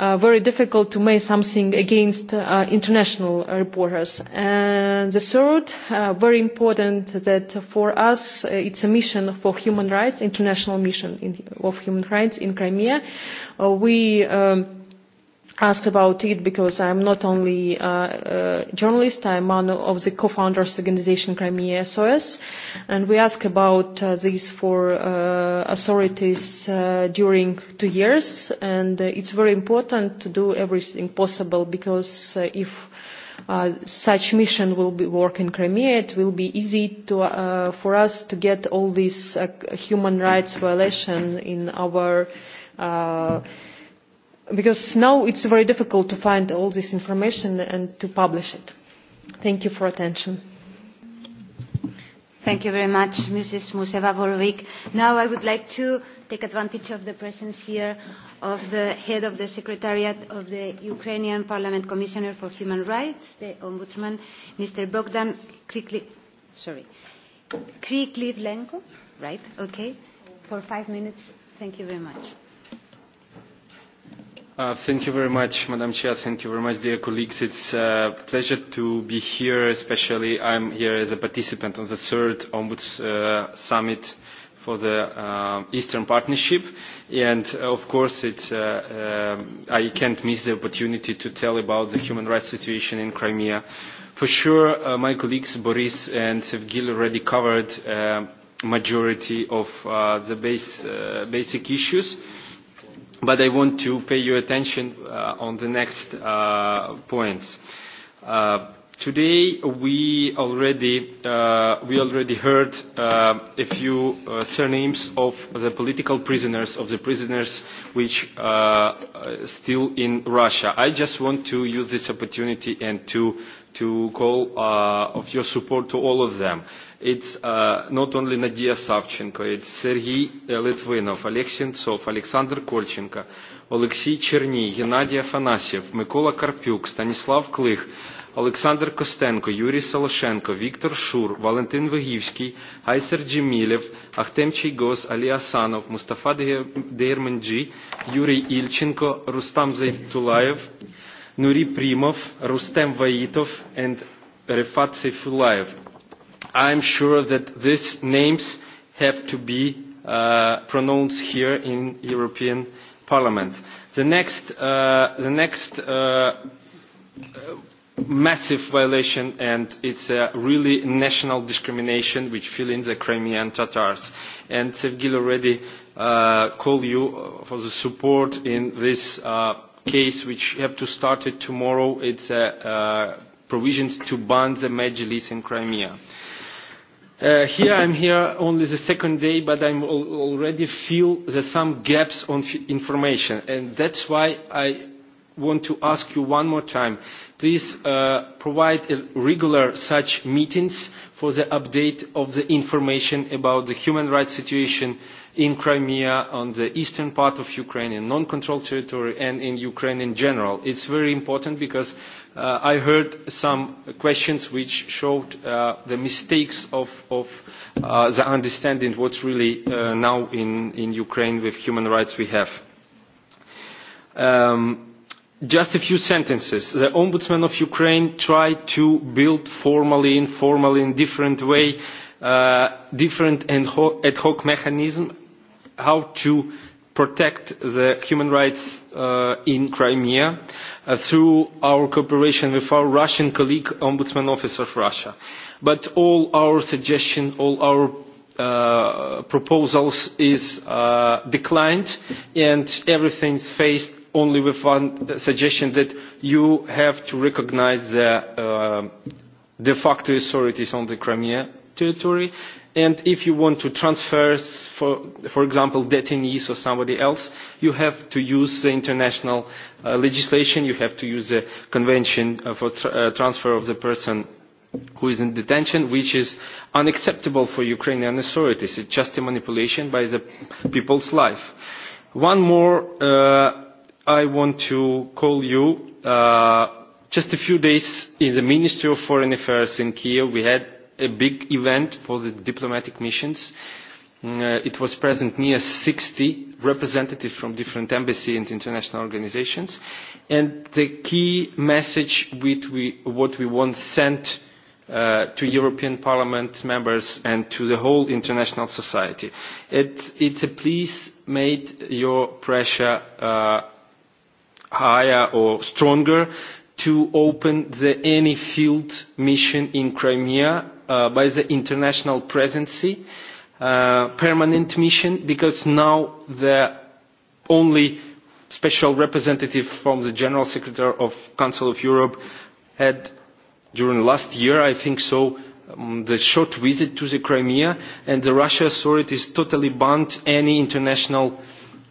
Uh, very difficult to make something against uh, international reporters. And the third, uh, very important that for us uh, it's a mission for human rights, international mission in, of human rights in Crimea. Uh, we um, asked about it because I'm not only a uh, uh, journalist, I'm one of the co-founders organization Crimea e SOS, and we asked about uh, this for uh, authorities uh, during two years, and uh, it's very important to do everything possible because uh, if uh, such mission will be work in Crimea, e, it will be easy to, uh, for us to get all these uh, human rights violations in our uh, because now it is very difficult to find all this information and to publish it. Thank you for attention. Thank you very much, Mrs. Museva Volvik. Now I would like to take advantage of the presence here of the head of the Secretariat of the Ukrainian Parliament Commissioner for Human Rights, the Ombudsman, Mr. Bogdan Krikli, sorry, Kriklidlenko, right? Okay, for five minutes. Thank you very much. Uh, thank you very much, Madam Chair. Thank you very much, dear colleagues. It's a uh, pleasure to be here, especially I'm here as a participant on the third Ombuds uh, Summit for the uh, Eastern Partnership. And uh, of course, it's, uh, uh, I can't miss the opportunity to tell about the human rights situation in Crimea. For sure, uh, my colleagues Boris and Sevgil already covered uh, majority of uh, the base, uh, basic issues but I want to pay your attention uh, on the next uh, points. Uh, today we already, uh, we already heard uh, a few uh, surnames of the political prisoners, of the prisoners which uh, are uh, still in Russia. I just want to use this opportunity and to to call uh, of your support to all of them. It's uh, not only Nadia Savchenko, it's Sergei Litvinov, Oleg Sentsov, Alexander Kolchenko, Oleksiy Черни, Геннадий Афанасьев, Микола Карпюк, Станислав Клих, Олександр Костенко, Юрій Солошенко, Віктор Шур, Валентин Вигівський, Айсер Джемілєв, Ахтем Чайгос, Алі Асанов, Мустафа Дегерменджі, Юрій Ільченко, Рустам Зайтулаєв, Nuri Primov, Rustem Vaitov, and Rifat Saifullah. I am sure that these names have to be uh, pronounced here in European Parliament. The next, uh, the next uh, uh massive violation and it's a really national discrimination which fill in the Crimean Tatars. And Sevgil already uh, called you for the support in this uh, case which have to start it tomorrow. It's a uh, uh provisions to ban the Majlis in Crimea. Uh, here I'm here only the second day, but I al already feel there's some gaps on f information, and that's why I want to ask you one more time. Please uh, provide a regular such meetings for the update of the information about the human rights situation uh, in Crimea, on the eastern part of Ukraine, in non-controlled territory, and in Ukraine in general. It's very important because uh, I heard some questions which showed uh, the mistakes of, of uh, the understanding what's really uh, now in, in Ukraine with human rights we have. Um, Just a few sentences. The Ombudsman of Ukraine tried to build formally, informally, in different way, uh, different ad hoc mechanism how to protect the human rights uh, in Crimea uh, through our cooperation with our Russian colleague, Ombudsman Office of Russia. But all our suggestions, all our uh, proposals is uh, declined and everything is faced only with one suggestion that you have to recognize the uh, de facto authorities on the Crimea territory and if you want to transfer, for, for example, detainees or somebody else, you have to use the international uh, legislation, you have to use the convention uh, for tra uh, transfer of the person who is in detention, which is unacceptable for Ukrainian authorities. It's just a manipulation by the people's life. One more, uh, I want to call you. Uh, just a few days in the Ministry of Foreign Affairs in Kiev, we had a big event for the diplomatic missions. Uh, it was present near 60 representatives from different embassies and international organizations. And the key message with we, what we want sent uh, to European Parliament members and to the whole international society. It, it's a please made your pressure uh, higher or stronger to open the any field mission in Crimea uh, by the international presidency, uh, permanent mission, because now the only special representative from the General Secretary of Council of Europe had, during last year, I think so, um, the short visit to the Crimea, and the Russia authorities totally banned any international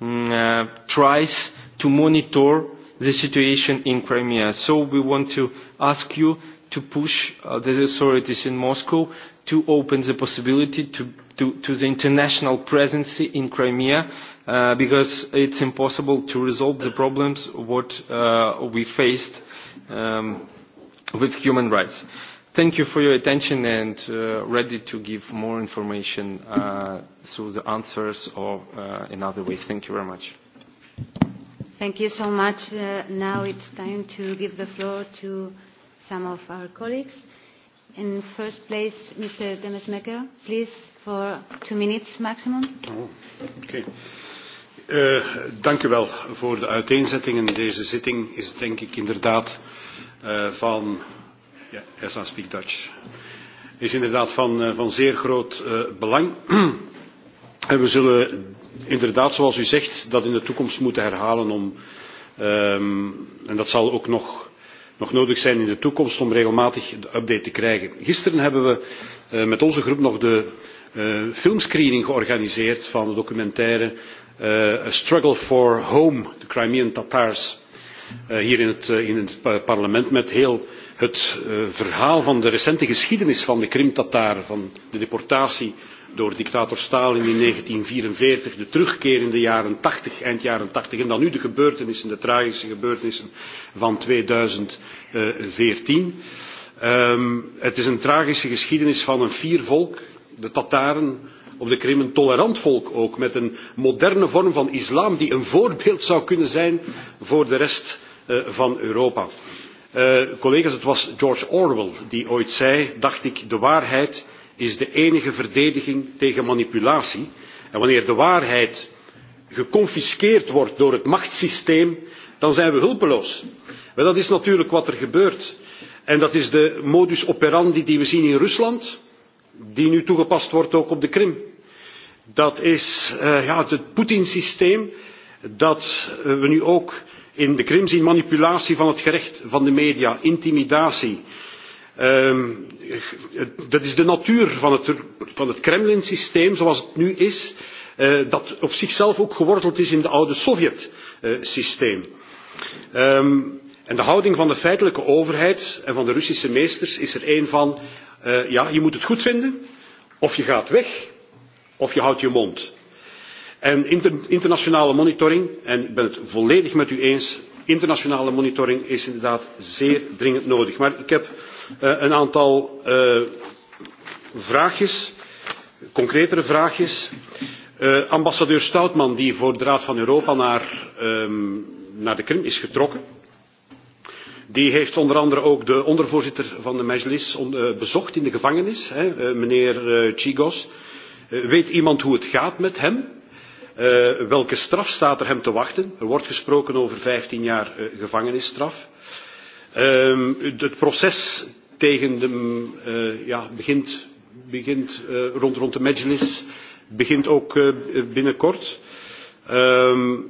um, uh, tries to monitor the situation in Crimea. So we want to ask you to push uh, the authorities in Moscow to open the possibility to, to, to the international presence in Crimea uh, because it's impossible to resolve the problems what uh, we faced um, with human rights. Thank you for your attention and uh, ready to give more information uh, through the answers or uh, another way. Thank you very much. Thank you so much. Uh, now it's time to give the floor to some of our colleagues. In first place, Mr. Demesmaker, please, for two minutes maximum. Oh, okay. Uh, dank u wel voor de uiteenzetting in deze zitting is het denk ik inderdaad uh, van ja, yes, I speak Dutch is inderdaad van, uh, van zeer groot uh, belang en we zullen inderdaad zoals u zegt dat in de toekomst moeten herhalen om um, en dat zal ook nog nog nodig zijn in de toekomst om regelmatig de update te krijgen. Gisteren hebben we eh, met onze groep nog de eh, filmscreening georganiseerd van de documentaire eh, A Struggle for Home, the Crimean Tatars, hier in het, in het, parlement met heel het verhaal van de recente geschiedenis van de Krim-Tataren, van de deportatie door dictator Stalin in 1944, de terugkeer in de jaren 80, eind jaren 80 en dan nu de gebeurtenissen, de tragische gebeurtenissen van 2014. Um, ehm, het is een tragische geschiedenis van een fier volk, de Tataren, op de Krim een tolerant volk ook, met een moderne vorm van islam die een voorbeeld zou kunnen zijn voor de rest uh, van Europa. Uh, collega's, het was George Orwell die ooit zei, dacht ik, de waarheid is de enige verdediging tegen manipulatie. En wanneer de waarheid geconfiskeerd wordt door het machtssysteem, dan zijn we hulpeloos. Maar dat is natuurlijk wat er gebeurt. En dat is de modus operandi die we zien in Rusland, die nu toegepast wordt ook op de Krim. Dat is uh, ja, het Poetin-systeem dat eh, we nu ook in de Krim zien. Manipulatie van het gerecht, van de media, intimidatie. Um, dat is de natuur van het, van het Kremlin systeem zoals het nu is, eh, dat op zichzelf ook geworteld is in het oude Sovjet systeem. Um, ehm, en de houding van de feitelijke overheid en van de Russische meesters is er een van uh, ja, je moet het goed vinden, of je gaat weg, of je houdt je mond. En inter internationale monitoring, en ik ben het volledig met u eens, internationale monitoring is inderdaad zeer dringend nodig. Maar ik heb Eh, een aantal eh, vraagjes, concretere vraagjes. Eh, ambassadeur Stoutman, die voor de Raad van Europa naar, ehm, naar de Krim is getrokken, die heeft onder andere ook de ondervoorzitter van de Mejlis bezocht in de gevangenis, hè, meneer Chigos. Weet iemand hoe het gaat met hem? Uh, welke straf staat er hem te wachten? Er wordt gesproken over vijftien jaar uh, gevangenisstraf. Uh, het proces tegen de, uh, ja, begint, begint uh, rond, rond de Majlis, begint ook uh, binnenkort. Um,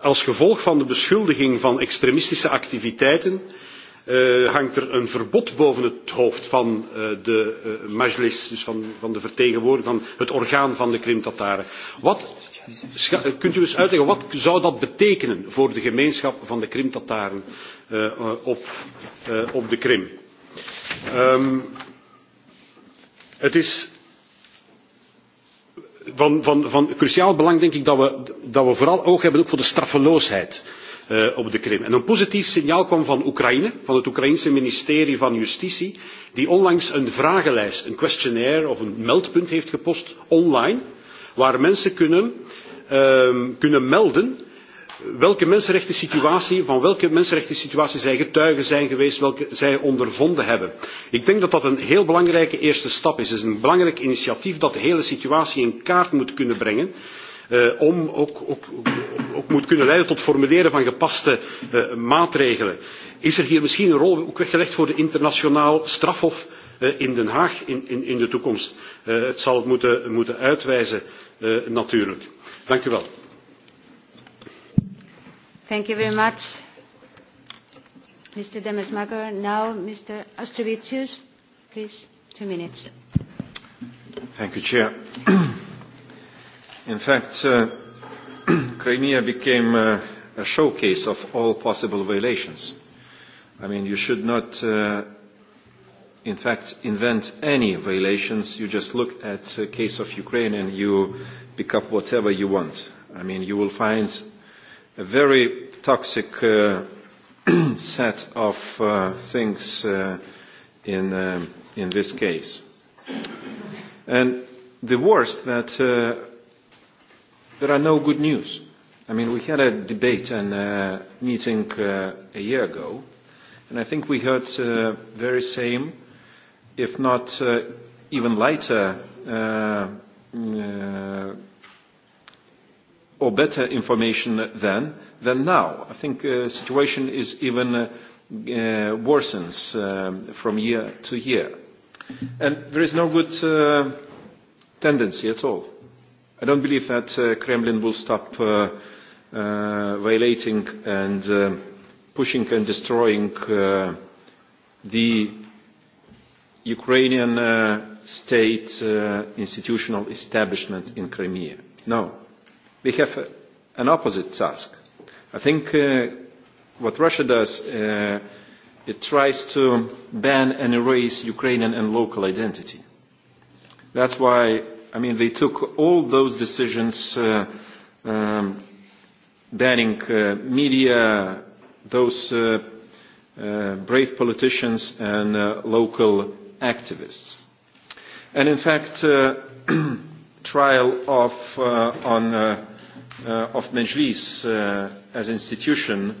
als gevolg van de beschuldiging van extremistische activiteiten uh, hangt er een verbod boven het hoofd van uh, de uh, Majlis, dus van, van de vertegenwoordiger, van het orgaan van de Krim-Tataren. Wat kunt u eens uitleggen wat zou dat betekenen voor de gemeenschap van de krim tataren uh, op, uh, op de krim? Um, het is van, van, van cruciaal belang, denk ik, dat we, dat we vooral oog hebben ook voor de straffeloosheid uh, op de Krim. En een positief signaal kwam van Oekraïne, van het Oekraïense ministerie van Justitie, die onlangs een vragenlijst, een questionnaire of een meldpunt heeft gepost online, waar mensen kunnen, uh, kunnen melden welke mensenrechten situatie, van welke mensenrechten situatie zij getuige zijn geweest, welke zij ondervonden hebben. Ik denk dat dat een heel belangrijke eerste stap is. Het is een belangrijk initiatief dat de hele situatie in kaart moet kunnen brengen. Uh, om ook, ook, ook, moet kunnen leiden tot formuleren van gepaste uh, maatregelen. Is er hier misschien een rol ook weggelegd voor het internationaal strafhof uh, in Den Haag in, in, in de toekomst? het zal het moeten, moeten uitwijzen natuurlijk. Dank u wel. Thank you very much, Mr. Demesmaker. Now, Mr. Ostrovicius, please, two minutes. Thank you, Chair. In fact, uh, Crimea became uh, a showcase of all possible violations. I mean, you should not, uh, in fact, invent any violations. You just look at the case of Ukraine and you pick up whatever you want. I mean, you will find a very toxic uh, set of uh, things uh, in, uh in this case. And the worst that uh, there are no good news. I mean, we had a debate and a uh, meeting uh, a year ago, and I think we heard uh, very same, if not uh, even lighter, uh, uh, or better information then than now. I think the uh, situation is even uh, uh, worsens uh, from year to year. And there is no good uh, tendency at all. I don't believe that uh, Kremlin will stop uh, uh, violating and uh, pushing and destroying uh, the Ukrainian uh, state uh, institutional establishment in Crimea. No we have an opposite task. I think uh, what Russia does, uh, it tries to ban and erase Ukrainian and local identity. That's why, I mean, they took all those decisions uh, um, banning uh, media, those uh, uh, brave politicians and uh, local activists. And in fact, uh, trial of uh, on uh, uh, of Menjlis uh, as institution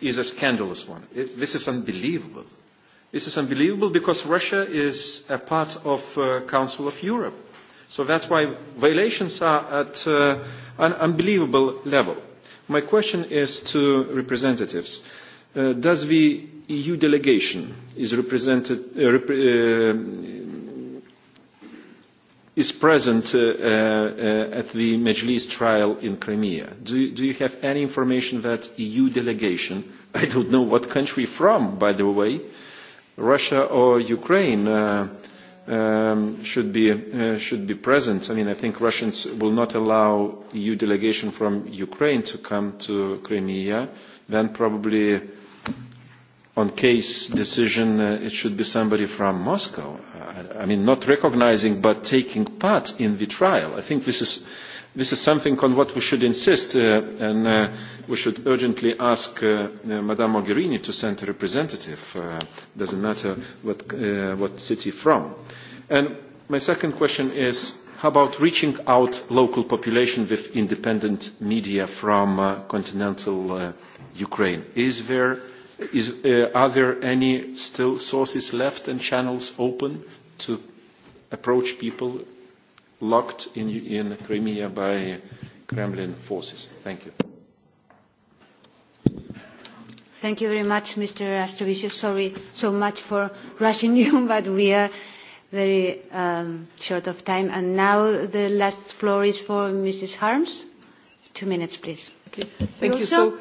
is a scandalous one. It, this is unbelievable. This is unbelievable because Russia is a part of uh, Council of Europe. So that's why violations are at uh, an unbelievable level. My question is to representatives. Uh, does the EU delegation is represented, uh, rep- uh, is present uh, uh, at the Majlis trial in Crimea? Do, do you have any information that EU delegation, I don't know what country from, by the way, Russia or Ukraine, uh, um, should, be, uh, should be present? I mean, I think Russians will not allow EU delegation from Ukraine to come to Crimea. Then probably on case decision, uh, it should be somebody from Moscow. I, uh, I mean, not recognizing but taking part in the trial. I think this is, this is something on what we should insist, uh, and uh, we should urgently ask uh, uh, Madame Mogherini to send a representative. Uh, doesn't matter what, uh, what city from. And my second question is, how about reaching out local population with independent media from uh, continental uh, Ukraine? Is there Is, uh, are there any still sources left and channels open to approach people locked in, in Crimea by Kremlin forces? Thank you. Thank you very much, Mr. Astrovicius. Sorry so much for rushing you, but we are very um, short of time. And now the last floor is for Mrs. Harms. Two minutes, please. Okay. Thank you. you. so,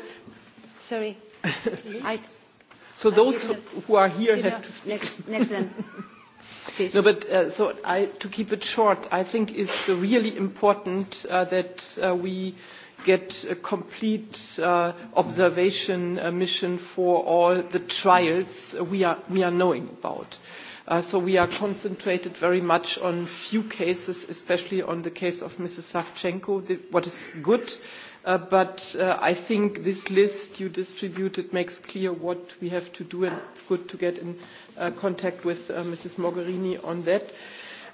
sorry. I, so those who are here have to speak. Next, next then. No, but uh, so I, to keep it short, I think it's really important uh, that uh, we get a complete uh, observation uh, mission for all the trials we are, we are knowing about. Uh, so we are concentrated very much on few cases, especially on the case of Mrs. Savchenko, the, what is good. Uh, Uh, but uh, I think this list you distributed makes clear what we have to do, and it's good to get in uh, contact with Ms Mogherini on that.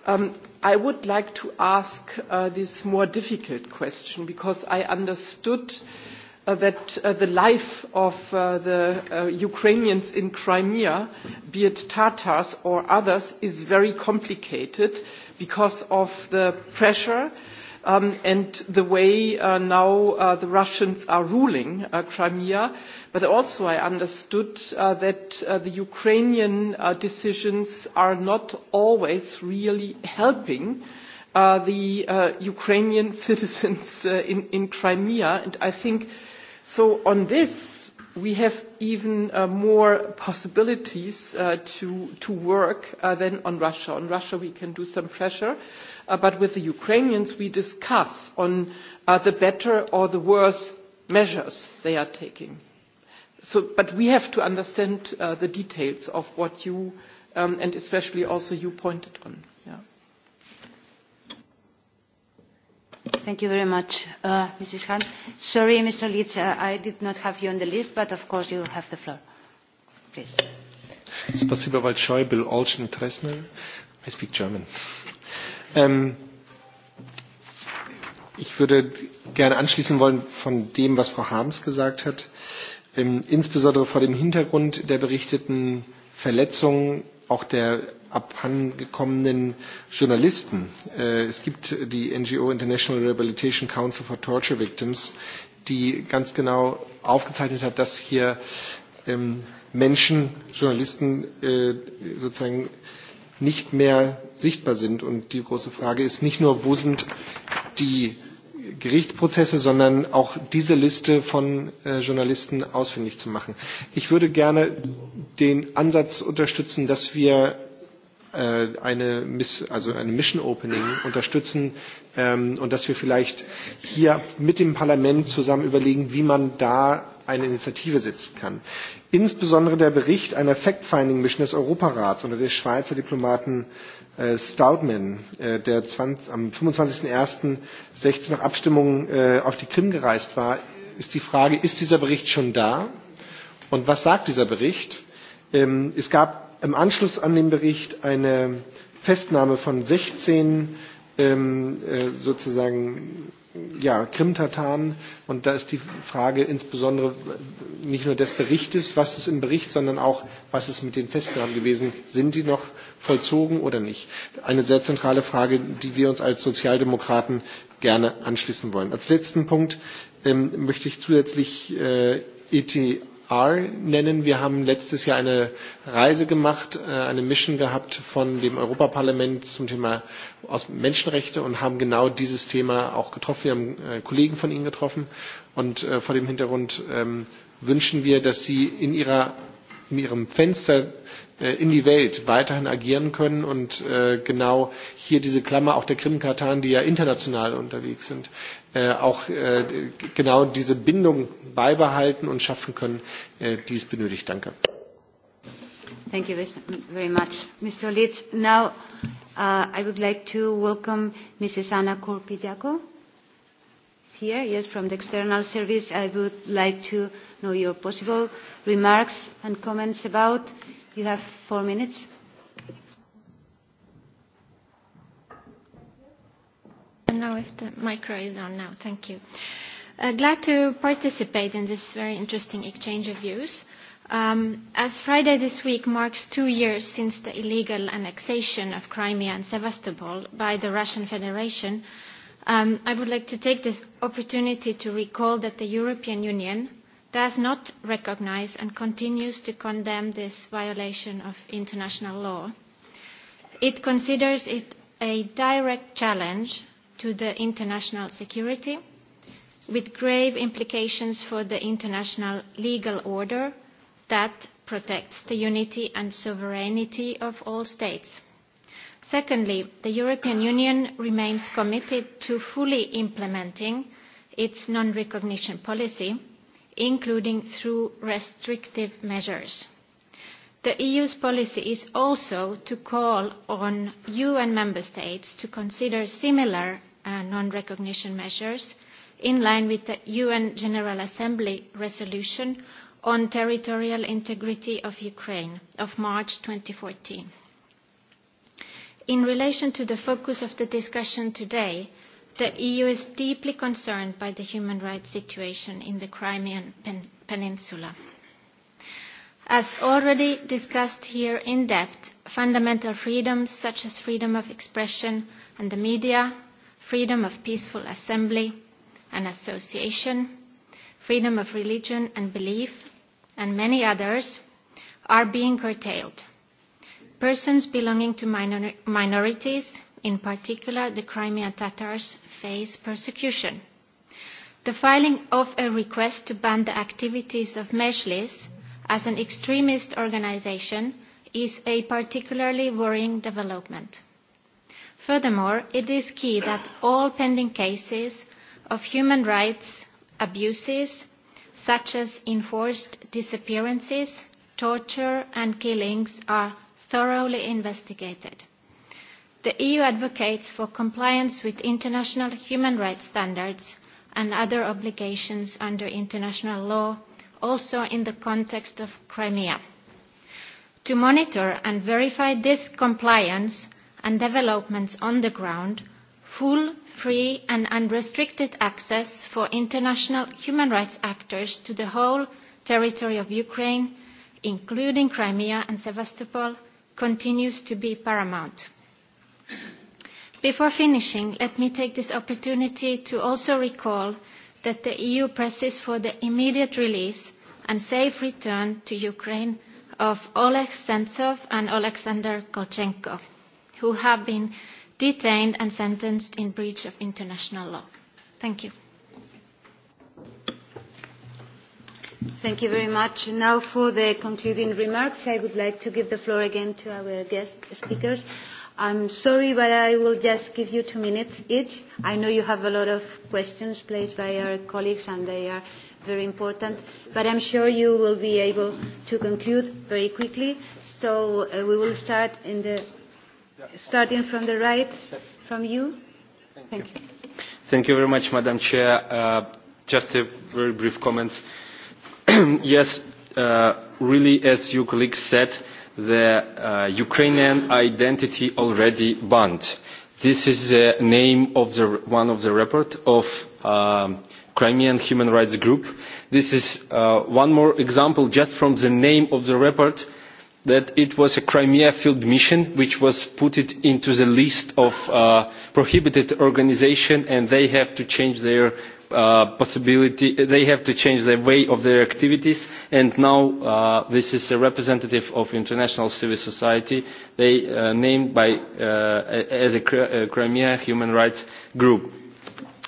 Um, I would like to ask this more difficult question because I understood that the life of the Ukrainians in Crimea, be it Tatars or others, is very complicated because of the pressure um, and the way uh, now uh, the Russians are ruling uh, Crimea. But also I understood uh, that uh, the Ukrainian uh, decisions are not always really helping uh, the uh, Ukrainian citizens uh, in, in Crimea. And I think so on this, we have even uh, more possibilities uh, to, to work uh, than on Russia. On Russia, we can do some pressure, uh, but with the Ukrainians, we discuss on uh, the better or the worse measures they are taking. So, but we have to understand uh, the details of what you um, and especially also you pointed on. Uh, uh, I speak German. Ähm, ich würde gerne anschließen wollen von dem, was Frau Harms gesagt hat, ähm, insbesondere vor dem Hintergrund der berichteten Verletzungen auch der abhandengekommenen Journalisten. Äh, es gibt die NGO International Rehabilitation Council for Torture Victims, die ganz genau aufgezeichnet hat, dass hier ähm, Menschen, Journalisten äh, sozusagen nicht mehr sichtbar sind. Und die große Frage ist nicht nur, wo sind die Gerichtsprozesse, sondern auch diese Liste von äh, Journalisten ausfindig zu machen. Ich würde gerne den Ansatz unterstützen, dass wir äh, eine, Miss, also eine Mission Opening unterstützen ähm, und dass wir vielleicht hier mit dem Parlament zusammen überlegen, wie man da eine Initiative setzen kann. Insbesondere der Bericht einer Fact-Finding-Mission des Europarats unter des Schweizer Diplomaten äh, Stoutman, äh, der 20, am 25.01.16 nach Abstimmung äh, auf die Krim gereist war, ist die Frage, ist dieser Bericht schon da? Und was sagt dieser Bericht? Ähm, es gab im Anschluss an den Bericht eine Festnahme von 16 ähm, äh, sozusagen ja, Krimtataren. Und da ist die Frage insbesondere nicht nur des Berichtes, was ist im Bericht, sondern auch, was ist mit den Festnahmen gewesen? Sind die noch vollzogen oder nicht? Eine sehr zentrale Frage, die wir uns als Sozialdemokraten gerne anschließen wollen. Als letzten Punkt ähm, möchte ich zusätzlich äh, ET R nennen. Wir haben letztes Jahr eine Reise gemacht, äh, eine Mission gehabt von dem Europaparlament zum Thema Menschenrechte und haben genau dieses Thema auch getroffen. Wir haben äh, Kollegen von Ihnen getroffen und äh, vor dem Hintergrund ähm, wünschen wir, dass Sie in, ihrer, in Ihrem Fenster Äh, in die Welt weiterhin agieren können und äh, genau hier diese Klammer auch der Krimkataren, die ja international unterwegs sind, äh, auch genau diese Bindung beibehalten und schaffen können, die es benötigt. Danke. Thank you very much, Mr. Litz. Now, uh, I would like to welcome Mrs. Anna Korpidiako here, yes, from the External Service. I would like to know your possible remarks and comments about You have four minutes. I don't know if the micro is on now. Thank you. Uh, glad to participate in this very interesting exchange of views. Um, as Friday this week marks two years since the illegal annexation of Crimea and Sevastopol by the Russian Federation, um, I would like to take this opportunity to recall that the European Union does not recognize and continues to condemn this violation of international law. It considers it a direct challenge to the international security with grave implications for the international legal order that protects the unity and sovereignty of all states. Secondly, the European Union remains committed to fully implementing its non-recognition policy including through restrictive measures. The EU's policy is also to call on UN member states to consider similar uh, non-recognition measures in line with the UN General Assembly resolution on territorial integrity of Ukraine of March 2014. In relation to the focus of the discussion today, The EU is deeply concerned by the human rights situation in the Crimean pen Peninsula. As already discussed here in depth, fundamental freedoms such as freedom of expression and the media, freedom of peaceful assembly and association, freedom of religion and belief, and many others are being curtailed. Persons belonging to minor minorities In particular, the Crimean Tatars face persecution. The filing of a request to ban the activities of Meshlis as an extremist organization is a particularly worrying development. Furthermore, it is key that all pending cases of human rights abuses, such as enforced disappearances, torture and killings, are thoroughly investigated. The EU advocates for compliance with international human rights standards and other obligations under international law, also in the context of Crimea. To monitor and verify this compliance and developments on the ground, full, free and unrestricted access for international human rights actors to the whole territory of Ukraine, including Crimea and Sevastopol, continues to be paramount. Before finishing, let me take this opportunity to also recall that the EU presses for the immediate release and safe return to Ukraine of Oleg Sentsov and Alexander Kolchenko, who have been detained and sentenced in breach of international law. Thank you. Thank you very much. Now for the concluding remarks, I would like to give the floor again to our guest speakers. I'm sorry, but I will just give you two minutes each. I know you have a lot of questions placed by our colleagues, and they are very important, but I'm sure you will be able to conclude very quickly. So uh, we will start in the, starting from the right, from you. Thank you. Thank you very much, Madam Chair. Uh, just a very brief comments. yes, uh, really, as your colleague said, uh, the uh, Ukrainian identity already banned. This is the name of the, one of the reports of um, Crimean Human Rights Group. This is uh, one more example just from the name of the report that it was a Crimea field mission which was put it into the list of uh, prohibited organization and they have to change their Uh, possibility, they have to change the way of their activities and now uh, this is a representative of international civil society. They uh, named by, uh, as a uh, Crimea human rights group.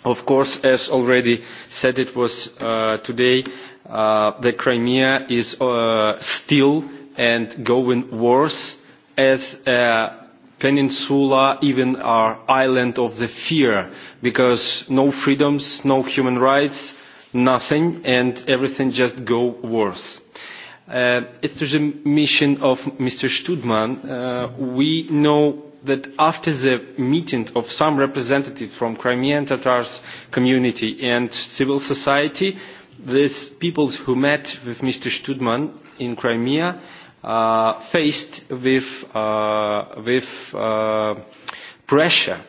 Of course, as already said it was uh, today, uh, the Crimea is uh, still and going worse as a peninsula, even our island of the fear, because no freedoms, no human rights, nothing, and everything just go worse. Uh, it was mission of Mr. Studman. Uh, we know that after the meeting of some representatives from Crimean Tatars community and civil society, these people who met with Mr. Studman in Crimea uh, faced with, uh, with uh, pressure.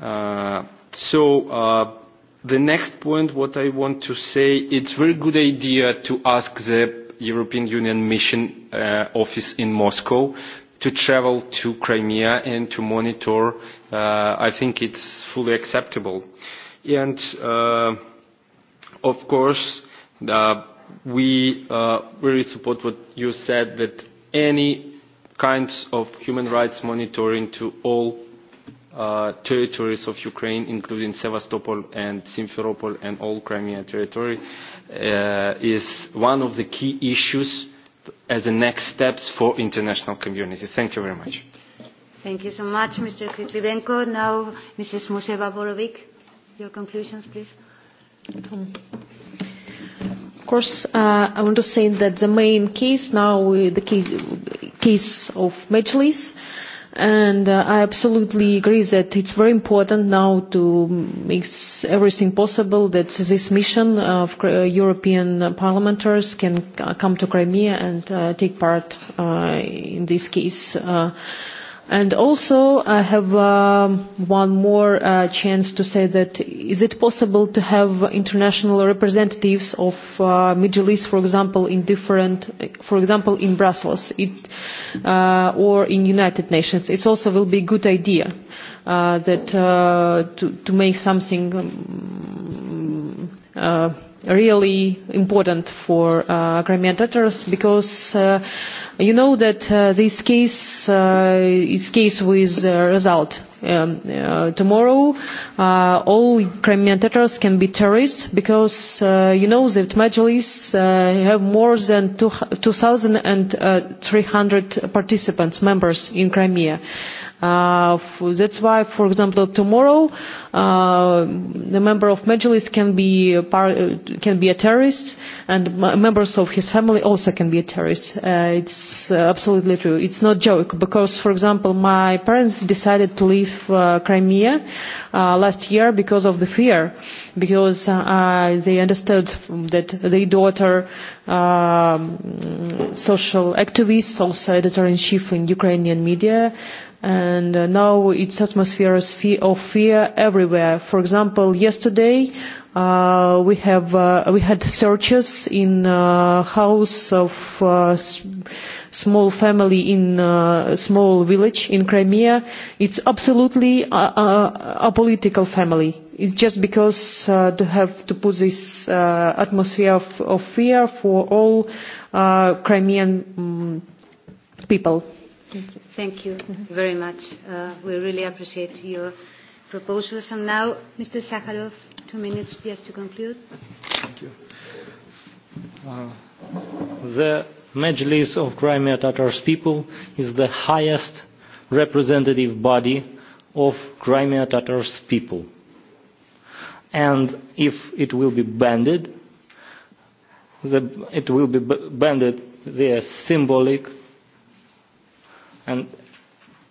Uh, so uh, the next point, what I want to say, it's a very good idea to ask the European Union Mission uh, Office in Moscow to travel to Crimea and to monitor. Uh, I think it's fully acceptable. And uh, of course, uh, we uh, really support what you said that any kinds of human rights monitoring to all uh, territories of Ukraine, including Sevastopol and Simferopol and all Crimea territory, uh, is one of the key issues as the next steps for international community. Thank you very much. Thank you so much, Mr. Kriklivenko. Now, Mrs. Museva Borovic, your conclusions, please. Mm-hmm. Of course, uh, I want to say that the main case now is uh, the case, case of Majlis, and uh, I absolutely agree that it's very important now to make everything possible that this mission of uh, European parliamenters can uh, come to Crimea and uh, take part uh, in this case. Uh, And also, I have um, one more uh, chance to say that is it possible to have international representatives of uh, Middle East, for example, in different, for example, in Brussels, it, uh, or in United Nations? It also will be a good idea uh, that uh, to, to make something um, uh, really important for uh, Crimean Tatars because. Uh, You know that uh, this case uh, is case with uh, result. Um, uh, tomorrow, uh, all Crimean Tatars can be terrorists because uh, you know that Majlis uh, have more than 2,300 uh, participants, members in Crimea Uh, that's why, for example, tomorrow uh, the member of Majlis can be a par uh, can be a terrorist, and members of his family also can be a terrorist. Uh, it's uh, absolutely true. It's not joke because, for example, my parents decided to leave uh, Crimea uh, last year because of the fear, because uh, they understood that their daughter, um, social activists, also editor in chief in Ukrainian media and uh, now it's atmosphere of fear everywhere. For example, yesterday uh, we have uh, we had searches in uh, house of uh, small family in uh, small village in Crimea. It's absolutely a, a, a political family. It's just because uh, to have to put this uh, atmosphere of, of fear for all uh, Crimean um, people. Thank you. very much. Uh, we really appreciate your proposals. And now, Mr. Sakharov, two minutes just to conclude. Thank you. Uh, the Majlis of Crimea Tatars people is the highest representative body of Crimea Tatars people. And if it will be banded, the, it will be banded their symbolic and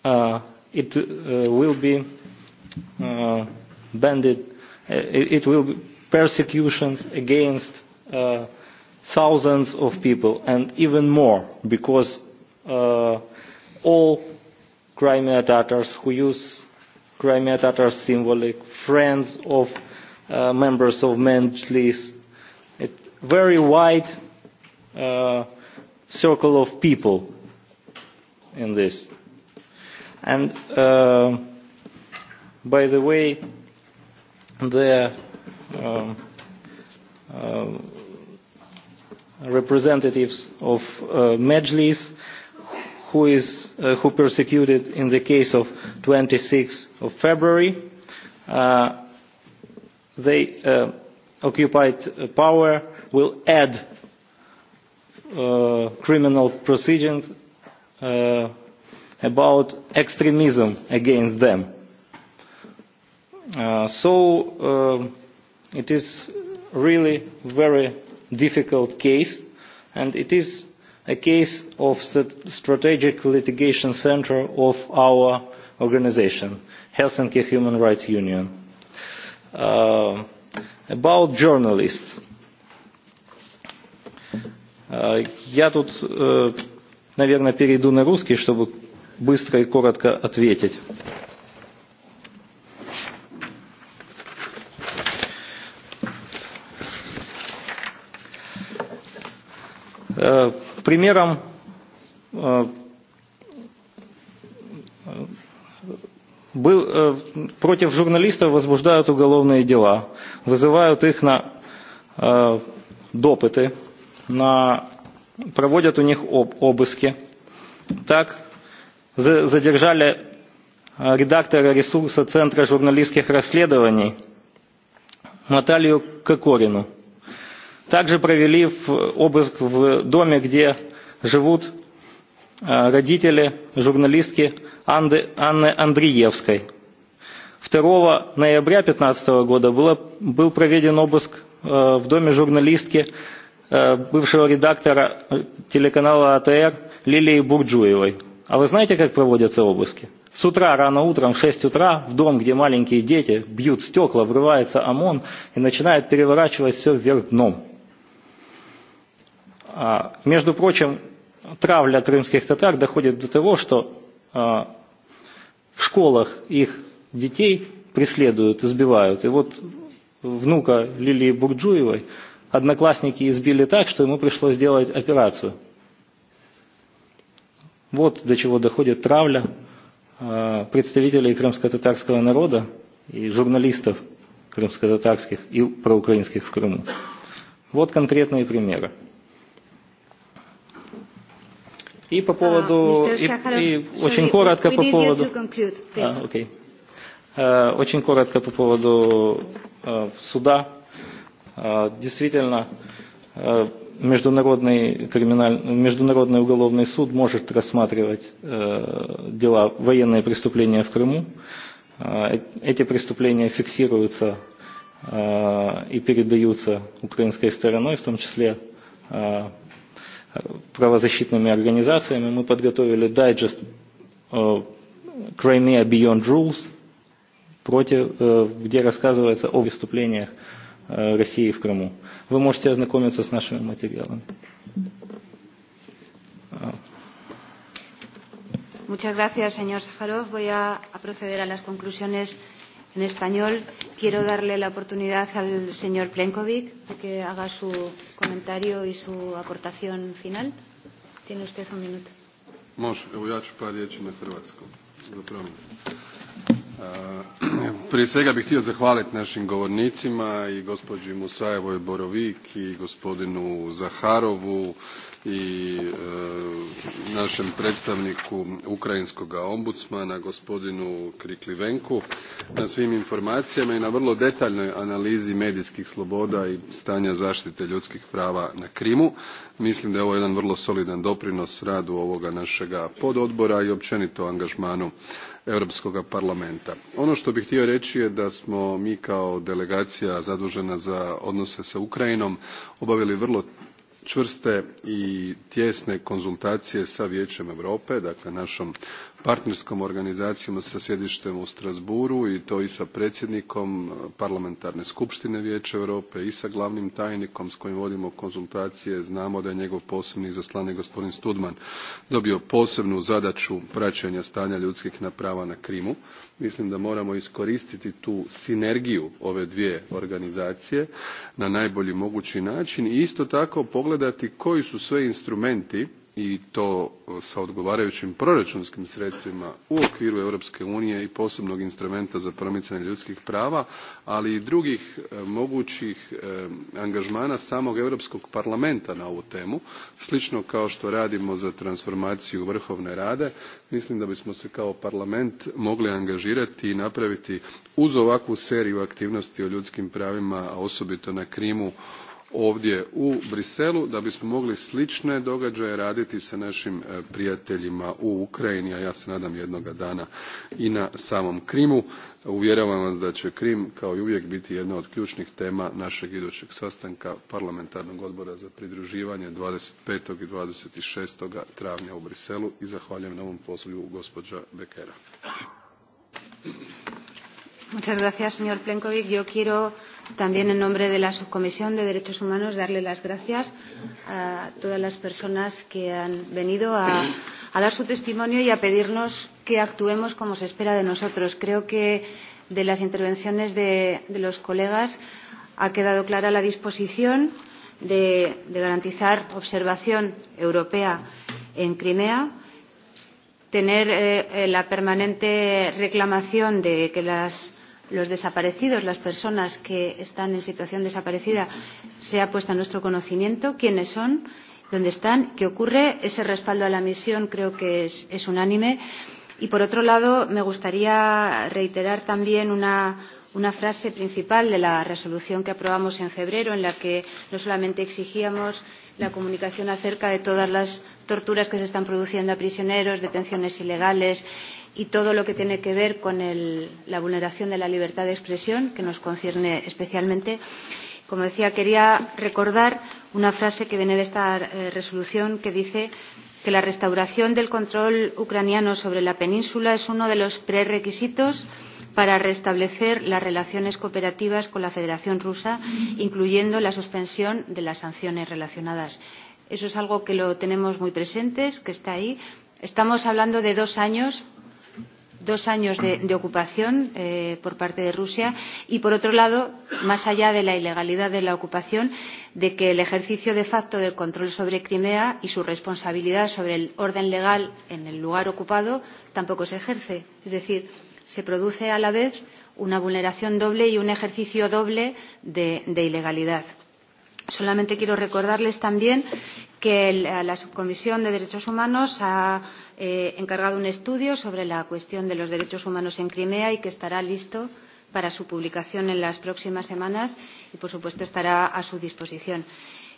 uh, it uh, will be uh, banded, uh, it, it will be persecutions against uh, thousands of people and even more because uh, all Crimea Tatars who use Crimea Tatars symbolic, friends of uh, members of Menjlis, a very wide uh, circle of people in this. And uh, by the way, the um, uh, representatives of uh, Majlis who, is, uh, who persecuted in the case of 26 of February, uh, they uh, occupied power will add uh, criminal proceedings uh, about extremism against them. Uh, so uh, it is really very difficult case and it is a case of the strategic litigation center of our organization, Helsinki Human Rights Union. Uh, about journalists. Uh, я тут uh, Наверное, перейду на русский, чтобы быстро и коротко ответить. Примером был, против журналистов возбуждают уголовные дела, вызывают их на допыты, на проводят у них об обыски. Так, задержали редактора ресурса Центра журналистских расследований Наталью Кокорину. Также провели обыск в доме, где живут родители журналистки Анды, Анны Андреевской. 2 ноября 2015 года было, был проведен обыск в доме журналистки бывшего редактора телеканала АТР Лилии Бурджуевой. А вы знаете, как проводятся обыски? С утра, рано утром, в 6 утра, в дом, где маленькие дети, бьют стекла, врывается ОМОН и начинает переворачивать все вверх дном. А, между прочим, травля крымских татар доходит до того, что а, в школах их детей преследуют, избивают. И вот внука Лилии Бурджуевой одноклассники избили так, что ему пришлось сделать операцию. Вот до чего доходит травля представителей крымско-татарского народа и журналистов крымско-татарских и проукраинских в Крыму. Вот конкретные примеры. И по поводу... Uh, Шахаров, и, очень sorry, коротко по поводу... Conclude, а, okay. uh, очень коротко по поводу uh, суда Действительно, Международный, криминаль... Международный уголовный суд может рассматривать дела военные преступления в Крыму. Эти преступления фиксируются и передаются украинской стороной, в том числе правозащитными организациями. Мы подготовили дайджест Crimea Beyond Rules, против, где рассказывается о преступлениях Э, России в Крыму. Вы можете ознакомиться с нашими материалами. Muchas gracias, señor Sajarov. Voy a, a proceder a las conclusiones en español. Quiero darle la oportunidad al señor Plenkovic de que haga su comentario y su aportación final. Tiene usted un minuto. Može, evo ja ću par riječi na hrvatskom. Zapravo. Uh, prije svega bih htio zahvaliti našim govornicima i gospođi Musajevoj Borovik i gospodinu Zaharovu i e, našem predstavniku ukrajinskog ombudsmana gospodinu Kriklivenku na svim informacijama i na vrlo detaljnoj analizi medijskih sloboda i stanja zaštite ljudskih prava na Krimu. Mislim da je ovo jedan vrlo solidan doprinos radu ovoga našega pododbora i općenito angažmanu Europskog parlamenta. Ono što bih htio reći je da smo mi kao delegacija zadužena za odnose sa Ukrajinom obavili vrlo čvrste i tijesne konzultacije sa vijećem europe dakle našom partnerskom organizacijom sa sjedištem u strasbourgu i to i sa predsjednikom e, parlamentarne skupštine vijeća europe i sa glavnim tajnikom s kojim vodimo konzultacije znamo da je njegov posebni izaslanik gospodin studman dobio posebnu zadaću praćenja stanja ljudskih prava na krimu mislim da moramo iskoristiti tu sinergiju ove dvije organizacije na najbolji mogući način i isto tako pogledati koji su sve instrumenti i to e, sa odgovarajućim proračunskim sredstvima u okviru Europske unije i posebnog instrumenta za promicanje ljudskih prava, ali i drugih e, mogućih e, angažmana samog Europskog parlamenta na ovu temu, slično kao što radimo za transformaciju Vrhovne rade. Mislim da bismo se kao parlament mogli angažirati i napraviti uz ovakvu seriju aktivnosti o ljudskim pravima, a osobito na Krimu, ovdje u Briselu da bismo mogli slične događaje raditi sa našim e, prijateljima u Ukrajini, a ja se nadam jednoga dana i na samom Krimu. Uvjeravam vas da će Krim kao i uvijek biti jedna od ključnih tema našeg idućeg sastanka parlamentarnog odbora za pridruživanje five i six travnja u Briselu i zahvaljujem na ovom pozivu gospođa Bekera. También en nombre de la Subcomisión de Derechos Humanos darle las gracias a todas las personas que han venido a, a dar su testimonio y a pedirnos que actuemos como se espera de nosotros. Creo que de las intervenciones de, de los colegas ha quedado clara la disposición de, de garantizar observación europea en Crimea tener eh, eh la permanente reclamación de que las los desaparecidos, las personas que están en situación desaparecida, sea puesta a nuestro conocimiento quiénes son, dónde están, qué ocurre. Ese respaldo a la misión creo que es, es unánime. Y, por otro lado, me gustaría reiterar también una, una frase principal de la resolución que aprobamos en febrero, en la que no solamente exigíamos la comunicación acerca de todas las torturas que se están produciendo a prisioneros, detenciones ilegales, y todo lo que tiene que ver con el, la vulneración de la libertad de expresión, que nos concierne especialmente. Como decía, quería recordar una frase que viene de esta eh, resolución que dice que la restauración del control ucraniano sobre la península es uno de los prerequisitos para restablecer las relaciones cooperativas con la Federación Rusa, incluyendo la suspensión de las sanciones relacionadas. Eso es algo que lo tenemos muy presente, que está ahí. Estamos hablando de dos años dos años de, de ocupación eh, por parte de Rusia y, por otro lado, más allá de la ilegalidad de la ocupación, de que el ejercicio de facto del control sobre Crimea y su responsabilidad sobre el orden legal en el lugar ocupado tampoco se ejerce. Es decir, se produce a la vez una vulneración doble y un ejercicio doble de, de ilegalidad. Solamente quiero recordarles también que eh, la Subcomisión de Derechos Humanos ha eh, encargado un estudio sobre la cuestión de los derechos humanos en Crimea y que estará listo para su publicación en las próximas semanas y, por supuesto, estará a su disposición.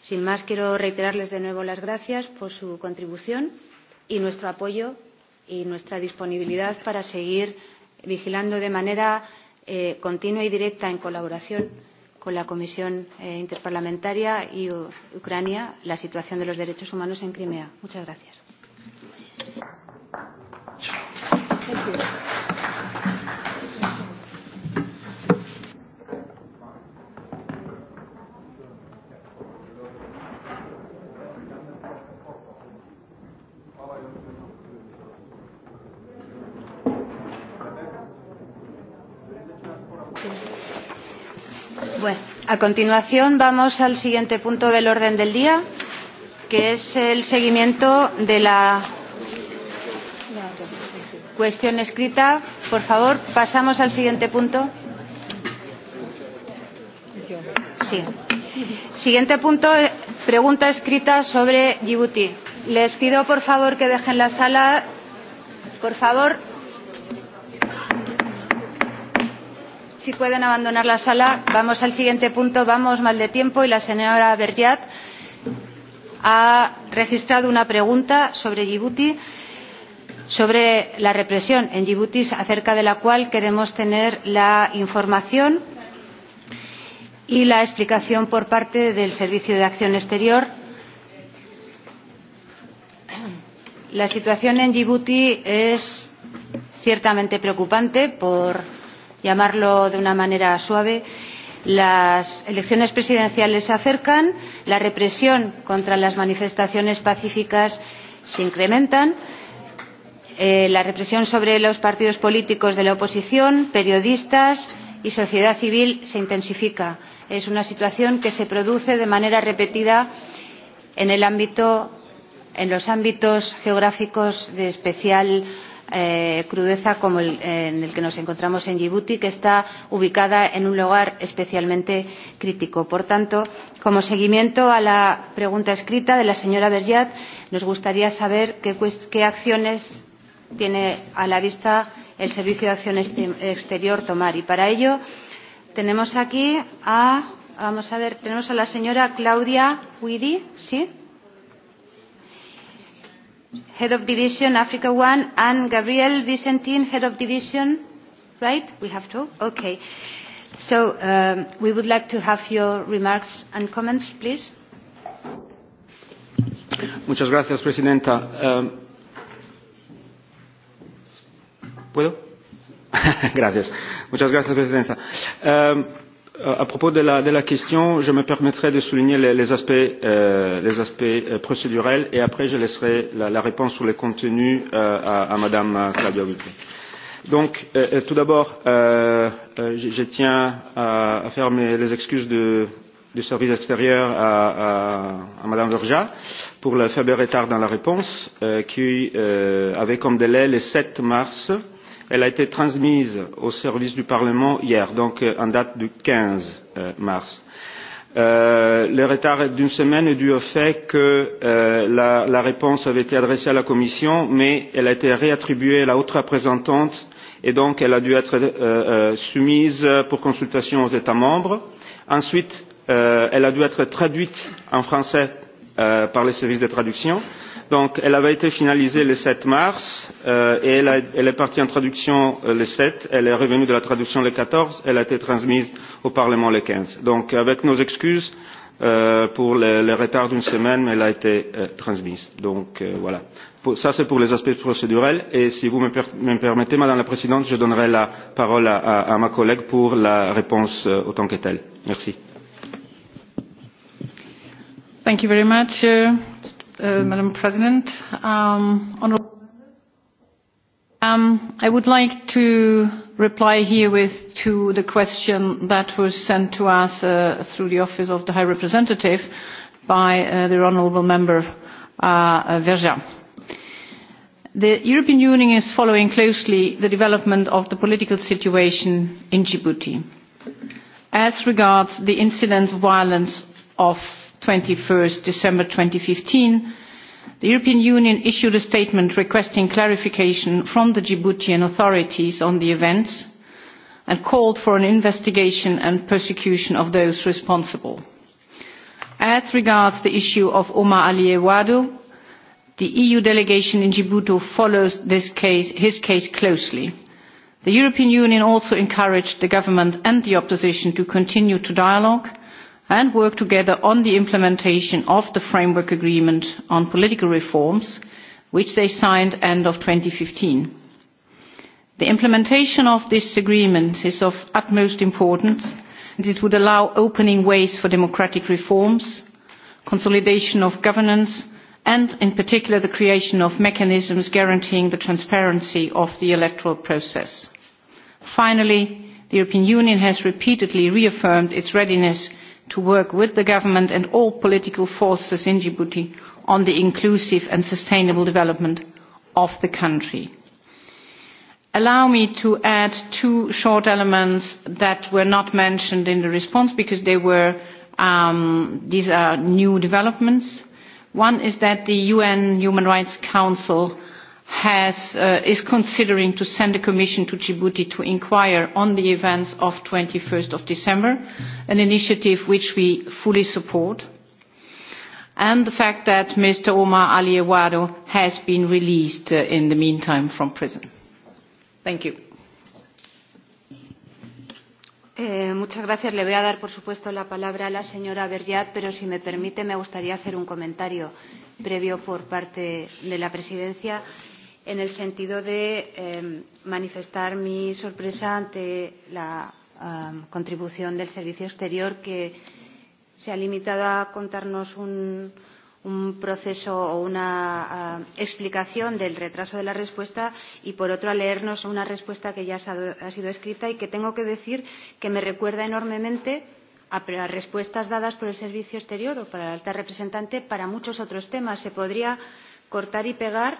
Sin más, quiero reiterarles de nuevo las gracias por su contribución y nuestro apoyo y nuestra disponibilidad para seguir vigilando de manera eh, continua y directa en colaboración con la Comisión eh, Interparlamentaria y U Ucrania la situación de los derechos humanos en Crimea. Muchas gracias. Thank you. A continuación vamos al siguiente punto del orden del día, que es el seguimiento de la cuestión escrita. Por favor, pasamos al siguiente punto. Sí. Siguiente punto, eh, pregunta escrita sobre Djibouti. Les pido, por favor, que dejen la sala. Por favor, si pueden abandonar la sala vamos al siguiente punto vamos mal de tiempo y la señora Berjat ha registrado una pregunta sobre Djibouti, sobre la represión en Djibouti, acerca de la cual queremos tener la información y la explicación por parte del servicio de acción exterior la situación en Djibouti es ciertamente preocupante por llamarlo de una manera suave las elecciones presidenciales se acercan la represión contra las manifestaciones pacíficas se incrementa eh, la represión sobre los partidos políticos de la oposición periodistas y sociedad civil se intensifica. es una situación que se produce de manera repetida en, el ámbito, en los ámbitos geográficos de especial eh, eh, crudeza como el, eh, en el que nos encontramos en Djibouti, que está ubicada en un lugar especialmente crítico. Por tanto, como seguimiento a la pregunta escrita de la señora Berjat, nos gustaría saber qué, qué acciones tiene a la vista el Servicio de Acción Exterior tomar. Y para ello tenemos aquí a, vamos a ver, tenemos a la señora Claudia Huidi, ¿sí? head of division Africa One, and Gabriel Vicentin, head of division, right? We have two? Okay. So um, we would like to have your remarks and comments, please. Muchas gracias, Presidenta. Um, ¿Puedo? gracias. Muchas gracias, Presidenta. Um, Euh, à propos de la, de la question, je me permettrai de souligner les, les, aspects, euh, les aspects euh, procédurels et après je laisserai la, la réponse sur le contenu euh, à, à Madame Claudia Wickley. Donc, euh, euh, tout d'abord, euh, je, je tiens à, à faire mes, les excuses de, du service extérieur à, à, à Madame Verja pour le faible retard dans la réponse euh, qui euh, avait comme délai le 7 mars euh, elle a été transmise aux services du parlement hier donc euh, en date du quinze euh, mars. Euh, le retard d'une semaine est dû au fait que la, réponse avait été adressée à la commission mais elle a été réattribuée à la haute représentante et donc elle a dû être soumise pour consultation aux états membres. ensuite elle a dû être traduite en français par les services de traduction Donc, elle avait été finalisée le sept mars euh, et elle, a, elle est partie en traduction euh, le sept elle est revenue de la traduction le quatorze elle a été transmise au parlement le quinze donc avec nos excuses euh, pour le, le retard d'une semaine elle a été euh, transmise. donc euh, voilà pour, ça c'est pour les aspects procédurels et si vous me, per, me permettez madame la présidente je donnerai la parole à, à, à ma collègue pour la réponse euh, autant que telle. merci. Thank you very much, uh, Uh, Madam President. Um, honorable um, I would like to reply here with to the question that was sent to us uh, through the Office of the High Representative by uh, the Honourable Member uh, uh, Verja. The European Union is following closely the development of the political situation in Djibouti as regards the incidents of violence of 21st December 2015, the European Union issued a statement requesting clarification from the Djiboutian authorities on the events and called for an investigation and persecution of those responsible. As regards the issue of Omar Ali Ewadu, the EU delegation in Djibouti follows this case, his case closely. The European Union also encouraged the government and the opposition to continue to dialogue and work together on the implementation of the framework agreement on political reforms which they signed at the end of. two thousand and fifteen the implementation of this agreement is of utmost importance as it would allow opening ways for democratic reforms consolidation of governance and in particular the creation of mechanisms guaranteeing the transparency of the electoral process. finally the european union has repeatedly reaffirmed its readiness to work with the government and all political forces in Djibouti on the inclusive and sustainable development of the country. Allow me to add two short elements that were not mentioned in the response because they were, um, these are new developments. One is that the UN Human Rights Council has, uh, is considering to send a commission to Djibouti to inquire on the events of 21st of December, an initiative which we fully support, and the fact that Mr. Omar Ali Ewado has been released uh, in the meantime from prison. Thank you. Eh, muchas gracias. Le voy a dar, por supuesto, la palabra a la señora Berriat, pero si me permite, me gustaría hacer un comentario previo por parte de la presidencia en el sentido de eh, manifestar mi sorpresa ante la um, contribución del Servicio Exterior que se ha limitado a contarnos un, un proceso o una uh, explicación del retraso de la respuesta y, por otro, a leernos una respuesta que ya ha sido escrita y que tengo que decir que me recuerda enormemente a las respuestas dadas por el Servicio Exterior o por la alta representante para muchos otros temas. Se podría cortar y pegar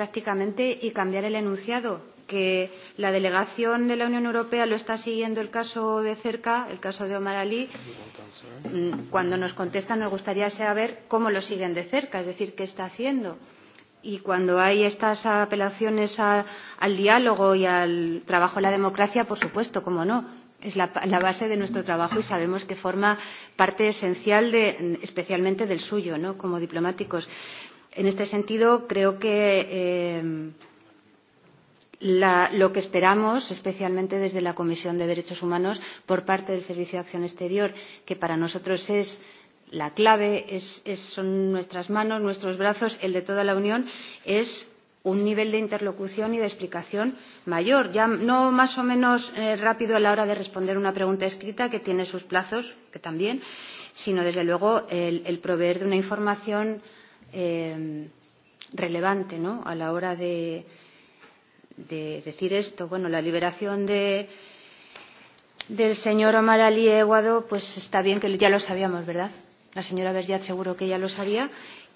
prácticamente y cambiar el enunciado que la delegación de la Unión Europea lo está siguiendo el caso de cerca, el caso de Omar Ali. Mm, cuando nos contestan nos gustaría saber cómo lo siguen de cerca, es decir, qué está haciendo. Y cuando hay estas apelaciones a, al diálogo y al trabajo en la democracia, por supuesto, cómo no, es la, la base de nuestro trabajo y sabemos que forma parte esencial, de, especialmente del suyo, ¿no? como diplomáticos. En este sentido, creo que eh, la, lo que esperamos, especialmente desde la Comisión de Derechos Humanos, por parte del Servicio de Acción Exterior, que para nosotros es la clave, es, es, son nuestras manos, nuestros brazos, el de toda la Unión, es un nivel de interlocución y de explicación mayor, ya no más o menos eh, rápido a la hora de responder una pregunta escrita que tiene sus plazos, que también, sino desde luego el, el proveer de una información eh, relevante ¿no? a la hora de, de decir esto. Bueno, la liberación de, del señor Omar Ali Eguado, pues está bien que ya lo sabíamos, ¿verdad? La señora Berriat seguro que ya lo sabía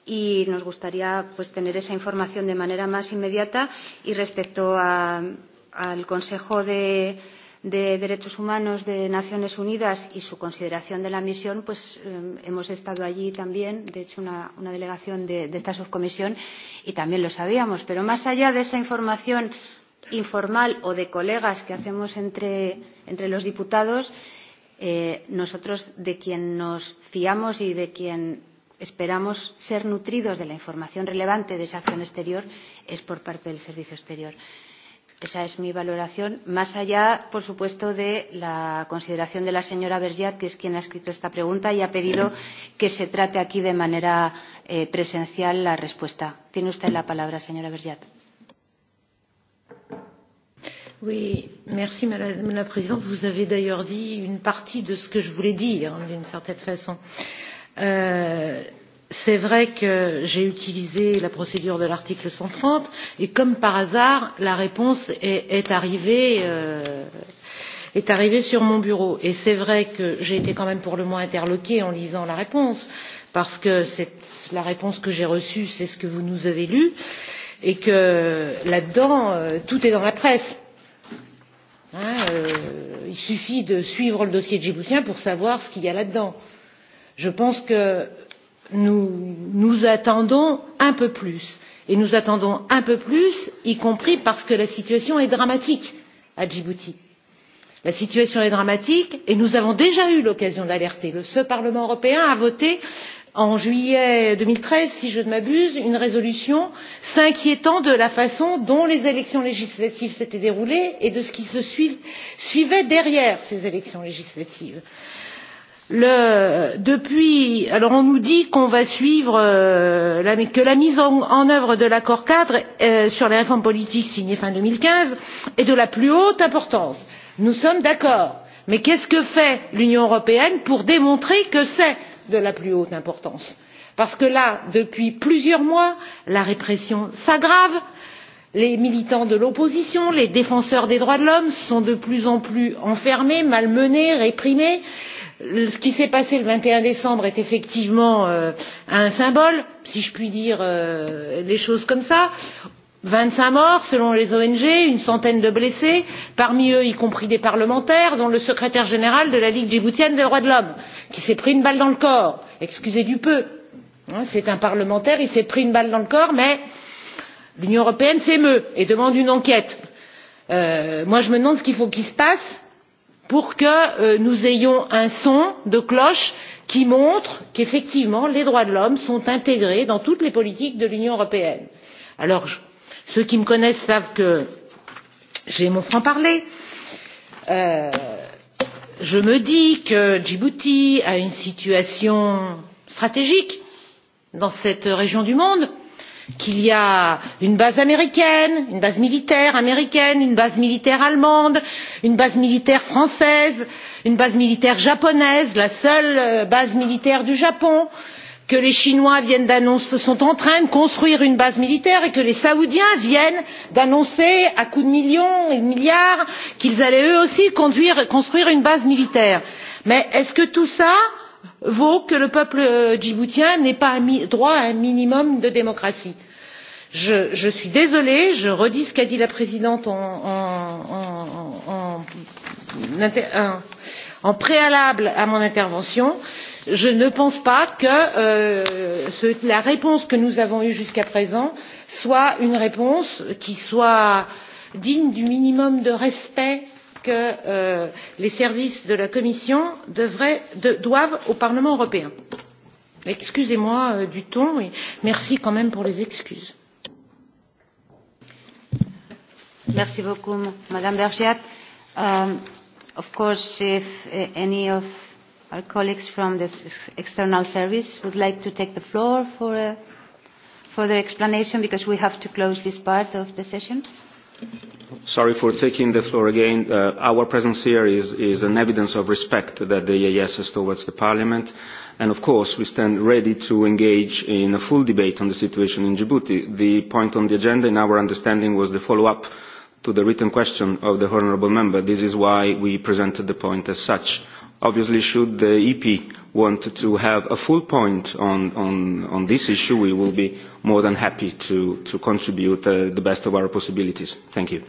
y nos gustaría pues, tener esa información de manera más inmediata. Y respecto a, al Consejo de de Derechos Humanos de Naciones Unidas y su consideración de la misión, pues eh, hemos estado allí también, de hecho una, una delegación de, de esta subcomisión, y también lo sabíamos. Pero más allá de esa información informal o de colegas que hacemos entre, entre los diputados, eh, nosotros de quien nos fiamos y de quien esperamos ser nutridos de la información relevante de esa acción exterior es por parte del Servicio Exterior. Esa es mi valoración, más allá, por supuesto, de la consideración de la señora Bergiat, que es quien ha escrito esta pregunta y ha pedido que se trate aquí de manera eh, presencial la respuesta. Tiene usted la palabra, señora Berjat. Oui, merci Madame la Présidente. Vous avez d'ailleurs dit une partie de ce que je voulais dire, d'une certaine façon. Euh, c'est vrai que j'ai utilisé la procédure de l'article cent trente et comme par hasard la réponse est, est, arrivée, euh, est arrivée sur mon bureau et c'est vrai que j'ai été quand même pour le moins interloquée en lisant la réponse parce que la réponse que j'ai reçue c'est ce que vous nous avez lu et que là dedans euh, tout est dans la presse. Hein, euh, il suffit de suivre le dossier djiboutien pour savoir ce qu'il y a là dedans. je pense que nous, nous attendons un peu plus et nous attendons un peu plus y compris parce que la situation est dramatique à djibouti. la situation est dramatique et nous avons déjà eu l'occasion d'alerter. ce parlement européen a voté en juillet deux mille treize si je ne m'abuse une résolution s'inquiétant de la façon dont les élections législatives s'étaient déroulées et de ce qui se suivait derrière ces élections législatives alors on nous dit qu'on va suivre euh, que la mise en, œuvre de l'accord cadre euh, sur les réformes politiques signé fin deux mille quinze est de la plus haute importance. nous sommes d'accord mais qu'est ce que fait l'union européenne pour démontrer que c'est de la plus haute importance? parce que là depuis plusieurs mois la répression s'aggrave les militants de l'opposition les défenseurs des droits de l'homme sont de plus en plus enfermés malmenés réprimés ce qui s'est passé le vingt et un décembre est effectivement euh, un symbole si je puis dire les euh, choses comme cela vingt cinq morts selon les ong une centaine de blessés parmi eux y compris des parlementaires dont le secrétaire général de la ligue djiboutienne des droits de l'homme qui s'est pris une balle dans le corps excusez du peu c'est un parlementaire il s'est pris une balle dans le corps mais l'union européenne s'émeut et demande une enquête. Euh, moi je me demande ce qu'il faut qu'il se passe pour que euh, nous ayons un son de cloche qui montre qu'effectivement les droits de l'homme sont intégrés dans toutes les politiques de l'union européenne. alors ceux qui me connaissent savent que j'ai mon franc parler. Euh, je me dis que djibouti a une situation stratégique dans cette région du monde qu'il y a une base américaine une base militaire américaine une base militaire allemande une base militaire française une base militaire japonaise la seule euh, base militaire du japon que les chinois sont en train de construire une base militaire et que les saoudiens viennent d'annoncer à coups de millions et de milliards qu'ils allaient eux aussi construire une base militaire. mais est ce que tout cela vaut que le peuple euh, djiboutien n'ait pas droit à un minimum de démocratie. je, suis désolée je redis ce qu'a dit la présidente en, préalable à mon intervention je ne pense pas que euh, la réponse que nous avons eue jusqu'à présent soit une réponse qui soit digne du minimum de respect que euh, les services de la commission doivent au parlement européen. excusez moi euh, du ton et merci quand même pour les excuses. Merci beaucoup, Madame Bergiat. Um, of course, if any of our colleagues from the external service would like to take the floor for a further explanation, because we have to close this part of the session. Thank you sorry for taking the floor again. Uh, our presence here is, is an evidence of respect that the EAS has towards the Parliament. And of course, we stand ready to engage in a full debate on the situation in Djibouti. The point on the agenda, in our understanding, was the follow-up to the written question of the Honourable Member. This is why we presented the point as such Obviously, should the EP want to have a full point on, on, on this issue, we will be more than happy to, to contribute uh, the best of our possibilities. Thank you.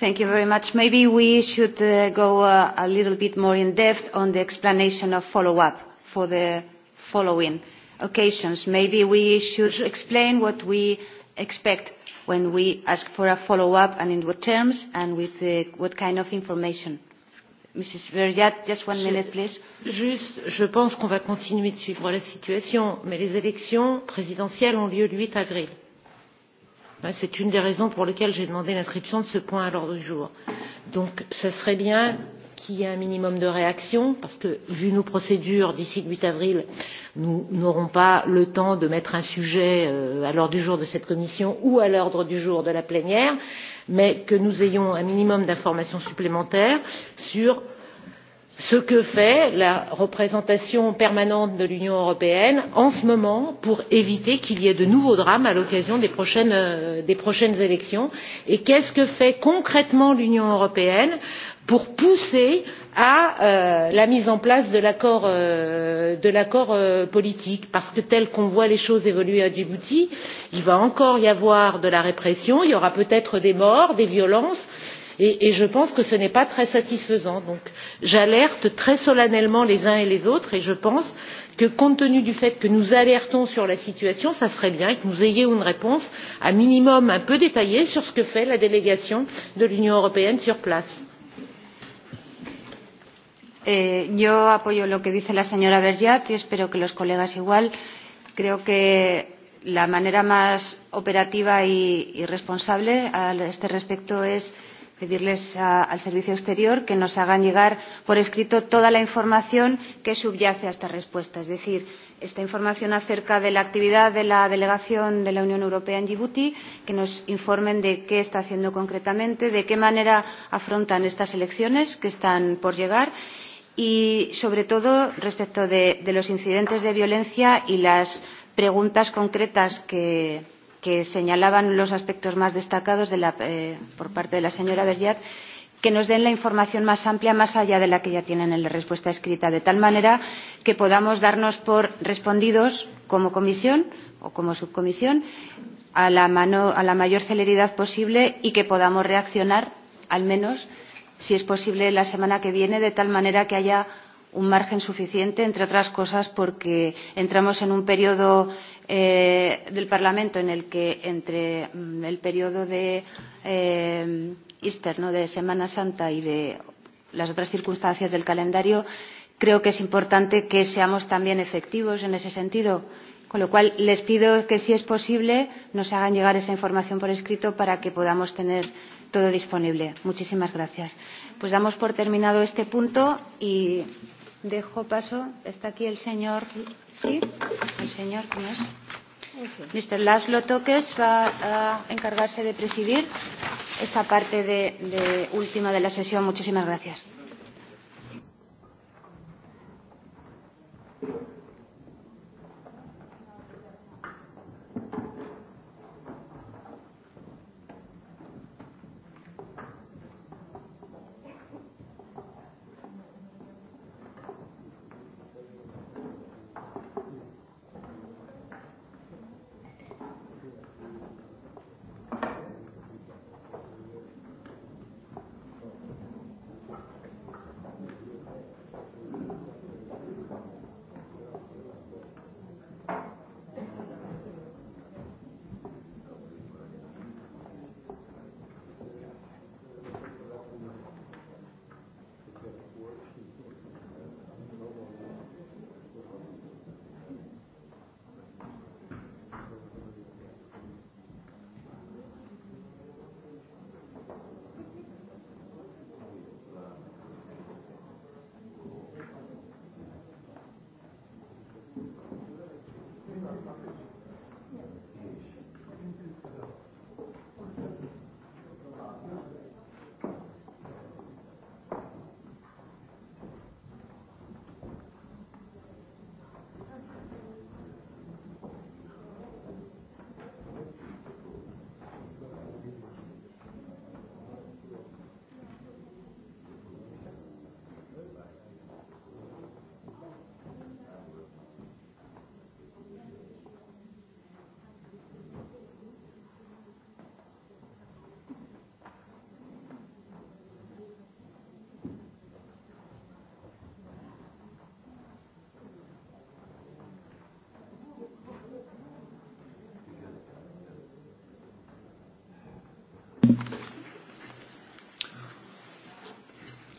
Thank you very much. Maybe we should uh, go uh, a little bit more in depth on the explanation of follow-up for the following occasions. Maybe we should explain what we expect when we ask for a follow-up and in what terms and with uh, what kind of information just one minute, please. Juste, je pense qu'on va continuer de suivre la situation, mais les élections présidentielles ont lieu le 8 avril. C'est une des raisons pour lesquelles j'ai demandé l'inscription de ce point à l'ordre du jour. Donc, ça serait bien qu'il y ait un minimum de réaction, parce que, vu nos procédures, d'ici le 8 avril, nous n'aurons pas le temps de mettre un sujet euh, à l'ordre du jour de cette commission ou à l'ordre du jour de la plénière mais que nous ayons un minimum d'informations supplémentaires sur ce que fait la représentation permanente de l'union européenne en ce moment pour éviter qu'il y ait de nouveaux drames à l'occasion des, prochaines euh, élections et qu'est ce que fait concrètement l'union européenne pour pousser à euh, la mise en place de l'accord euh, euh, politique parce que tel qu'on voit les choses évoluer à djibouti il va encore y avoir de la répression il y aura peut être des morts des violences et je pense que ce n'est pas très satisfaisant. donc j'alerte très solennellement les uns et les autres et je pense que compte tenu du fait que nous alertons sur la situation ce serait bien que nous ayons une réponse a minimum un peu détaillée sur ce que fait la délégation de l'union européenne sur place. Eh, yo apoyo lo que dice la señora Bergiat y espero que los colegas igual. Creo que la manera más operativa y, y responsable a este respecto es pedirles a, al Servicio Exterior que nos hagan llegar por escrito toda la información que subyace a esta respuesta. Es decir, esta información acerca de la actividad de la delegación de la Unión Europea en Djibouti, que nos informen de qué está haciendo concretamente, de qué manera afrontan estas elecciones que están por llegar y, sobre todo, respecto de, de los incidentes de violencia y las preguntas concretas que, que señalaban los aspectos más destacados de la, eh, por parte de la señora Berriat, que nos den la información más amplia, más allá de la que ya tienen en la respuesta escrita, de tal manera que podamos darnos por respondidos como comisión o como subcomisión a la, mano, a la mayor celeridad posible y que podamos reaccionar, al menos, si es posible, la semana que viene, de tal manera que haya un margen suficiente, entre otras cosas, porque entramos en un periodo eh, del Parlamento en el que entre mm, el periodo de eh, Easter, ¿no? de Semana Santa y de las otras circunstancias del calendario, creo que es importante que seamos también efectivos en ese sentido. Con lo cual, les pido que, si es posible, nos hagan llegar esa información por escrito para que podamos tener todo disponible. Muchísimas gracias. Pues damos por terminado este punto y dejo paso. Está aquí el señor. ¿Sí? El señor, ¿cómo es? Mr. Laszlo Toques va a encargarse de presidir esta parte de, de última de la sesión. Muchísimas gracias.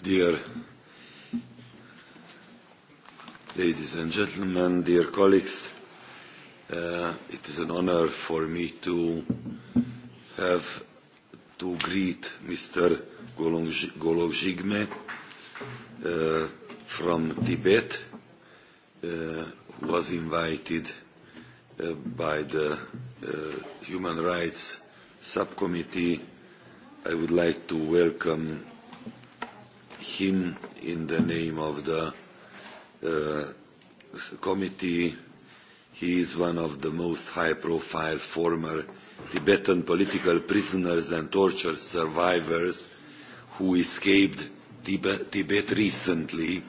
Dear ladies and gentlemen, dear colleagues, uh, it is an honor for me to have to greet Mr. Golong Zhigme uh, from Tibet, uh, who was invited uh, by the uh, Human Rights Subcommittee. I would like to welcome him in the name of the uh, committee. He is one of the most high-profile former Tibetan political prisoners and torture survivors who escaped Tibet, Tibet recently.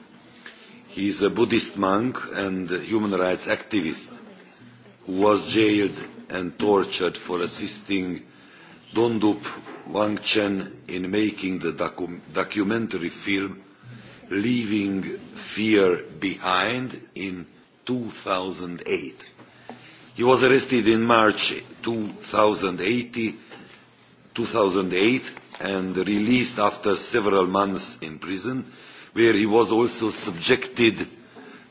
He is a Buddhist monk and human rights activist who was jailed and tortured for assisting Dondup Wang Chen in making the docu documentary film Leaving Fear Behind in 2008. He was arrested in March 2008, 2008 and released after several months in prison, where he was also subjected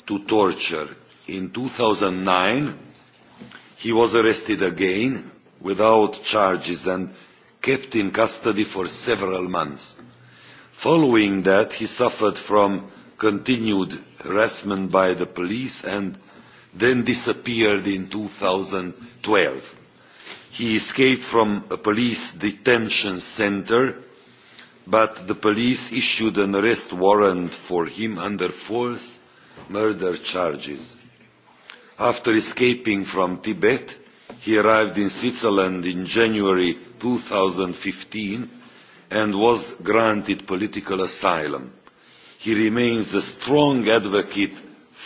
to torture. In 2009, he was arrested again without charges and kept in custody for several months. Following that, he suffered from continued harassment by the police and then disappeared in 2012. He escaped from a police detention center, but the police issued an arrest warrant for him under false murder charges. After escaping from Tibet, he arrived in Switzerland in January 2015 and was granted political asylum. He remains a strong advocate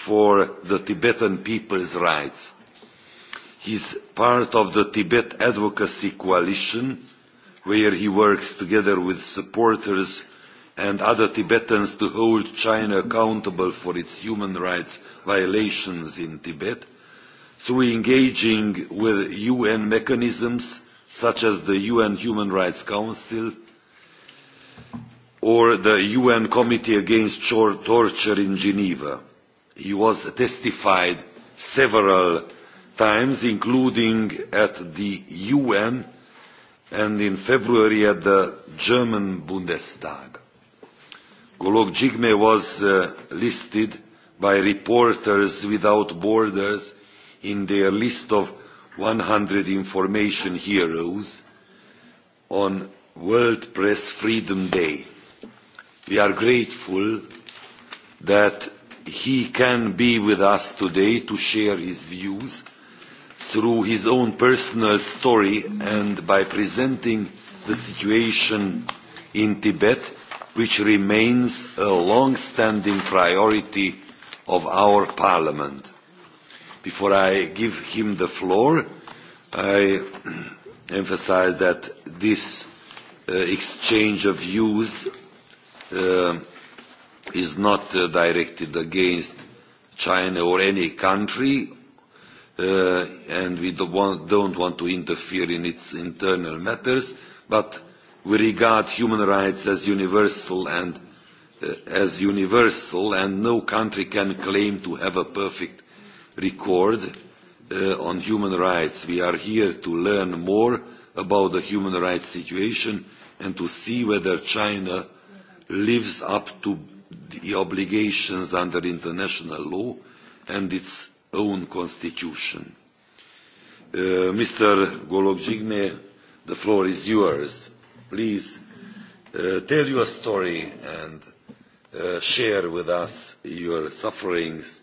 for the Tibetan people's rights. He is part of the Tibet Advocacy Coalition, where he works together with supporters and other Tibetans to hold China accountable for its human rights violations in Tibet through engaging with UN mechanisms such as the UN Human Rights Council or the UN Committee Against Torture in Geneva. He was testified several times, including at the UN and in February at the German Bundestag. Golok Jigme was uh, listed by Reporters Without Borders in their list of 100 information heroes on World Press Freedom Day. We are grateful that he can be with us today to share his views through his own personal story and by presenting the situation in Tibet, which remains a long-standing priority of our Parliament. Before I give him the floor, I emphasize that this uh, exchange of views uh, is not uh, directed against China or any country, uh, and we don't want, don't want to interfere in its internal matters, but we regard human rights as universal and uh, as universal, and no country can claim to have a perfect record uh, on human rights. We are here to learn more about the human rights situation and to see whether China lives up to the obligations under international law and its own constitution. Uh, Mr. Golobjigne, the floor is yours. Please uh, tell your story and uh, share with us your sufferings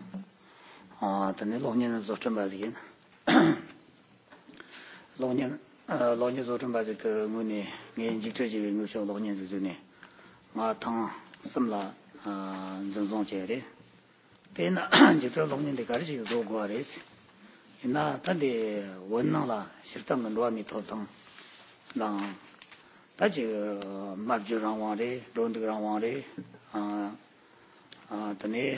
tani lonyen zochun bazi yin. Lonyen, lonyen zochun bazi ka nguni, ngayin jikchir jibi ngu shio lonyen zi zuni, nga tang samla zinzong che re. Tena jikchir lonyen di kari jibi zo guwa re si. Ina tani wan nang la shirtang gan ruwa mi to tang lang. Ta ji mabju rang wang re, rondik rang wang re, tani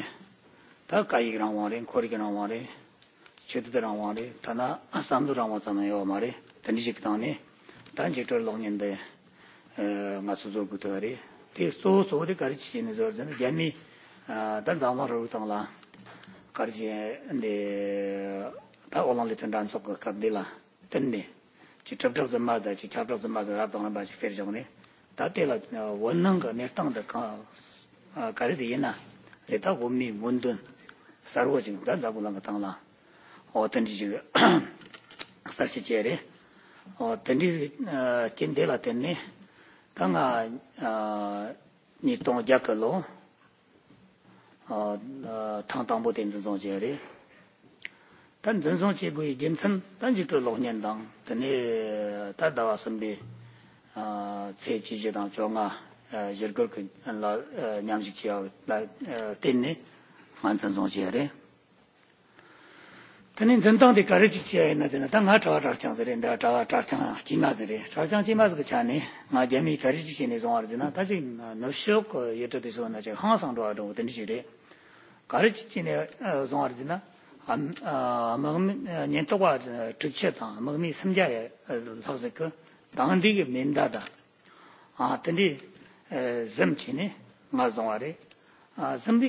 tā kāyī rāng wā rī, khori kī rāng wā rī, chētī tā rāng wā rī, tā nā sāndu rāng wā tsā nā yō mā rī, tā nī chik tāng nī, tā nī chik tā lōng nī ndā ngā sū zōr gu tā rī, tī sō sō rī kā rī chī chī nī zōr zā nī, gyā mī tā rā mā rā rū tāng lā, kā rī chī nī, tā wā lāng lī tā rāng sōk kā nī lā, tā nī, chī chab chab zā mā dā, chī chab chab zā mā dā rā tāng lā bā chī fēr chak nī, tā tī lā wā nāng kā nī tāng dā kā rī chī yī nā, rita wumi mundun sarwa jing da zabu langa tangla o tandi jing sarsi chere o tandi chinde eh, la tenne tanga eh, ni tong jaka lo eh, tang tangbo ten zong chere tan zong che gui jim tse chi je jirgol kun la nyamjik chiya la tenne mansan song chiya re. Tani zintang di kari chik chiya ina zina, ta nga chawa charchang zire, nda chawa charchang chima zire. Charchang chima zika chani, nga jami kari chik chiya ni zong ar zina, ta chik nabshiok yato di so na chik hang sang chwa zong tani chire. Kari chik chiya ni zong ar zina, amagami nyantokwa chikche tang, amagami samjaya lakzika, tangdigi mendada. Tani zim chini nga zongwa re zim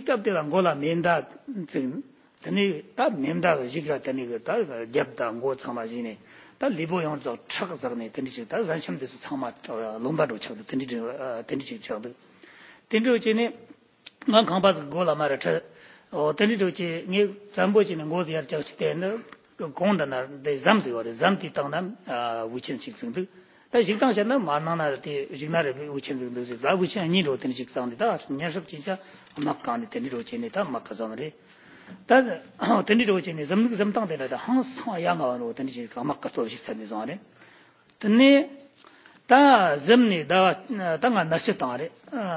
ngola menda tsing tani ta menda ga jikra tani ga ta gyab da ngo tsangma jini ta libo yang zog chak zog ne tani chik ta zan shim desu tsangma lomba do chak tani chik chak do tani chik chini nga kangpa zog ngola mara cha tani chik chik nge zambo chini ngo ziyar chak chik tani gongda na zam zig wa zam di tang nam wuchin chik tsing 다 식당 전에 만나나 때 식나를 우친들 그래서 다 우친 아니로 되는 식당이다 녀석 진짜 막간에 되니로 지내다 막가자머리 다 되니로 지내 점능 점당 되나다 항상 양아로 되는 식당 막가도 식사니 전에 근데 다 점니 다 당가 나셔 당아래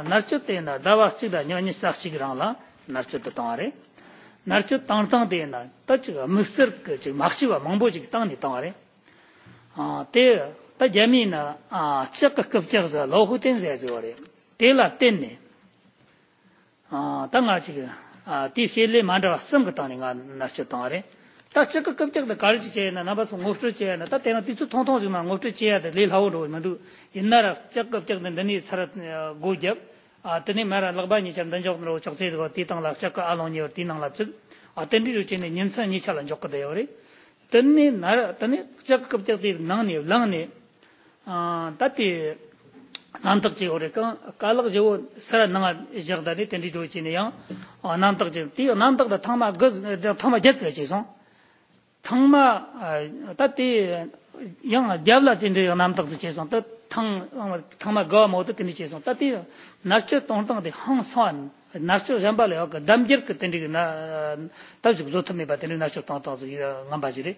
나셔 때나 다와 찍다 녀니 싹식이랑라 나셔 당아래 나셔 당당 되나 다 지금 믹서 그 지금 막시와 망보지 땅니 당아래 아때 ta jamina a chaka kapchak za lohu ten za zore tela tenne a tanga chi a ti shele mandra sam ka tani nga na cha ta re ta chaka kapchak da kal chi che na na ba so che na ta ti thong thong ma le ro ma du ra sarat go jab a tani mara lagba ni cham dan jok ro chak che go ti tang la ni or ti nang la chak a tani ru che ne nyen sa ni cha ka yo re tani na tani chaka kapchak ti nang dati namtak chi hore ka kalak jo sara nanga jagda ni tendi jo chi ne ya namtak chi ti namtak da thangma gaz thangma jet chi so thangma ta ti yang javla tendi yo namtak chi so ta thang thangma ga mo ta tendi chi so ta ti tong tong de hang san narche jamba le ka damjer ka tendi na ta ju zo thme ba tendi narche tong tong ngamba ji re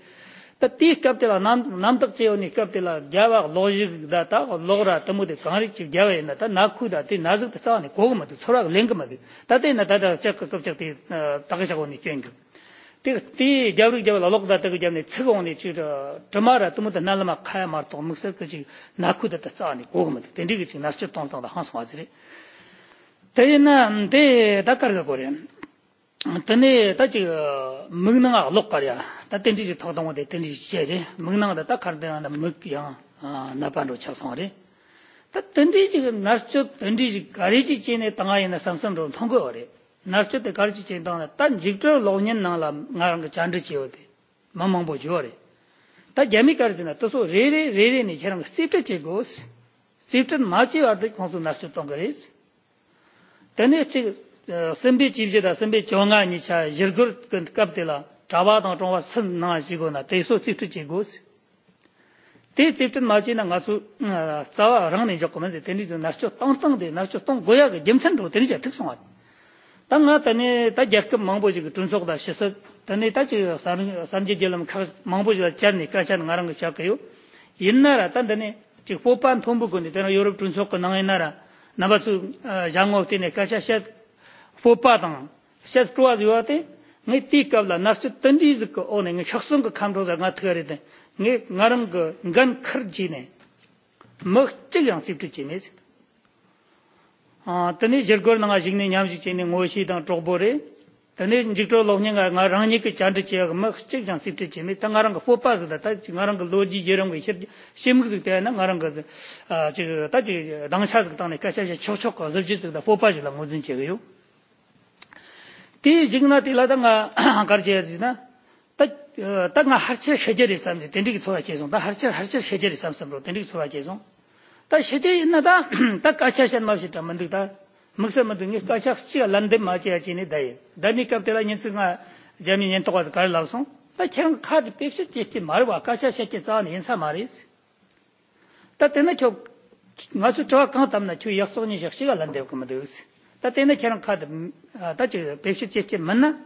ta ti kaptela nam nam tak cheo ni kaptela jawa logic da ta logra tamu de kari chi jawa na ta na khu da ti na zuk ta ni ko ma du chora leng ma de ta te na ta da chak kap chak ti ta ga chak ni cheng ti ti jawri jawa log da ta ga jam ni chi go ni chi da tama ra tamu da na la ma kha ma to mu se ka chi na khu da ta cha ni ko ma de ten ri chi na chi tong tong da han sa ji re te na de da kar ga ko re tene ta chi mung na nga lok kar ya ta ten chi thak dong de ten chi che de mung na da ta kar de na muk ya na pan ro cha song re ta ten chi na cho ten chi gar chi che ne ta nga na sam sam ro thong go re na cho te gar chi na ta lo na la nga rang chan chi de ma mang bo re ta kar so re re re re go si ma chi de su tong re tene chi senpe chibshe da senpe chonga ni cha yirgur kap de la chaba dang chongwa sen na shi go na teso chip chi go si te chip chen ma chi na nga su tsawa rang ni jok men se teni na cho tang tang de na cho tang go ya ge gem chen do teni ja tik song ta nga ta ne ta jak kap mang bo ji ge chun sok da shi sa ta ne ta chi san ji gelam kha mang bo ji da char ni ka chan nga rang cha ka yo yin na ra ta ne chi po pan thom bu go ni ta na yorop chun sok ko na ngai na ra na ba su jang ngok te ne ka cha shat fopaatang shat kruwa ziwa te ngi ti kabla nashtu tandi zika o ne ngi shaksung ka kamro za nga tigari te ngi ngaram ka ngan khar ji ne mak chil yang sip tu chi me zi ah, tani jirgor na nga jing ne nyam jik chi ne ngo shi dang chokbo re tani jikro lo nyi nga nga rang nyi ka chand chi ya mak chil yang sip tu chi me ta nga rang ka fopa zi da ta nga rang ka lo ji ye rang ka shir shim zik te na nga rang ah, ka ta ji dang sha zik tang ne ka sha sha chok chok ka zib ji zik da fopa zi la ngo zin chi ga yo tī jīngna tīla tā ngā kār chē yadzi na tā ngā harchir xeje rī samdi tendik tsōwa chē sōng tā harchir harchir xeje rī sam samro tendik tsōwa chē sōng tā xeje inna tā tā kāchā shan mā shita mandik tā mīksa mandik ngī kāchā xchiga lande mā chē yadzi nī dāi dāni kāp tīla nyen tsī ngā jami nyen tōkwa tsā kār lāw sōng tā kērāng kār pēpshī chē tī mār wā kāchā xeje tsā nī insā mā rī sī tā tēnā kio ngā sū chawā kāng tam na kio yak sōng nī shak xiga lande wā kā mandik sī 다 때문에 저런 카드 다지 배시 제제 만나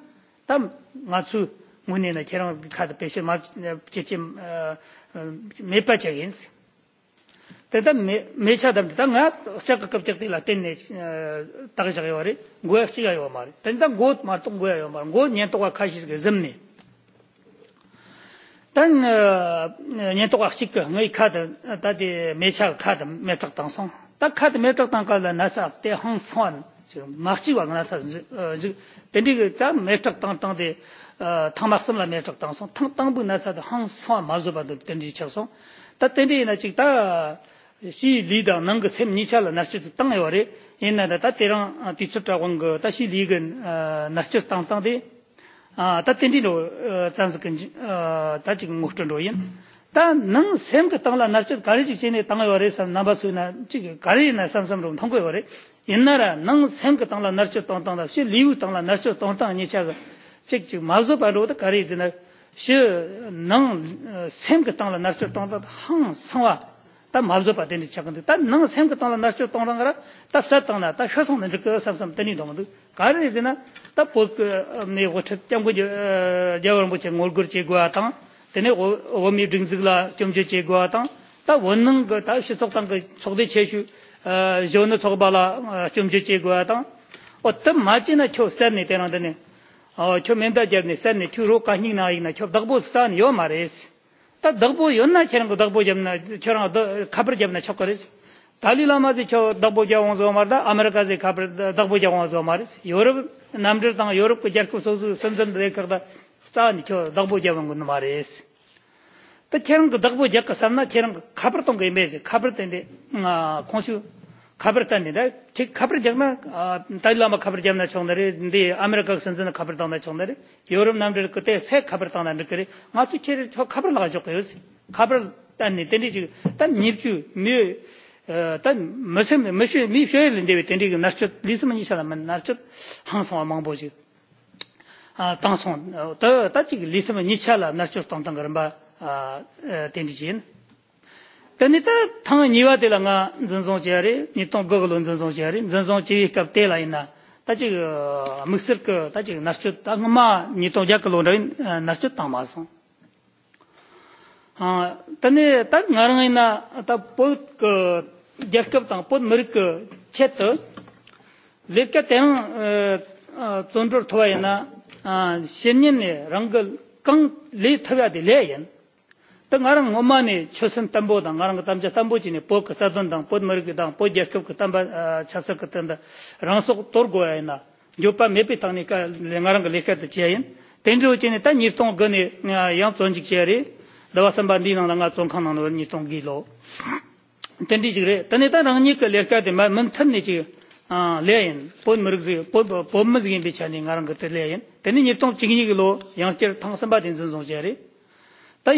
담 마수 문에나 저런 카드 배시 마 제제 메빠적인스 때다 메차담 땅아 어차가 급적들라 때네 따가자가 요리 고약치가 요 말. 때다 곧 말도 고야 요 말. 고 년도가 카시스게 점네. 단 년도가 식거 너희 카드 다디 메차가 카드 메탁 땅송 딱 카드 메탁 땅깔라 나자 때 항상 maxchi wa ngana sa pendi ge ta me tak tang tang de tang ma sam la me tak tang song tang tang bu na sa de hang sa ma zo ba de tendi chak song ta tendi na chi ta shi li da nang ge sem ni cha la na chi tang yo re yin na da ta te rang ti chu ta wang ge ta shi li ge na chi tang tang de 인나라 능 생각 당라 너처 당당다 시 리우 당라 너처 당당 니차가 직직 마저 바로다 가리지나 시능 생각 당라 너처 당다 항 상화 다 마저 바데니 차근데 다능 생각 당라 너처 당랑라 딱사 당나 다 혀성 는그 삼삼 되니 도모도 가리지나 다 보크 네 고쳐 짱고 저월 뭐 챙올 거지 고아탕 되네 오미 딩즈글라 좀제 제고아탕 다 원능 그다 시속 당그 속대 제슈 yōnu tōkpa la chōmchō chī guwa tāng o tam mā chī na chō sēn ni tērāng tēne chō mēmbā jab ni sēn ni chū rō kāhñī nā yī na chō dāgbō sā ni yō mā Ta tā dāgbō na chērāng kō dāgbō jab na chō rāng khāpar jab na chō kā rēs lama lāma zī chō dāgbō jā zo zō mār dā Amerikā zī khāpar dāgbō jā zo zō mār Yorub nām rīr Yorub kō jar kō sō sū sēn sēn rē ni chō dāgbō jā wāng kō nā mā rēs tā chērāng na chērāng khāpar tōng kā yī mē sī xabar tannida xabar jagma tailama xabar jamna chongnari di amerika sanzana xabar tangna chongnari yevropa namdir kute se xabar tangna nikari nga su cheri cho xabar laga jo qoyos xabar tanni tendi ji tan nipchu mi e, tan mesem meshi mi shoyel ndewe tendi gi narchot lisma ni shala man narchot hangsang mang boji tangson ta ta ji lisma ni chala narchot tang tang garamba e, tendi jin tani ta thang niwa de la nga zanzong che re ni tong go lo zanzong che re zanzong che wi kap te la ina ta chi uh, mixer ka ta chi nas chu ta ma ni tong ja ka lo rin uh, nas chu ta ma so uh, tani ta nga ra ina ta po ka jar kap ta po mer ka che ta le ka te ton ro thwa ina shen ni rang kang le thwa de le yin ta ngarang ngomani chosim tambo da ngarang tamja tambo chini po kasa don dang po marik dang po jakob ka tamba chasa ka tanda rangsok tor goya ina yopa mepi tangni ka ngarang lekha ta chiyayin tenro chini ta nirtong gani yang zonjik chiyari dawa samba ndi nang nga zon khang nang nirtong gi lo tenri chigre tani ta rangni ka lekha de ma man than ni chi leyin po marik zi po mazgin bichani ngarang ka ta leyin tani nirtong chigini gi lo yang chir tang samba zon zon chiyari tā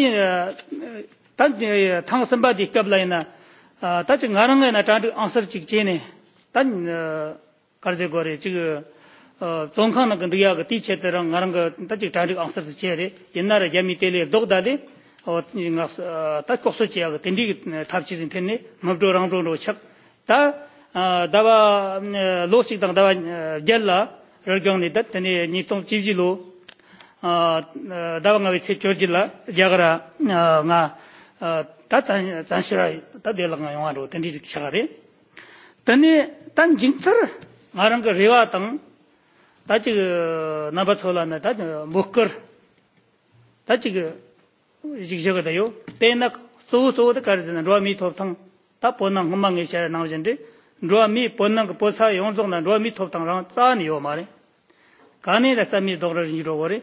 tāng sāmbā dī kāp lai nā tā chī ngā rāng nā chā chī ānsar chī chē nē tā kār zē gō rē chī zōng khāng nā gā ndī yā gā tī chē tā rāng ngā rāng tā chī chā chī ānsar chī chē rē yin nā rā yā mī tē lē dōg dā lē tā kōk sō chī yā gā tēndī tāp chī zin tē nē māb dō rāng dō rō chak tā dāwa lō chī tāng dāwa gyā lā rā gyāng nē tā tē nē nī tōng chī jī lō dagangawi chorji la jagara nga ta tanshirai ta dela nga yunga ro tani chagare tani tan jingtar nga ranga rewa tang ta chig naba chola na ta mokkar ta chig jig jagada yo tenak so so da karzina ruwa mi thop tang ta ponna ngumma nge chara nang jinde ruwa mi ponna ka posa yong zong na ruwa mi thop tang rang tsa ni yo mare kani da tsa mi dogra rinjiro gore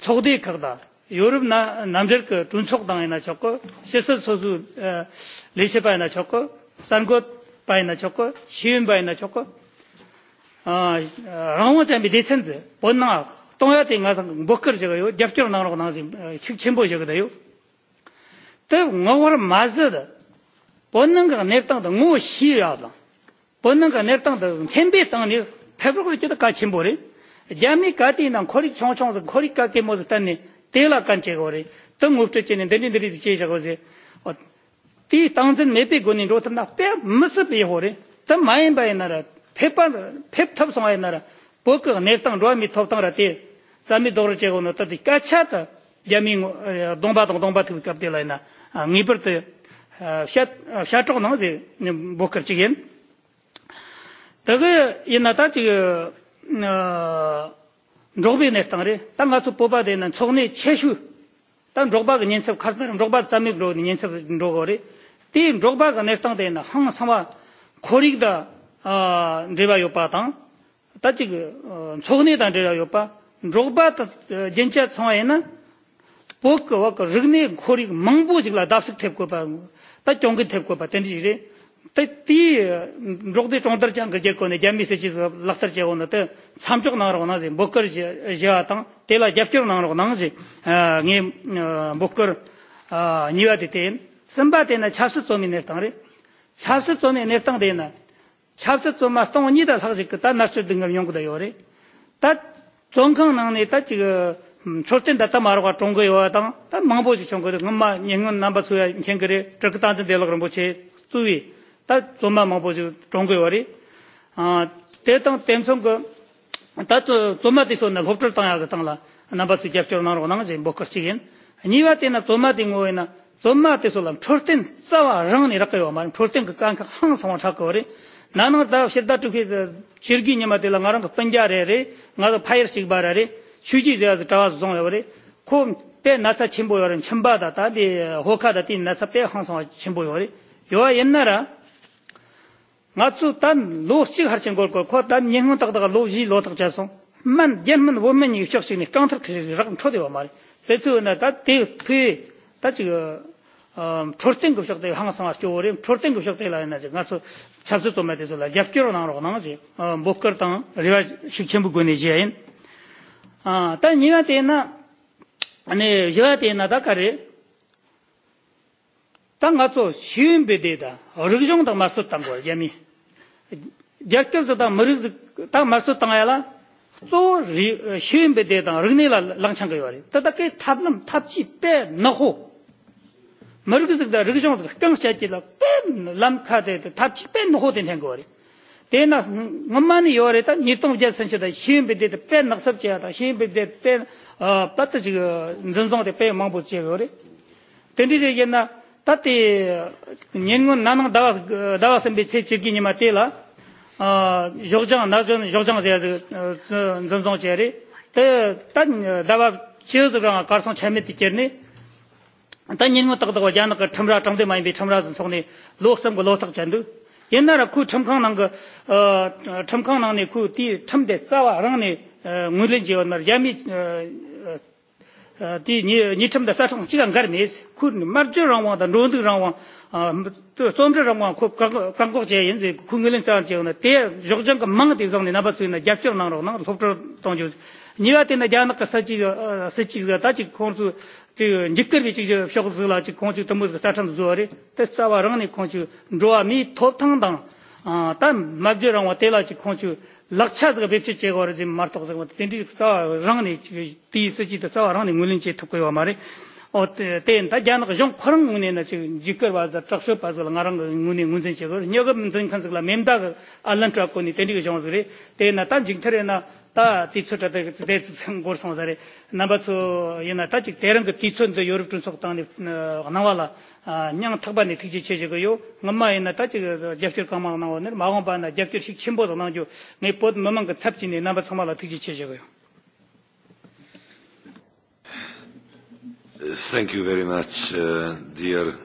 초대 거다 유럽 나그 둔속 당이나 적고 세서 소수 레시바에나 적고 산것 바이나 적고 시윤 바이나 적고 아 라고 잠이 대천데 번나 동야 때 가서 먹거 제가요 냅절 나오고 나서 첨보 제거다요 때 먹어 맞으다 본는 거 내땅도 뭐 시야다 본는 거 내땅도 템비 땅이 패브고 있다 같이 뭐래 jami kati nang khori chong chong zang khori ka ke mo zang tan ne tela kan che gore tang up che ne den den ri che sha go ti tang zan me pe go ni ro tam na pe ms pe ho re tam ma yin ba yin na ra pe pa pe thap song yin na ra po ka ne tang ro mi thop tang ra te za mi do ro che go no ta ti ka cha ta jami eh, dong ba dong dong ba ti ka pe la na ah, ngi par te ah, sha ah, sha chok nang ze bo kar che gen ta ge yin rōkbē nē tāng rē, tā ngā tsū pōpā rē nā tsōk nē chē shū, tā rōkbā gā nyēn sab khās nē rōkbā tsā mē rō nyēn sab rō gō rē, tē rōkbā gā nē tāng rē nā hāng sā mā khō rīg dā rē bā yō pā tāng, tā chī tsōk nē tāng rē rā yō pā, rōkbā tā jēn chā tsā wā yē na, wā kā rīg nē khō rīg māng bō chī lā dāp sik tēp kō pā, tā chōng kī tēp kō pā tēn chī rē, tii rukde chongdar chang ge kone jami se chi lakhtar che ona te samchok nang ro na je bokkar ja tang tela japchur nang ro nang je nge bokkar niwa de ten samba te na chapsu chomi ne tang re chapsu chomi ne tang de na chapsu choma stong ni da sa je ta nar su ding yong da yo re ta chong khang nang ne ta chi ge chorten da ta maro ga chong ge yo ta ta mang bo ji 다 좀마 마보지 종고요리 아 대당 뱀송 그 다도 도마디소 나 호텔 땅야 그 땅라 나바스 잡쳐 나로 나가지 먹거시긴 니와테나 도마딩 오에나 도마테솔람 톨텐 싸와 랑니 이렇게요 말 톨텐 그 깡카 항상 찾고리 나는 다 시다 투키 지르기 니마데라 나랑 펀자레레 나도 파이어식 바라레 슈지 제아즈 타와스 종요리 콤페 나사 침보요리 첨바다 다디 호카다 티 나사 페 항상 침보요리 요아 옛나라 ngatsu tan lo chig harchen gol ko kho tan nyeng tak tak man jen man wo men yichok chig ni kang de ma le chu na ta te phi ta chi chorten 급적 때 항상 왔죠. 오래 chorten 급적 때 라이나 지금 가서 잡수 좀 해서 라 gyakkyab zo ta marig ta marso tangaya la zo shiwen pe de tang rigne la langchang kayo tata kay tablam tabchi pe nakho marig zik da rigzhong zik kyang shachi la pe lam ka tabchi pe nakho ten ten kayo wari tena ngamani yo wari nirtong jia sanchi da shiwen pe de pe naksab chaya ta shiwen pe de pe pata zik nzanzong de pe mangpo chaya kayo wari tenri re Tati nyengun nanang dawas dawas mbi che chigi ni matela jogjang nazon jogjang ze zonzon cheri te tan dawa chiz ga karson chame ti cherni tan nyengun tak da jan ka thamra thamde mai bi thamra zon sogni lok sam go lok tak chandu yenna ra ku thamkhang nang ga thamkhang nang ni ku ti thamde tsawa rang ni ngulen ji on mar yami di ni ni chum da sa chung chi gang gar me ku mar je rang wa da no rang to som je rang wa ko kang ko je yin je ku na mang de jong ne na ba su na jak chang nang ro nang sop tro tong ju ni wa te na ja na ka sa chi sa chi ga ta chi khon su te nikkar bi la sa chang zu re sa wa rang ni mi dang tā mabdi rāngwa tēlā chī khōngchū lakchā zhaka bēpchī chē gō rā jī mār tōg zhaka tēndī tsā rāng nī tī sī chī tā tsā rāng nī ngūlīn chē tōk kuywa mā tēn tā gyāna kā yōng khurāng ngūne nā chī jīkar wā dā chak pā zhaka ngā rāng ngūne ngūnzhēn chē gō rī nyō khān zhaka mēm dā ālān chā kō tēndī kā yōng zhaka tēn tā jīng tā rē nā 다 디츠다 데츠 고르상 자레 나바츠 예나타 직 데름도 디츠도 유럽 준속 땅에 나와라 냥 탁반에 티지 체제고요 엄마 예나타 직 잡질 까마 나오네 마고 바나 잡질식 침보도 나오죠 내 보드 머만 그 찹진에 나바 참아라 티지 체제고요 Thank you very much, uh, dear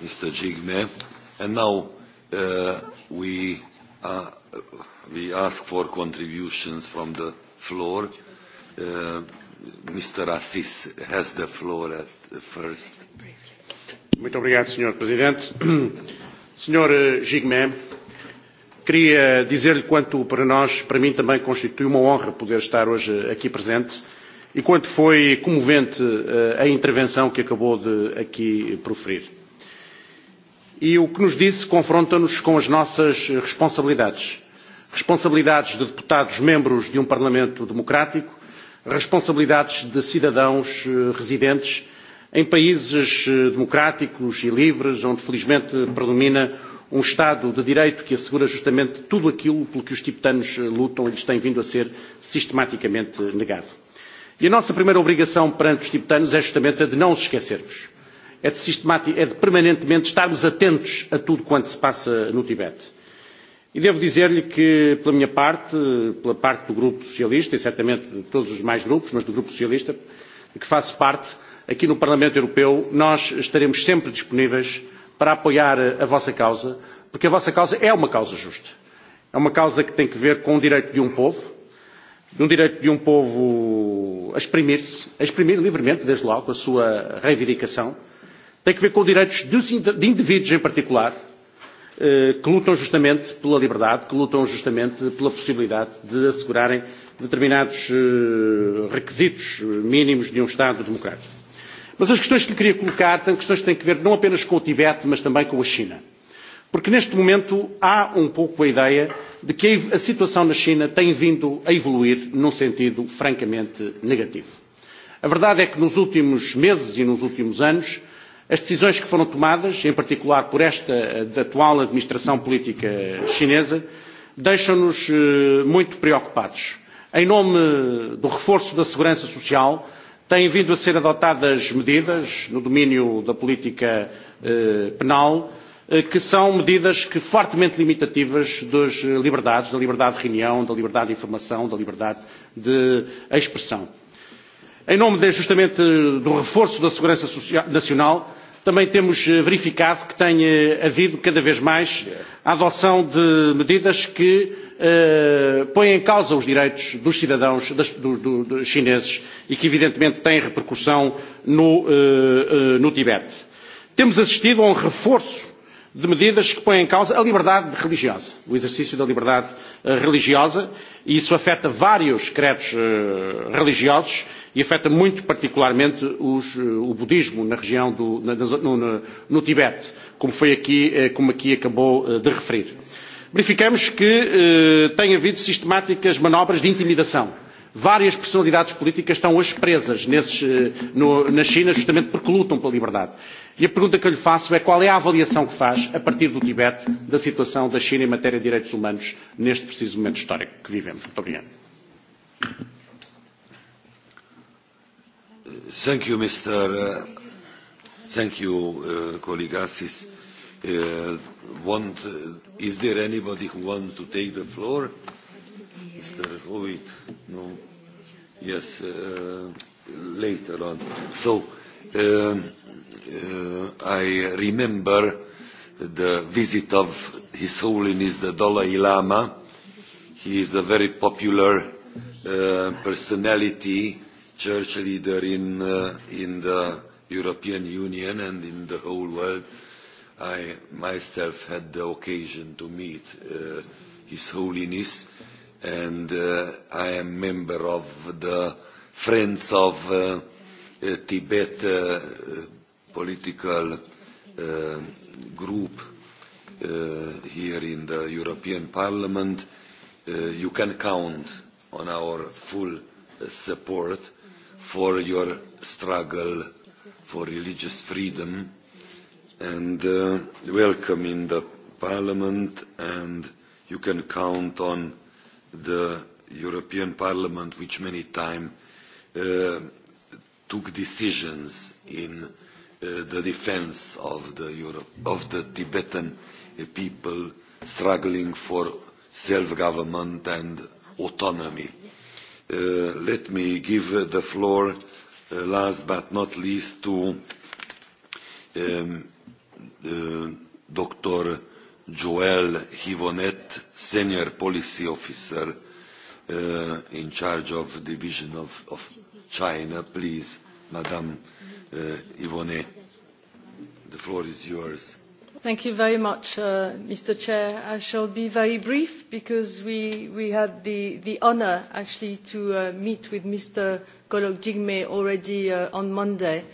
Mr. Jigme. And now uh, we are we ask for contributions from the floor. Uh, Mr. Assis has the floor at first. Muito obrigado, Sr. Presidente. Sr. Gigmé, eh, queria dizer-lhe quanto para nós, para mim também constitui uma honra poder estar hoje aqui presente e quanto foi comovente eh, a intervenção que acabou de aqui proferir e o que nos disse confronta-nos com as nossas responsabilidades. Responsabilidades de deputados membros de um Parlamento democrático, responsabilidades de cidadãos eh, residentes em países eh, democráticos e livres, onde felizmente predomina um Estado de Direito que assegura justamente tudo aquilo pelo que os tibetanos eh, lutam e lhes tem vindo a ser sistematicamente negado. E a nossa primeira obrigação perante os tibetanos é justamente a de não os esquecermos é de, sistemática, é de permanentemente estarmos atentos a tudo quanto se passa no Tibete. E devo dizer-lhe que, pela minha parte, pela parte do Grupo Socialista, e certamente de todos os mais grupos, mas do Grupo Socialista, que faço parte, aqui no Parlamento Europeu, nós estaremos sempre disponíveis para apoiar a vossa causa, porque a vossa causa é uma causa justa. É uma causa que tem que ver com o direito de um povo, de um direito de um povo a exprimir-se, a exprimir livremente, desde logo, a sua reivindicação, tem que ver com direitos de indivíduos em particular, eh, que lutam justamente pela liberdade, que lutam justamente pela possibilidade de assegurarem determinados eh, requisitos mínimos de um Estado democrático. Mas as questões que lhe queria colocar são questões que têm que ver não apenas com o Tibete, mas também com a China. Porque neste momento há um pouco a ideia de que a situação na China tem vindo a evoluir num sentido francamente negativo. A verdade é que nos últimos meses e nos últimos anos As decisões que foram tomadas, em particular por esta eh, da atual administração política chinesa, deixam-nos eh, muito preocupados. Em nome do reforço da segurança social, têm vindo a ser adotadas medidas no domínio da política eh, penal, que são medidas que fortemente limitativas das liberdades, da liberdade de reunião, da liberdade de informação, da liberdade de expressão. Em nome de, justamente do reforço da segurança social, nacional, também temos eh, verificado que tem havido cada vez mais a adoção de medidas que eh, põem em causa os direitos dos cidadãos das, do, do, chineses e que evidentemente têm repercussão no, eh, no Tibete. Temos assistido a um reforço de medidas que põem em causa a liberdade religiosa, o exercício da liberdade eh, religiosa, e isso afeta vários credos eh, religiosos e afeta muito particularmente os, eh, o budismo na região do no, no, no Tibete, como foi aqui, como aqui acabou de referir. Verificamos que eh, tem havido sistemáticas manobras de intimidação várias personalidades políticas estão hoje presas nesses, no, na China justamente porque lutam pela liberdade. E a pergunta que eu lhe faço é qual é a avaliação que faz, a partir do Tibete, da situação da China em matéria de direitos humanos neste preciso momento histórico que vivemos. Muito obrigado. Thank you, Mr. Uh, thank you, uh, colleague Assis. Uh, want, uh, is there anybody who wants to take the floor? Mr. Howitt? No. Yes, uh, later on. So, uh, i remember the visit of His Holiness the Dalai Lama. He is a very popular uh, personality, church leader in, uh, in the European Union and in the whole world. I myself had the occasion to meet uh, His Holiness and uh, I am member of the Friends of uh, uh, Tibet uh, political uh, group uh, here in the European Parliament, uh, you can count on our full uh, support for your struggle for religious freedom and uh, welcome in the Parliament and you can count on the European Parliament which many times uh, took decisions in Uh, the defence of the, Europe, of the Tibetan uh, people struggling for self-government and autonomy. Uh, let me give uh, the floor, uh, last but not least, to um, uh, Dr. Joel Hivonet, Senior Policy Officer uh, in charge of Division of, of China. Please, Madam. Mm -hmm. Uh, the floor is yours. Thank you very much, uh, Mr. Chair. I shall be very brief because we, we had the, the honor actually to uh, meet with Mr. Golok already uh, on Monday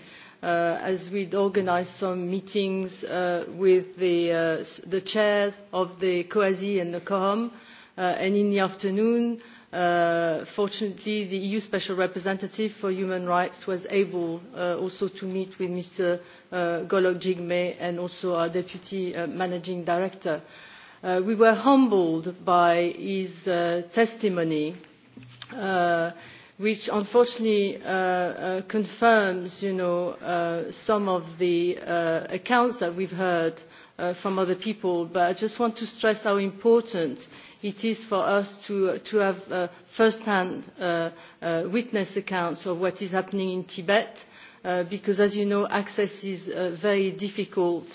uh, as we'd organized some meetings uh, with the, uh, the chair of the COASI and the COHOM uh, and in the afternoon Uh, fortunately the eu special representative for human rights was able uh, also to meet with mr uh, golok jigme and also our deputy managing director. we were humbled by his testimony which unfortunately confirms some of the accounts that we have heard Uh, from other people. But I just want to stress how important it is for us to, to have uh, first-hand uh, uh, witness accounts of what is happening in Tibet, uh, because as you know, access is uh, very difficult,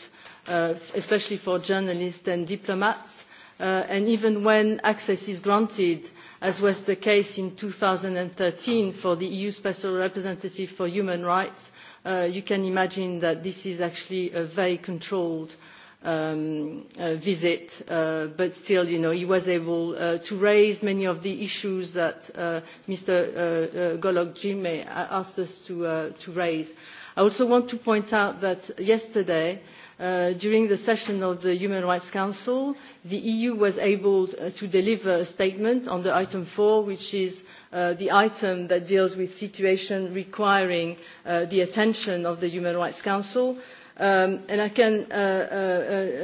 uh, especially for journalists and diplomats. Uh, and even when access is granted, as was the case in two thousand and thirteen for the eu special representative for human rights uh, you can imagine that this is actually a uh, very controlled um, uh, visit, uh, but still, you know, he was able uh, to raise many of the issues that uh, Mr. Uh, uh, Golok Jime asked us to, uh, to raise. I also want to point out that yesterday, uh, during the session of the Human Rights Council, the EU was able uh, to deliver a statement on the item four, which is uh, the item that deals with situations requiring uh, the attention of the Human Rights Council Um, and I can uh, uh,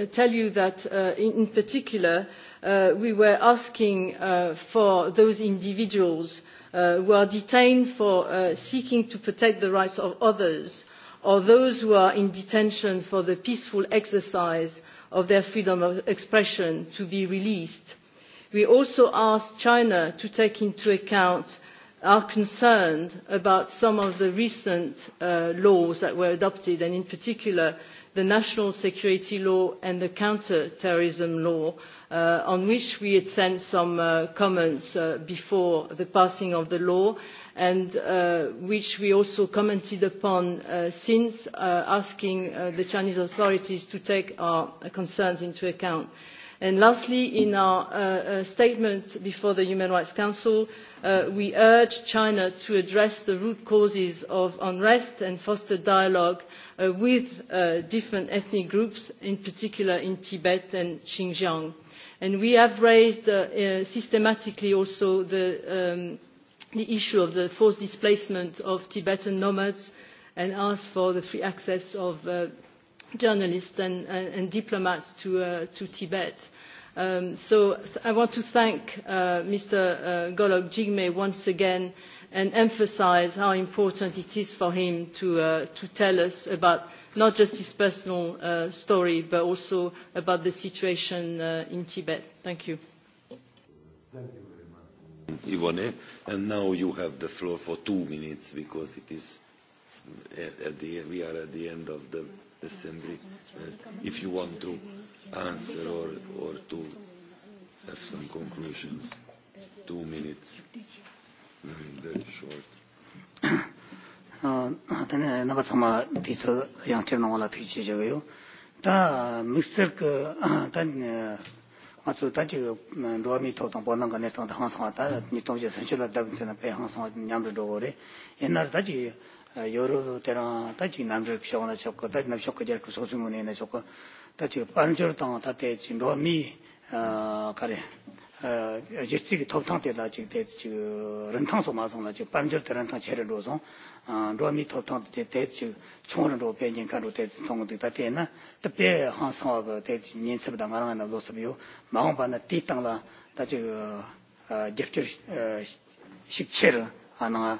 uh, tell you that in, in, particular we were asking for those individuals who are detained for seeking to protect the rights of others or those who are in detention for the peaceful exercise of their freedom of expression to be released. We also asked China to take into account are concerned about some of the recent uh, laws that were adopted and in particular the national security law and the counter terrorism law uh, on which we had sent some uh, comments uh, before the passing of the law and uh, which we also commented upon since asking the chinese authorities to take our concerns into account. And lastly in our uh, uh, statement before the human rights council uh, we urge china to address the root causes of unrest and foster dialogue with different ethnic groups in particular in tibet and xinjiang. we have raised systematically also the, um, the issue of the forced displacement of tibetan nomads and asked for the free access of journalists and, and, and diplomats to, uh, to Tibet. Um, so I want to thank uh, Mr. Uh, Golok Jigme once again and emphasize how important it is for him to, uh, to tell us about not just his personal uh, story, but also about the situation uh, in Tibet. Thank you. Thank you very much, Ivone. And now you have the floor for two minutes because it is at the, we are at the end of the assembly uh, if you want to answer or, or to have some conclusions. Two minutes, very, very short. tani ta ta mi to ne ta sa ta ni tong je la da bin pe sa nyam ro re ta 여러 때나 다지 남들 피셔나 적고 다지 남셔 될 저렇게 소중문에 내 적고 다지 반절 땅 다대 진로미 어 가래 어 제스틱이 토탕 때다 지금 대 지금 런탕소 마성나 지금 반절 때 런탕 제를로서 어 로미 토탕 때대 지금 총으로 변경 가로 대 통도 다 되나 특별 항상하고 대 인습다 말하는 것으로 마음 반에 띠 땅라 다 지금 어 접절 식체를 하나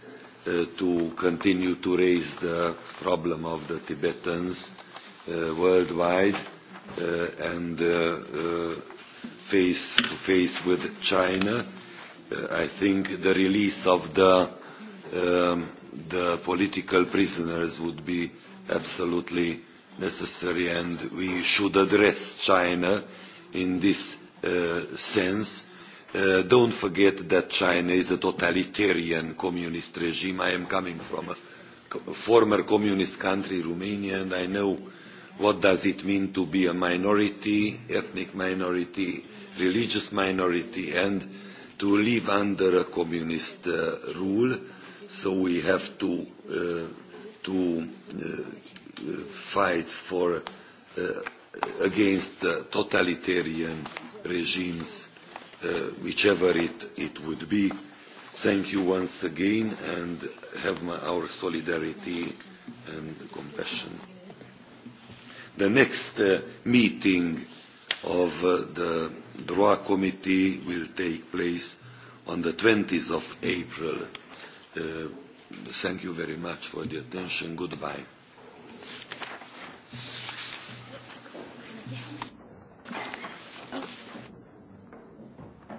uh, to continue to raise the problem of the Tibetans uh, worldwide uh, and uh, uh, face to face with China. Uh, I think the release of the, um, the political prisoners would be absolutely necessary and we should address China in this uh, sense Uh, don't forget that China is a totalitarian communist regime. I am coming from a former communist country, Romania, and I know what does it mean to be a minority, ethnic minority, religious minority, and to live under a communist uh, rule. So we have to, uh, to uh, fight for, uh, against uh, totalitarian regimes uh, whichever it, it would be. Thank you once again and have my, our solidarity and compassion. The next uh, meeting of uh, the DROA committee will take place on the 20th of April. Uh, thank you very much for the attention. Goodbye.